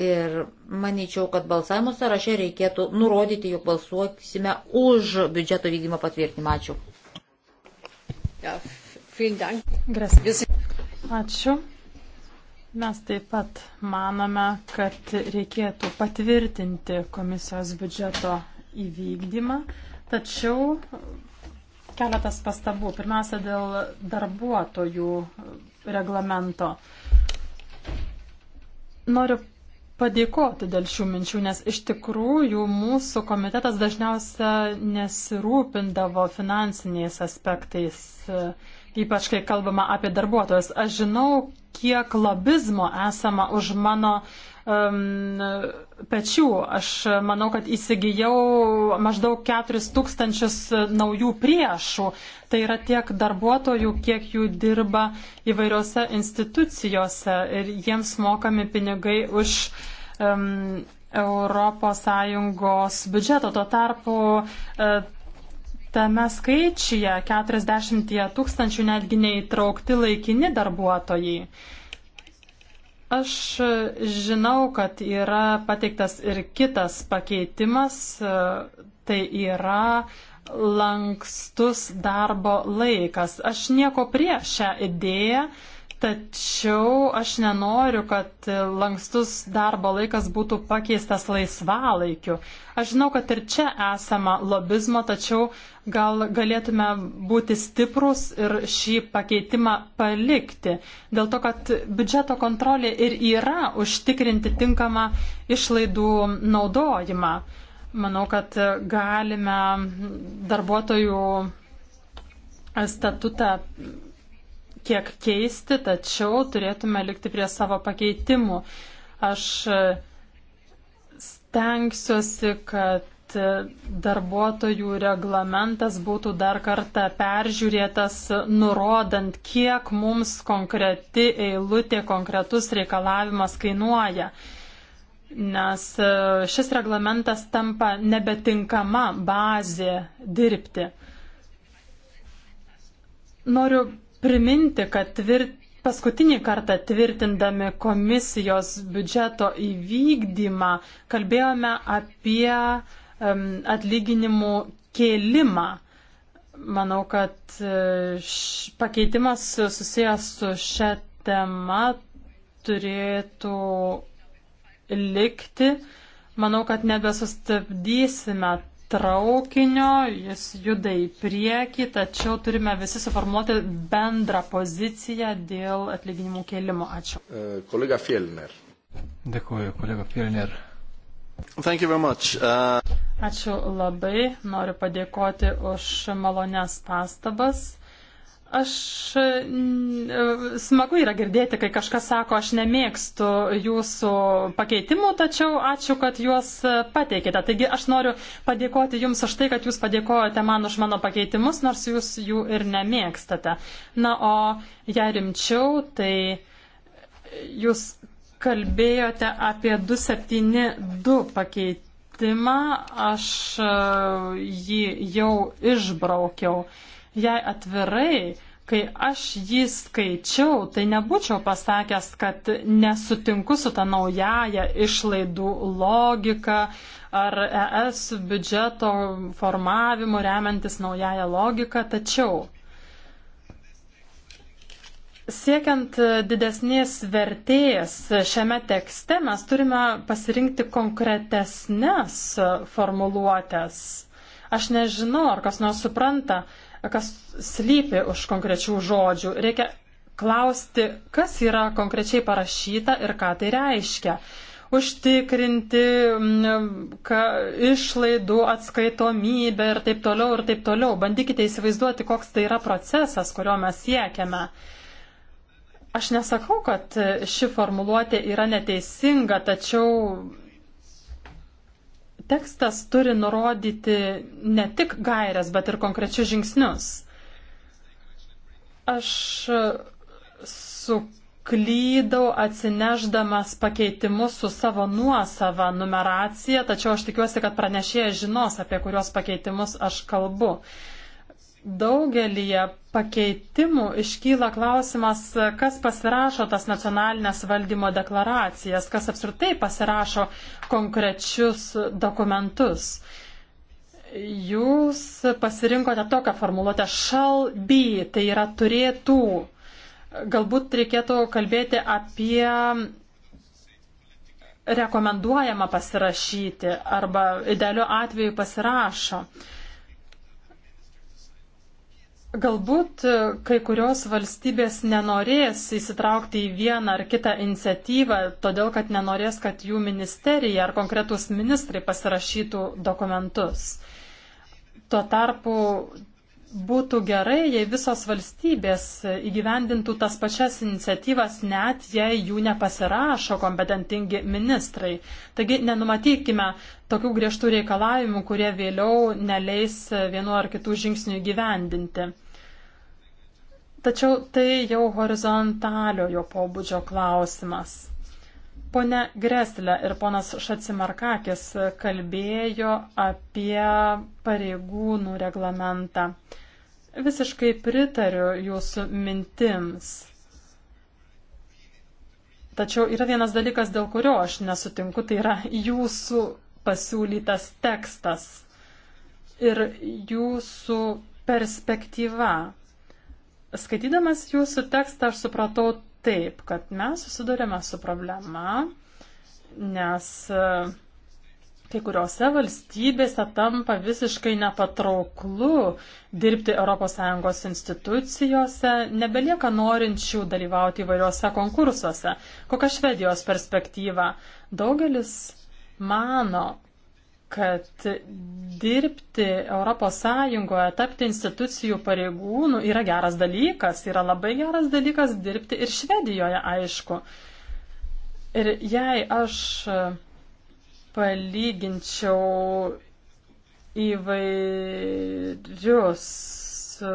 Ir manyčiau, kad balsavimo sąraše reikėtų nurodyti, jog balsuosime už biudžeto vykdymo patvirtinimą. Ačiū. Ačiū. Mes taip pat manome, kad reikėtų patvirtinti komisijos biudžeto įvykdymą, tačiau keletas pastabų. Pirmiausia, dėl darbuotojų reglamento. Noriu padėkoti dėl šių minčių, nes iš tikrųjų mūsų komitetas dažniausia nesirūpindavo finansiniais aspektais, ypač kai kalbama apie darbuotojus. Aš žinau, kiek lobizmo esama už mano uh, um, pečių. Aš manau, kad įsigijau maždaug 4000 naujų priešų. Tai yra tiek darbuotojų, kiek jų dirba įvairiose institucijose ir jiems mokami pinigai už um, ES biudžeto. Tuo tarpu uh, tame skaičiuje 40 tūkstančių netgi neįtraukti laikini darbuotojai. Uh, Aš žinau, kad yra pateiktas ir kitas pakeitimas, tai yra lankstus darbo laikas. Aš nieko prieš šią idėją, Tačiau aš nenoriu, kad lankstus darbo laikas būtų pakeistas laisvalaikiu. Aš žinau, kad ir čia esama lobizmo, tačiau gal galėtume būti stiprus ir šį pakeitimą palikti. Dėl to, kad biudžeto kontrolė ir yra užtikrinti tinkamą išlaidų naudojimą. Manau, kad galime darbuotojų statutą kiek keisti, tačiau turėtume likti prie savo pakeitimų. Aš e, stengsiuosi, kad e, darbuotojų reglamentas būtų dar kartą peržiūrėtas, nurodant, kiek mums konkreti eilutė, konkretus reikalavimas kainuoja. Nes e, šis reglamentas tampa nebetinkama bazė dirbti. Noriu priminti, kad tvirt, paskutinį kartą tvirtindami komisijos biudžeto įvykdymą kalbėjome apie um, atlyginimų kėlimą. Manau, kad e, š, pakeitimas susijęs su šia tema turėtų likti. Manau, kad nebesustabdysime traukinio, jis juda į priekį, tačiau turime visi suformuoti bendrą poziciją dėl atlyginimų kelimo. Ačiū. E, kolega Fielner. Dėkuoju, kolega Fielner. Thank you very much. Uh... Ačiū labai. Noriu padėkoti už malonias pastabas. Aš smagu yra girdėti, kai kažkas sako, aš nemėgstu jūsų pakeitimų, tačiau ačiū, kad juos pateikėte. Taigi aš noriu padėkoti jums už tai, kad jūs padėkojate man už mano pakeitimus, nors jūs jų ir nemėgstate. Na, o jei rimčiau, tai jūs kalbėjote apie 272 pakeitimą, aš e, jį jau išbraukiau. Jei atvirai, kai aš jį skaičiau, tai nebūčiau pasakęs, kad nesutinku su ta naujaja išlaidų logika ar ES biudžeto formavimu remiantis naujaja logika, tačiau Siekiant didesnės vertės šiame tekste mes turime pasirinkti konkretesnės formuluotės. Aš nežinau, ar kas nors supranta, uh, kas slypi už konkrečių žodžių. Reikia klausti, kas yra konkrečiai parašyta ir ką tai reiškia. Užtikrinti mm, ka, išlaidų atskaitomybę ir taip toliau ir taip toliau. Bandykite įsivaizduoti, koks tai yra procesas, kurio mes siekiame. Aš nesakau, kad ši formuluotė yra neteisinga, tačiau tekstas turi nurodyti ne tik gairias, bet ir konkrečius žingsnius. Aš suklydau atsineždamas pakeitimus su savo nuosava numeracija, tačiau aš tikiuosi, kad pranešėjas žinos, apie kuriuos pakeitimus aš kalbu. Uh, daugelįje pakeitimų iškyla klausimas, kas pasirašo tas nacionalinės valdymo deklaracijas, kas apskritai pasirašo konkrečius dokumentus. Jūs pasirinkote tokią formuluotę shall be, tai yra turėtų. Galbūt reikėtų kalbėti apie rekomenduojama pasirašyti arba idealiu atveju pasirašo. Uh, Galbūt e, kai kurios valstybės nenorės įsitraukti į vieną ar kitą iniciatyvą, todėl kad nenorės, kad jų ministerija ar konkretus ministrai pasirašytų dokumentus. Tuo tarpu būtų gerai, jei visos valstybės įgyvendintų tas pačias iniciatyvas, net jei jų nepasirašo kompetentingi ministrai. Taigi nenumatykime tokių griežtų reikalavimų, kurie vėliau neleis vienu ar kitų žingsnių įgyvendinti. Tačiau tai jau horizontaliojo pobūdžio klausimas. Pone Greslė ir ponas Šacimarkakis kalbėjo apie pareigūnų reglamentą. Visiškai pritariu jūsų mintims. Tačiau yra vienas dalykas, dėl kurio aš nesutinku, tai yra jūsų pasiūlytas tekstas ir jūsų perspektyva Skaitydamas jūsų tekstą aš supratau taip, kad mes susidurėme su problema, nes e, kai kuriuose valstybėse tampa visiškai nepatrauklu dirbti ES institucijose, nebelieka norinčių dalyvauti įvairiuose konkursuose. Kokia Švedijos perspektyva? Daugelis mano, kad dirbti Europos Sąjungoje, tapti institucijų pareigūnų yra geras dalykas, yra labai geras dalykas dirbti ir Švedijoje, aišku. Ir jei aš palyginčiau įvairius e,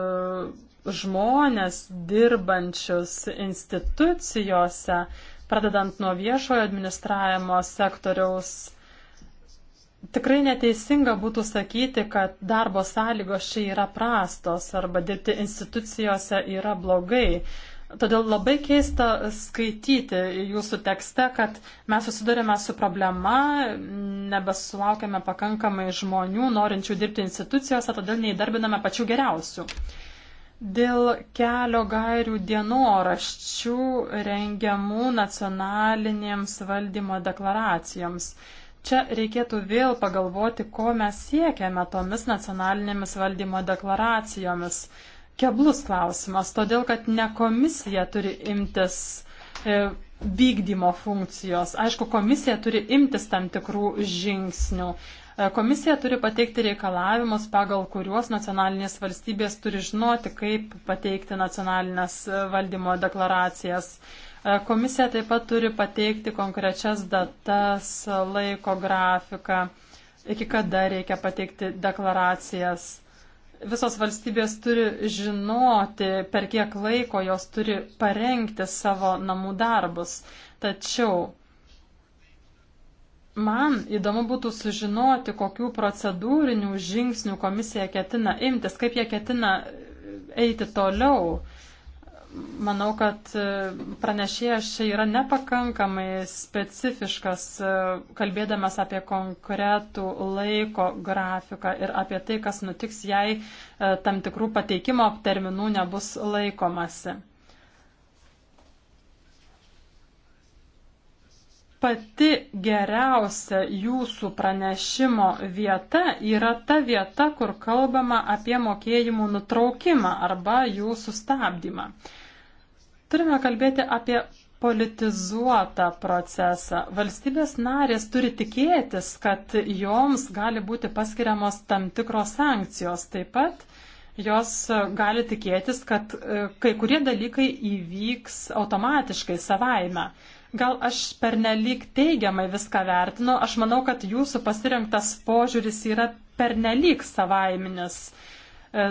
žmonės dirbančius institucijose, pradedant nuo viešojo administravimo sektoriaus, Tikrai neteisinga būtų sakyti, kad darbo sąlygos čia yra prastos arba dirbti institucijose yra blogai. Todėl labai keista skaityti jūsų tekste, kad mes susidurime su problema, nebesulaukėme pakankamai žmonių, norinčių dirbti institucijose, todėl neįdarbiname pačių geriausių. Dėl kelio gairių dienoraščių rengiamų nacionalinėms valdymo deklaracijoms. Čia reikėtų vėl pagalvoti, ko mes siekiame tomis nacionalinėmis valdymo deklaracijomis. Keblus klausimas, todėl kad ne komisija turi imtis e, vykdymo funkcijos. Aišku, komisija turi imtis tam tikrų žingsnių. E, komisija turi pateikti reikalavimus, pagal kuriuos nacionalinės valstybės turi žinoti, kaip pateikti nacionalinės e, valdymo deklaracijas. Komisija taip pat turi pateikti konkrečias datas, laiko grafiką, iki kada reikia pateikti deklaracijas. Visos valstybės turi žinoti, per kiek laiko jos turi parengti savo namų darbus. Tačiau Man įdomu būtų sužinoti, kokių procedūrinių žingsnių komisija ketina imtis, kaip jie ketina eiti toliau manau, kad e, pranešėjas čia yra nepakankamai specifiškas, e, kalbėdamas apie konkretų laiko grafiką ir apie tai, kas nutiks, jei e, tam tikrų pateikimo terminų nebus laikomasi. pati geriausia jūsų pranešimo vieta yra ta vieta, kur kalbama apie mokėjimų nutraukimą arba jų sustabdymą. Turime kalbėti apie politizuotą procesą. Valstybės narės turi tikėtis, kad joms gali būti paskiriamos tam tikros sankcijos. Taip pat jos gali tikėtis, kad e, kai kurie dalykai įvyks automatiškai savaime. Gal aš pernelyg teigiamai viską vertinu, aš manau, kad jūsų pasirinktas požiūris yra pernelyg savaiminis. E,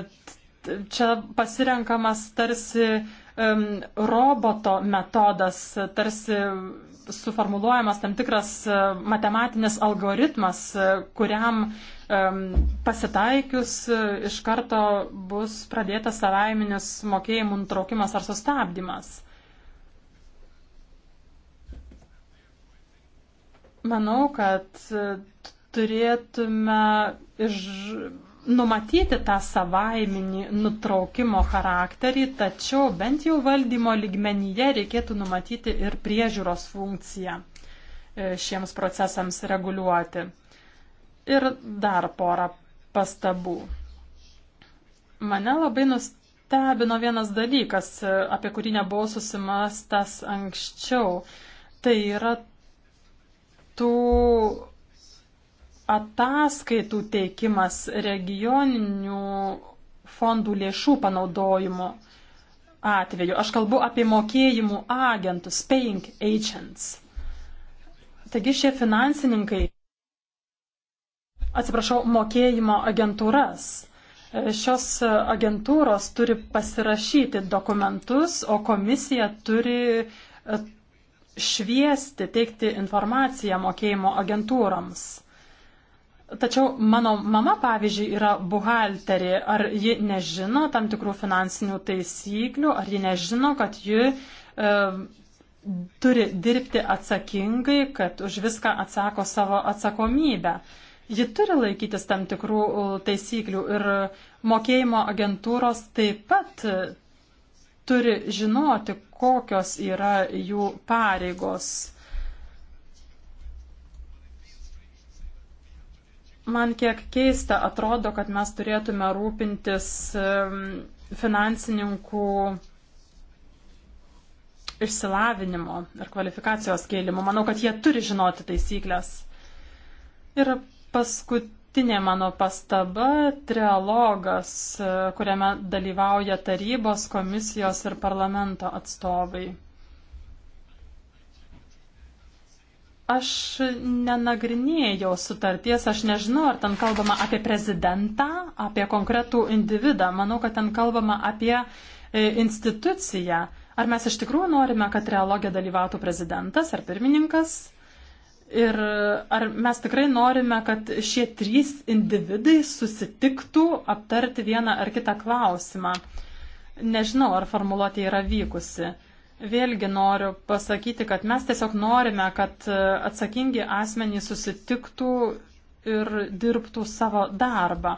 čia pasirenkamas tarsi um, roboto metodas, tarsi suformuluojamas tam tikras e, matematinis algoritmas, e, kuriam um, pasitaikius iš karto bus pradėtas savaiminis mokėjimų nutraukimas ar sustabdymas. Manau, kad turėtume iš, numatyti tą savaiminį nutraukimo charakterį, tačiau bent jau valdymo lygmenyje reikėtų numatyti ir priežiūros funkciją e, šiems procesams reguliuoti. Ir dar porą pastabų. Mane labai nustebino vienas dalykas, e, apie kurį nebuvau susimastęs anksčiau. Tai yra tų ataskaitų teikimas regioninių fondų lėšų panaudojimo atveju. Aš kalbu apie mokėjimų agentus, paying agents. Taigi šie finansininkai, atsiprašau, mokėjimo agentūras. Šios agentūros turi pasirašyti dokumentus, o komisija turi šviesti, teikti informaciją mokėjimo agentūroms. Tačiau mano mama, pavyzdžiui, yra buhalterė. Ar ji nežino tam tikrų finansinių taisyklių, ar ji nežino, kad ji e, turi dirbti atsakingai, kad už viską atsako savo atsakomybę. Ji turi laikytis tam tikrų e, taisyklių ir mokėjimo agentūros taip pat turi žinoti, kokios yra jų pareigos. Man kiek keista atrodo, kad mes turėtume rūpintis finansininkų išsilavinimo ir kvalifikacijos kėlimo. Manau, kad jie turi žinoti taisyklės. Ir paskut paskutinė mano pastaba - trialogas, e, kuriame dalyvauja tarybos, komisijos ir parlamento atstovai. Aš nenagrinėjau sutarties, aš nežinau, ar ten kalbama apie prezidentą, apie konkretų individą. Manau, kad ten kalbama apie e, instituciją. Ar mes iš tikrųjų norime, kad trialogė dalyvautų prezidentas ar pirmininkas? Ir ar mes tikrai norime, kad šie trys individai susitiktų aptarti vieną ar kitą klausimą? Nežinau, ar formuluotė yra vykusi. Vėlgi noriu pasakyti, kad mes tiesiog norime, kad atsakingi asmenys susitiktų ir dirbtų savo darbą.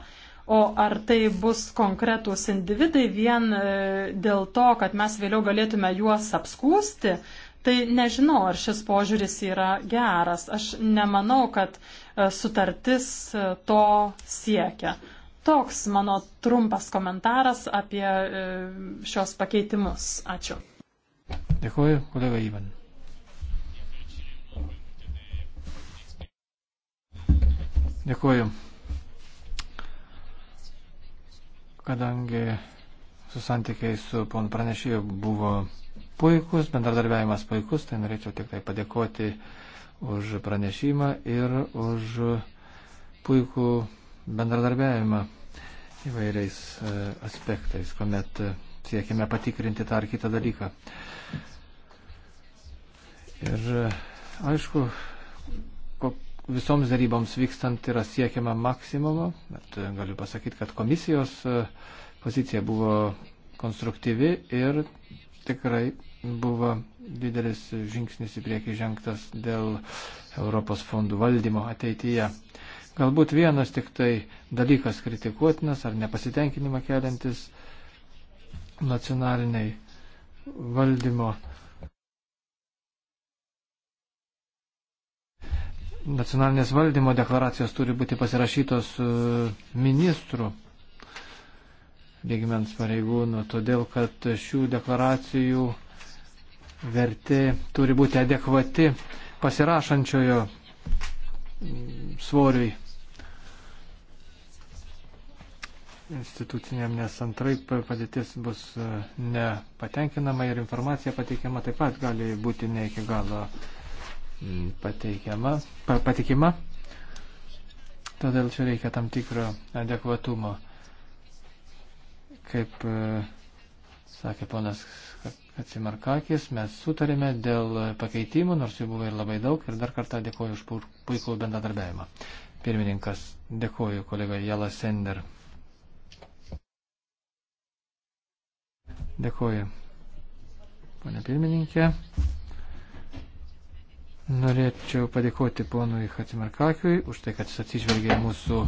O ar tai bus konkretūs individai vien e, dėl to, kad mes vėliau galėtume juos apskūsti, Tai nežinau, ar šis požiūris yra geras. Aš nemanau, kad e, sutartis e, to siekia. Toks mano trumpas komentaras apie e, šios pakeitimus. Ačiū. Dėkuoju, kolega Ivan. Dėkuoju. Kadangi su santykiai su pon pranešėju buvo puikus, bendradarbiavimas puikus, tai norėčiau tik tai padėkoti už pranešimą ir už puikų bendradarbiavimą įvairiais e, aspektais, kuomet siekime patikrinti tą ar kitą dalyką. Ir e, aišku, visoms daryboms vykstant yra siekiama maksimumo, bet e, galiu pasakyti, kad komisijos pozicija buvo konstruktyvi ir tikrai buvo didelis žingsnis į priekį žengtas dėl Europos fondų valdymo ateityje. Galbūt vienas tik tai dalykas kritikuotinas ar nepasitenkinimą keliantis nacionaliniai valdymo. Nacionalinės valdymo deklaracijos turi būti pasirašytos ministrų lygmens pareigūnų, todėl kad šių deklaracijų vertė turi būti adekvati pasirašančiojo svoriui instituciniam, nes antraip padėtis bus e, nepatenkinama ir informacija pateikiama taip pat gali būti ne iki galo pateikiama, patikima. Todėl čia reikia tam tikro adekvatumo. Kaip e, sakė ponas Atsimarkakis, mes sutarėme dėl pakeitimų, nors jų buvo ir labai daug, ir dar kartą dėkoju už puikų bendradarbiavimą. Pirmininkas, dėkoju kolega Jela Sender. Dėkoju. Pane pirmininkė, norėčiau padėkoti ponui Hatsimarkakiui už tai, kad jis atsižvelgė mūsų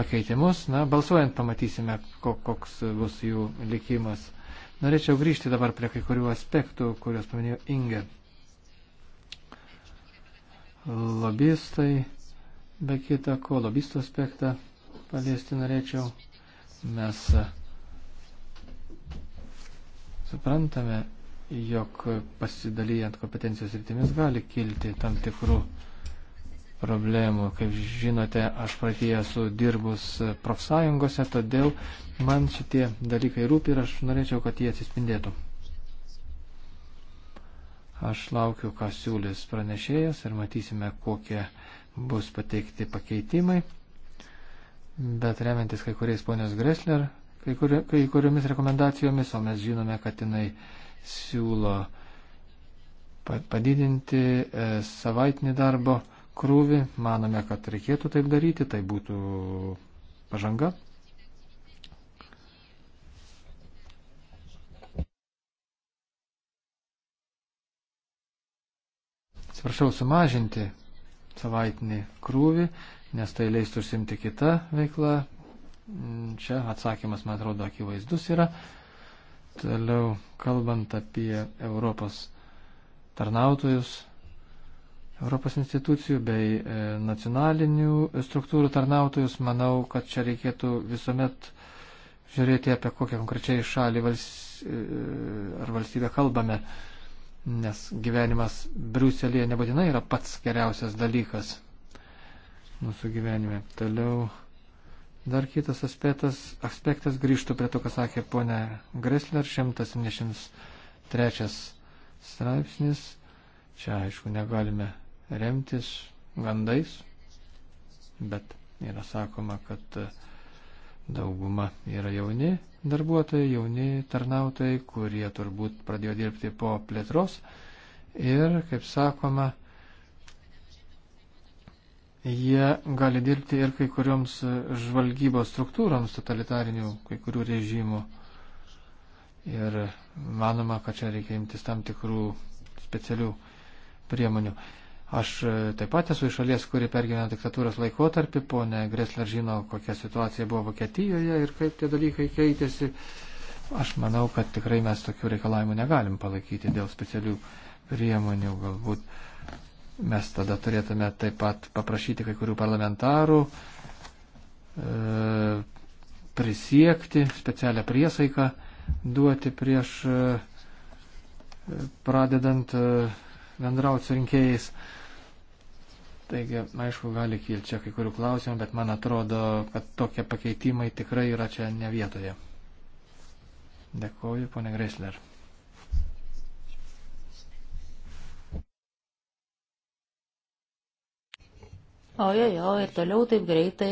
pakeitimus. Na, balsuojant pamatysime, koks bus jų likimas. Norėčiau grįžti dabar prie kai kurių aspektų, kuriuos paminėjo Inge. Lobistai, be kita ko, lobistų aspektą paliesti norėčiau. Mes e, suprantame, jog pasidalyjant kompetencijos rytimis gali kilti tam tikrų problemų. Kaip žinote, aš praeitie esu dirbus profsąjungose, todėl Man šitie dalykai rūpi ir aš norėčiau, kad jie atsispindėtų. Aš laukiu, ką siūlys pranešėjas ir matysime, kokie bus pateikti pakeitimai. Bet remiantis kai kuriais ponios Gresler, kai, kuri, kai kuriomis rekomendacijomis, o mes žinome, kad jinai siūlo padidinti e, savaitinį darbo krūvį, manome, kad reikėtų taip daryti, tai būtų pažanga. atsiprašau, sumažinti savaitinį krūvį, nes tai leistų užsimti kitą veiklą. Čia atsakymas, man atrodo, akivaizdus yra. Toliau, kalbant apie Europos tarnautojus, Europos institucijų bei e, nacionalinių struktūrų tarnautojus, manau, kad čia reikėtų visuomet žiūrėti apie kokią konkrečiai šalį valst... E, ar valstybę kalbame. Uh, nes gyvenimas Briuselėje nebūtinai yra pats geriausias dalykas mūsų gyvenime. Toliau dar kitas aspektas, aspektas grįžtų prie to, ką sakė ponė Gresler, 173 straipsnis. Čia, aišku, negalime remtis gandais, bet yra sakoma, kad dauguma yra jauni darbuotojai, jauni tarnautojai, kurie turbūt pradėjo dirbti po plėtros ir, kaip sakoma, jie gali dirbti ir kai kurioms žvalgybos struktūroms totalitarinių kai kurių režimų. Ir manoma, kad čia reikia imtis tam tikrų specialių priemonių. Aš e, taip pat esu iš šalies, kuri pergyveno diktatūros laikotarpį, ponė Gresler žino, kokia situacija buvo Vokietijoje ir kaip tie dalykai keitėsi. Aš manau, kad tikrai mes tokių reikalavimų negalim palaikyti dėl specialių priemonių. Galbūt mes tada turėtume taip pat paprašyti kai kurių parlamentarų e, prisiekti specialią priesaiką duoti prieš e, pradedant e, bendrauti su rinkėjais. E, Taigi, aišku, gali kilti čia kai kurių klausimų, bet man atrodo, kad tokie pakeitimai tikrai yra čia ne vietoje. Dėkuoju, ponė Gresler. Ojojo, ir toliau taip greitai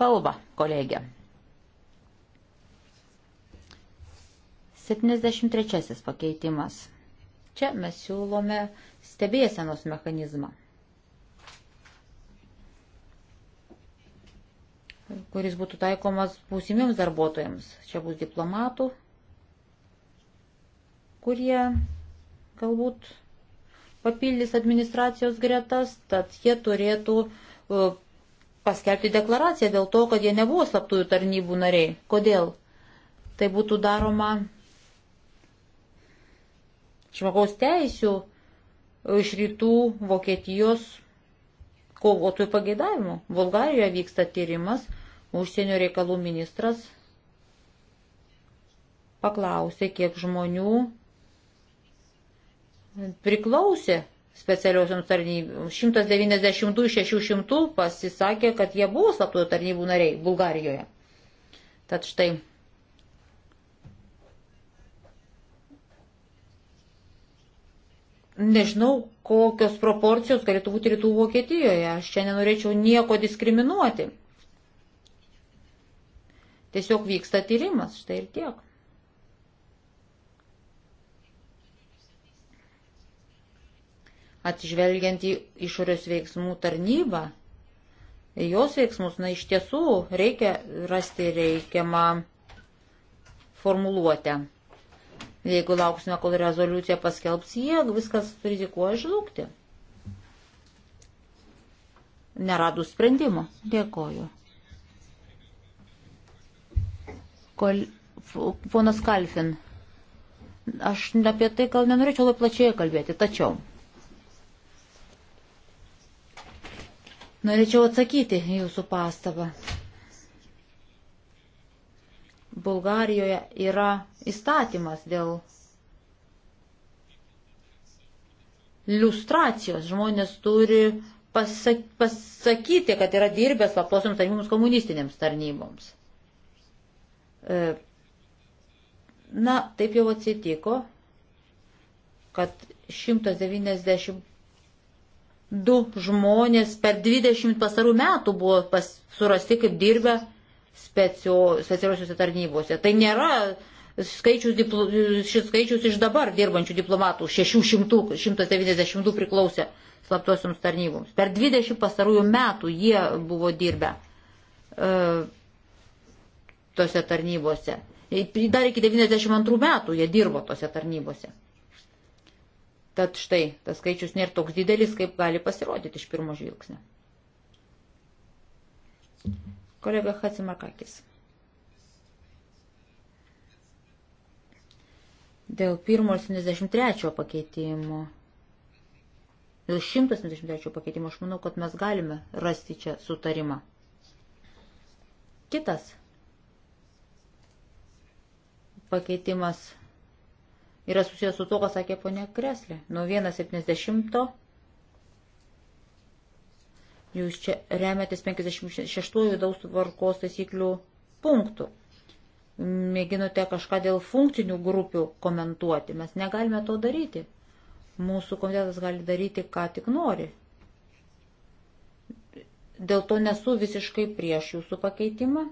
kalba kolegė. 73 pakeitimas. Čia mes siūlome uh, stebėsenos mechanizmą, kuris būtų taikomas būsimiems darbuotojams. Čia bus diplomatų, kurie galbūt papildys administracijos gretas, tad jie turėtų e, paskelbti deklaraciją dėl to, kad jie nebuvo slaptųjų tarnybų nariai. Kodėl? Tai būtų daroma žmogaus teisų iš rytų Vokietijos kovotojų pageidavimų. Bulgarijoje vyksta tyrimas, užsienio reikalų ministras paklausė, kiek žmonių priklausė specialiosioms tarnyboms. 192 iš 600 pasisakė, kad jie buvo slaptųjų tarnybų nariai Bulgarijoje. Tad štai nežinau, kokios proporcijos galėtų būti rytų Vokietijoje. Aš čia nenorėčiau nieko diskriminuoti. Tiesiog vyksta tyrimas, štai ir tiek. Atsižvelgiant į išorės veiksmų tarnybą, jos veiksmus, na iš tiesų reikia rasti reikiamą formuluotę. Jeigu lauksime, kol rezoliucija paskelbs, jie viskas rizikuoja žlugti. Neradus sprendimo. Dėkoju. Kol... Ponas Kalfin, aš apie tai gal nenorėčiau labai plačiai kalbėti, tačiau norėčiau atsakyti jūsų pastabą. Bulgarijoje yra įstatymas dėl liustracijos. Žmonės turi pasak, pasakyti, kad yra dirbęs slaptosioms tarnyboms komunistinėms tarnyboms. E, na, taip jau atsitiko, kad 190 du žmonės per 20 pasarų metų buvo pas, surasti kaip dirbę specialiosiuose tarnybose. Tai nėra skaičius, diplo, šis skaičius iš dabar dirbančių diplomatų 600, 192 priklausė slaptosioms tarnyboms. Per 20 pastarųjų metų jie buvo dirbę e, tose tarnybose. Dar iki 92 metų jie dirbo tose tarnybose. Tad štai, tas skaičius nėra toks didelis, kaip gali pasirodyti iš pirmo žvilgsnio. Kolega Hatsimakakis. Dėl pirmo 73 pakeitimo. Dėl 173 pakeitimo aš manau, kad mes galime rasti čia sutarimą. Kitas pakeitimas yra susijęs su to, ką sakė ponė Kreslė. Nuo 170 Jūs čia remiatės 56 vidaus tvarkos taisyklių punktų. Mėginote kažką dėl funkcinių grupių komentuoti. Mes negalime to daryti. Mūsų komitetas gali daryti, ką tik nori. Dėl to nesu visiškai prieš jūsų pakeitimą.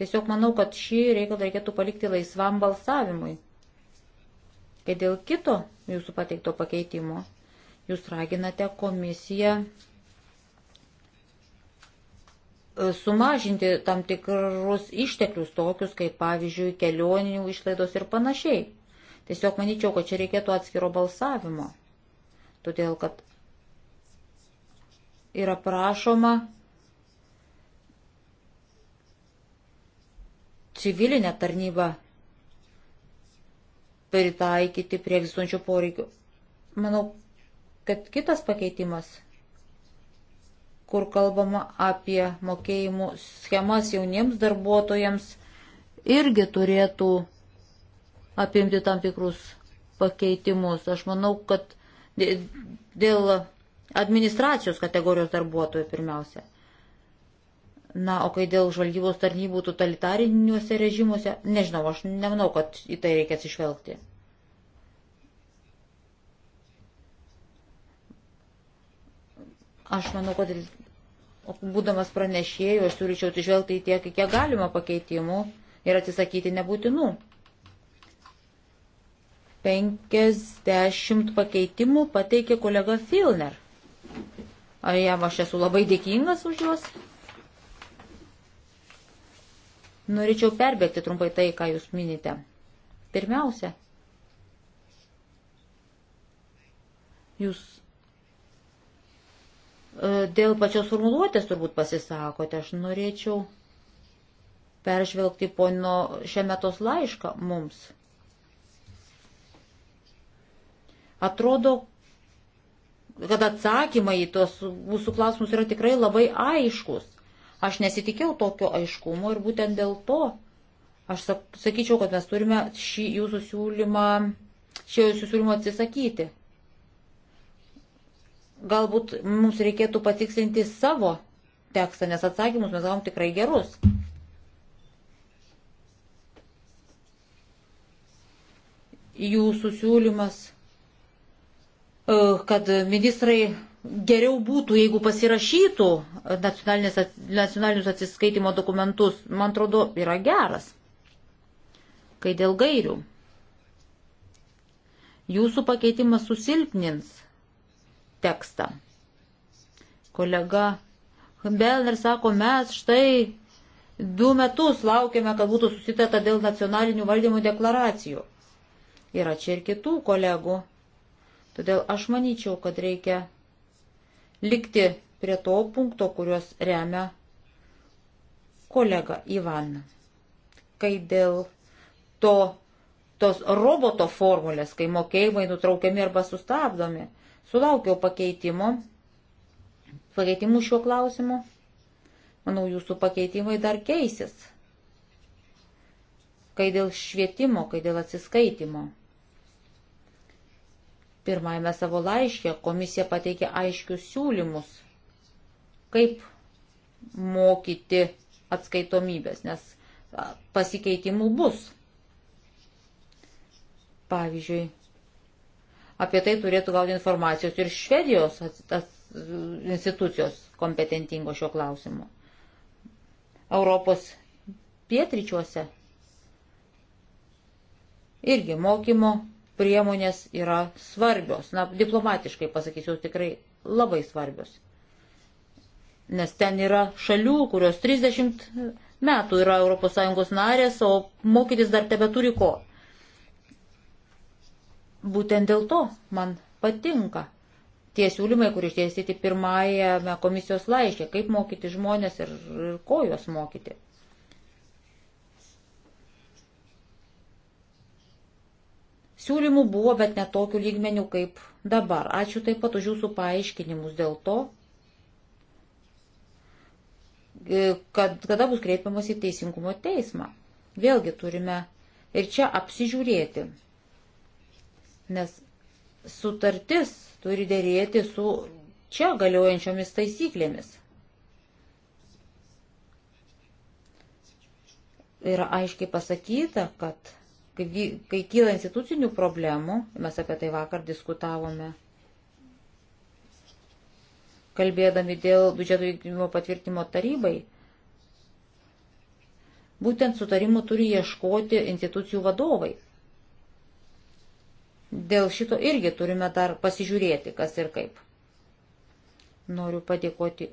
Tiesiog manau, kad šį reikalą reikėtų palikti laisvam balsavimui. Kai dėl kito jūsų pateikto pakeitimo, jūs raginate komisiją E, sumažinti tam tikrus išteklius tokius, kaip pavyzdžiui kelionių išlaidos ir panašiai. Tiesiog manyčiau, kad čia reikėtų atskiro balsavimo. Todėl, kad yra prašoma civilinę tarnybą pritaikyti prie egzistuojančių poreikių. Manau, kad kitas pakeitimas – kur kalbama apie mokėjimų schemas jauniems darbuotojams, irgi turėtų apimti tam tikrus pakeitimus. Aš manau, kad dėl administracijos kategorijos darbuotojų pirmiausia. Na, o kai dėl žvalgybos tarnybų totalitariniuose režimuose, nežinau, aš nemanau, kad į tai reikia atsižvelgti. Aš manau, kad būdamas pranešėjų, aš turičiau atsižvelgti į tiek, kiek galima pakeitimų ir atsisakyti nebūtinų. 50 pakeitimų pateikė kolega Filner. Ar jam aš esu labai dėkingas už juos? Norėčiau perbėgti trumpai tai, ką jūs minite. Pirmiausia, jūs E, dėl pačios formuluotės turbūt pasisakote, aš norėčiau peržvelgti pono šiemetos laišką mums. Atrodo, kad atsakymai į tuos mūsų klausimus yra tikrai labai aiškus. Aš nesitikėjau tokio aiškumo ir būtent dėl to aš sakyčiau, kad mes turime šį jūsų siūlymą, šį jūsų siūlymą atsisakyti galbūt mums reikėtų patikslinti savo tekstą, nes atsakymus mes gavom tikrai gerus. Jūsų siūlymas, e, kad ministrai geriau būtų, jeigu pasirašytų nacionalinius atsiskaitimo dokumentus, man atrodo, yra geras. Kai dėl gairių. Jūsų pakeitimas susilpnins tekstą. Kolega Belner sako, mes štai du metus laukiame, kad būtų susitata dėl nacionalinių valdymų deklaracijų. Yra čia ir kitų kolegų. Todėl aš manyčiau, kad reikia likti prie to punkto, kuriuos remia kolega Ivan. Kai dėl to, tos roboto formulės, kai mokėjimai nutraukiami arba sustabdomi, Sulaukiau pakeitimo, pakeitimų šiuo klausimu. Manau, jūsų pakeitimai dar keisis. Kai dėl švietimo, kai dėl atsiskaitimo. Pirmajame savo laiške komisija pateikė aiškius siūlymus, kaip mokyti atskaitomybės, nes pasikeitimų bus. Pavyzdžiui, apie tai turėtų gauti informacijos ir Švedijos institucijos kompetentingos šio klausimu. Europos pietryčiuose irgi mokymo priemonės yra svarbios. Na, diplomatiškai pasakysiu, tikrai labai svarbios. Nes ten yra šalių, kurios 30 metų yra ES narės, o mokytis dar tebe turi ko būtent dėl to man patinka tie siūlymai, kur išdėstyti pirmajame komisijos laiške, kaip mokyti žmonės ir, ir ko juos mokyti. Siūlymų buvo, bet ne tokiu lygmeniu kaip dabar. Ačiū taip pat už jūsų paaiškinimus dėl to, e, kad kada bus kreipiamas į teisingumo teismą. Vėlgi turime ir čia apsižiūrėti nes sutartis turi dėrėti su čia galiojančiomis taisyklėmis. Yra aiškiai pasakyta, kad kai kyla institucinių problemų, mes apie tai vakar diskutavome, kalbėdami dėl biudžeto vykdymo patvirtimo tarybai, būtent sutarimų turi ieškoti institucijų vadovai. Dėl šito irgi turime dar pasižiūrėti, kas ir kaip. Noriu padėkoti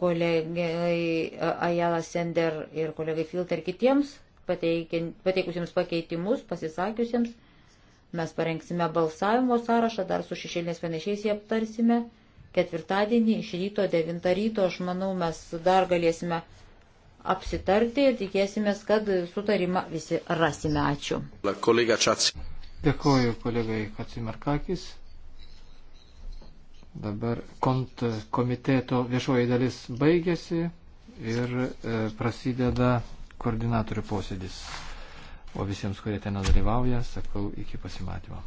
kolegai Ajala Sender ir kolegai Filter kitiems, pateikusiems pakeitimus, pasisakiusiems. Mes parengsime balsavimo sąrašą, dar su šešėlinės panašiais jį aptarsime. Ketvirtadienį iš ryto 9 ryto, aš manau, mes dar galėsime apsitarti ir tikėsimės, kad sutarimą visi rasime. Ačiū. Dėkuoju kolegai Kacimarkakis. Dabar kont komiteto viešoji dalis baigėsi ir e, prasideda koordinatorių posėdis. O visiems, kurie ten dalyvauja, sakau iki pasimatymo.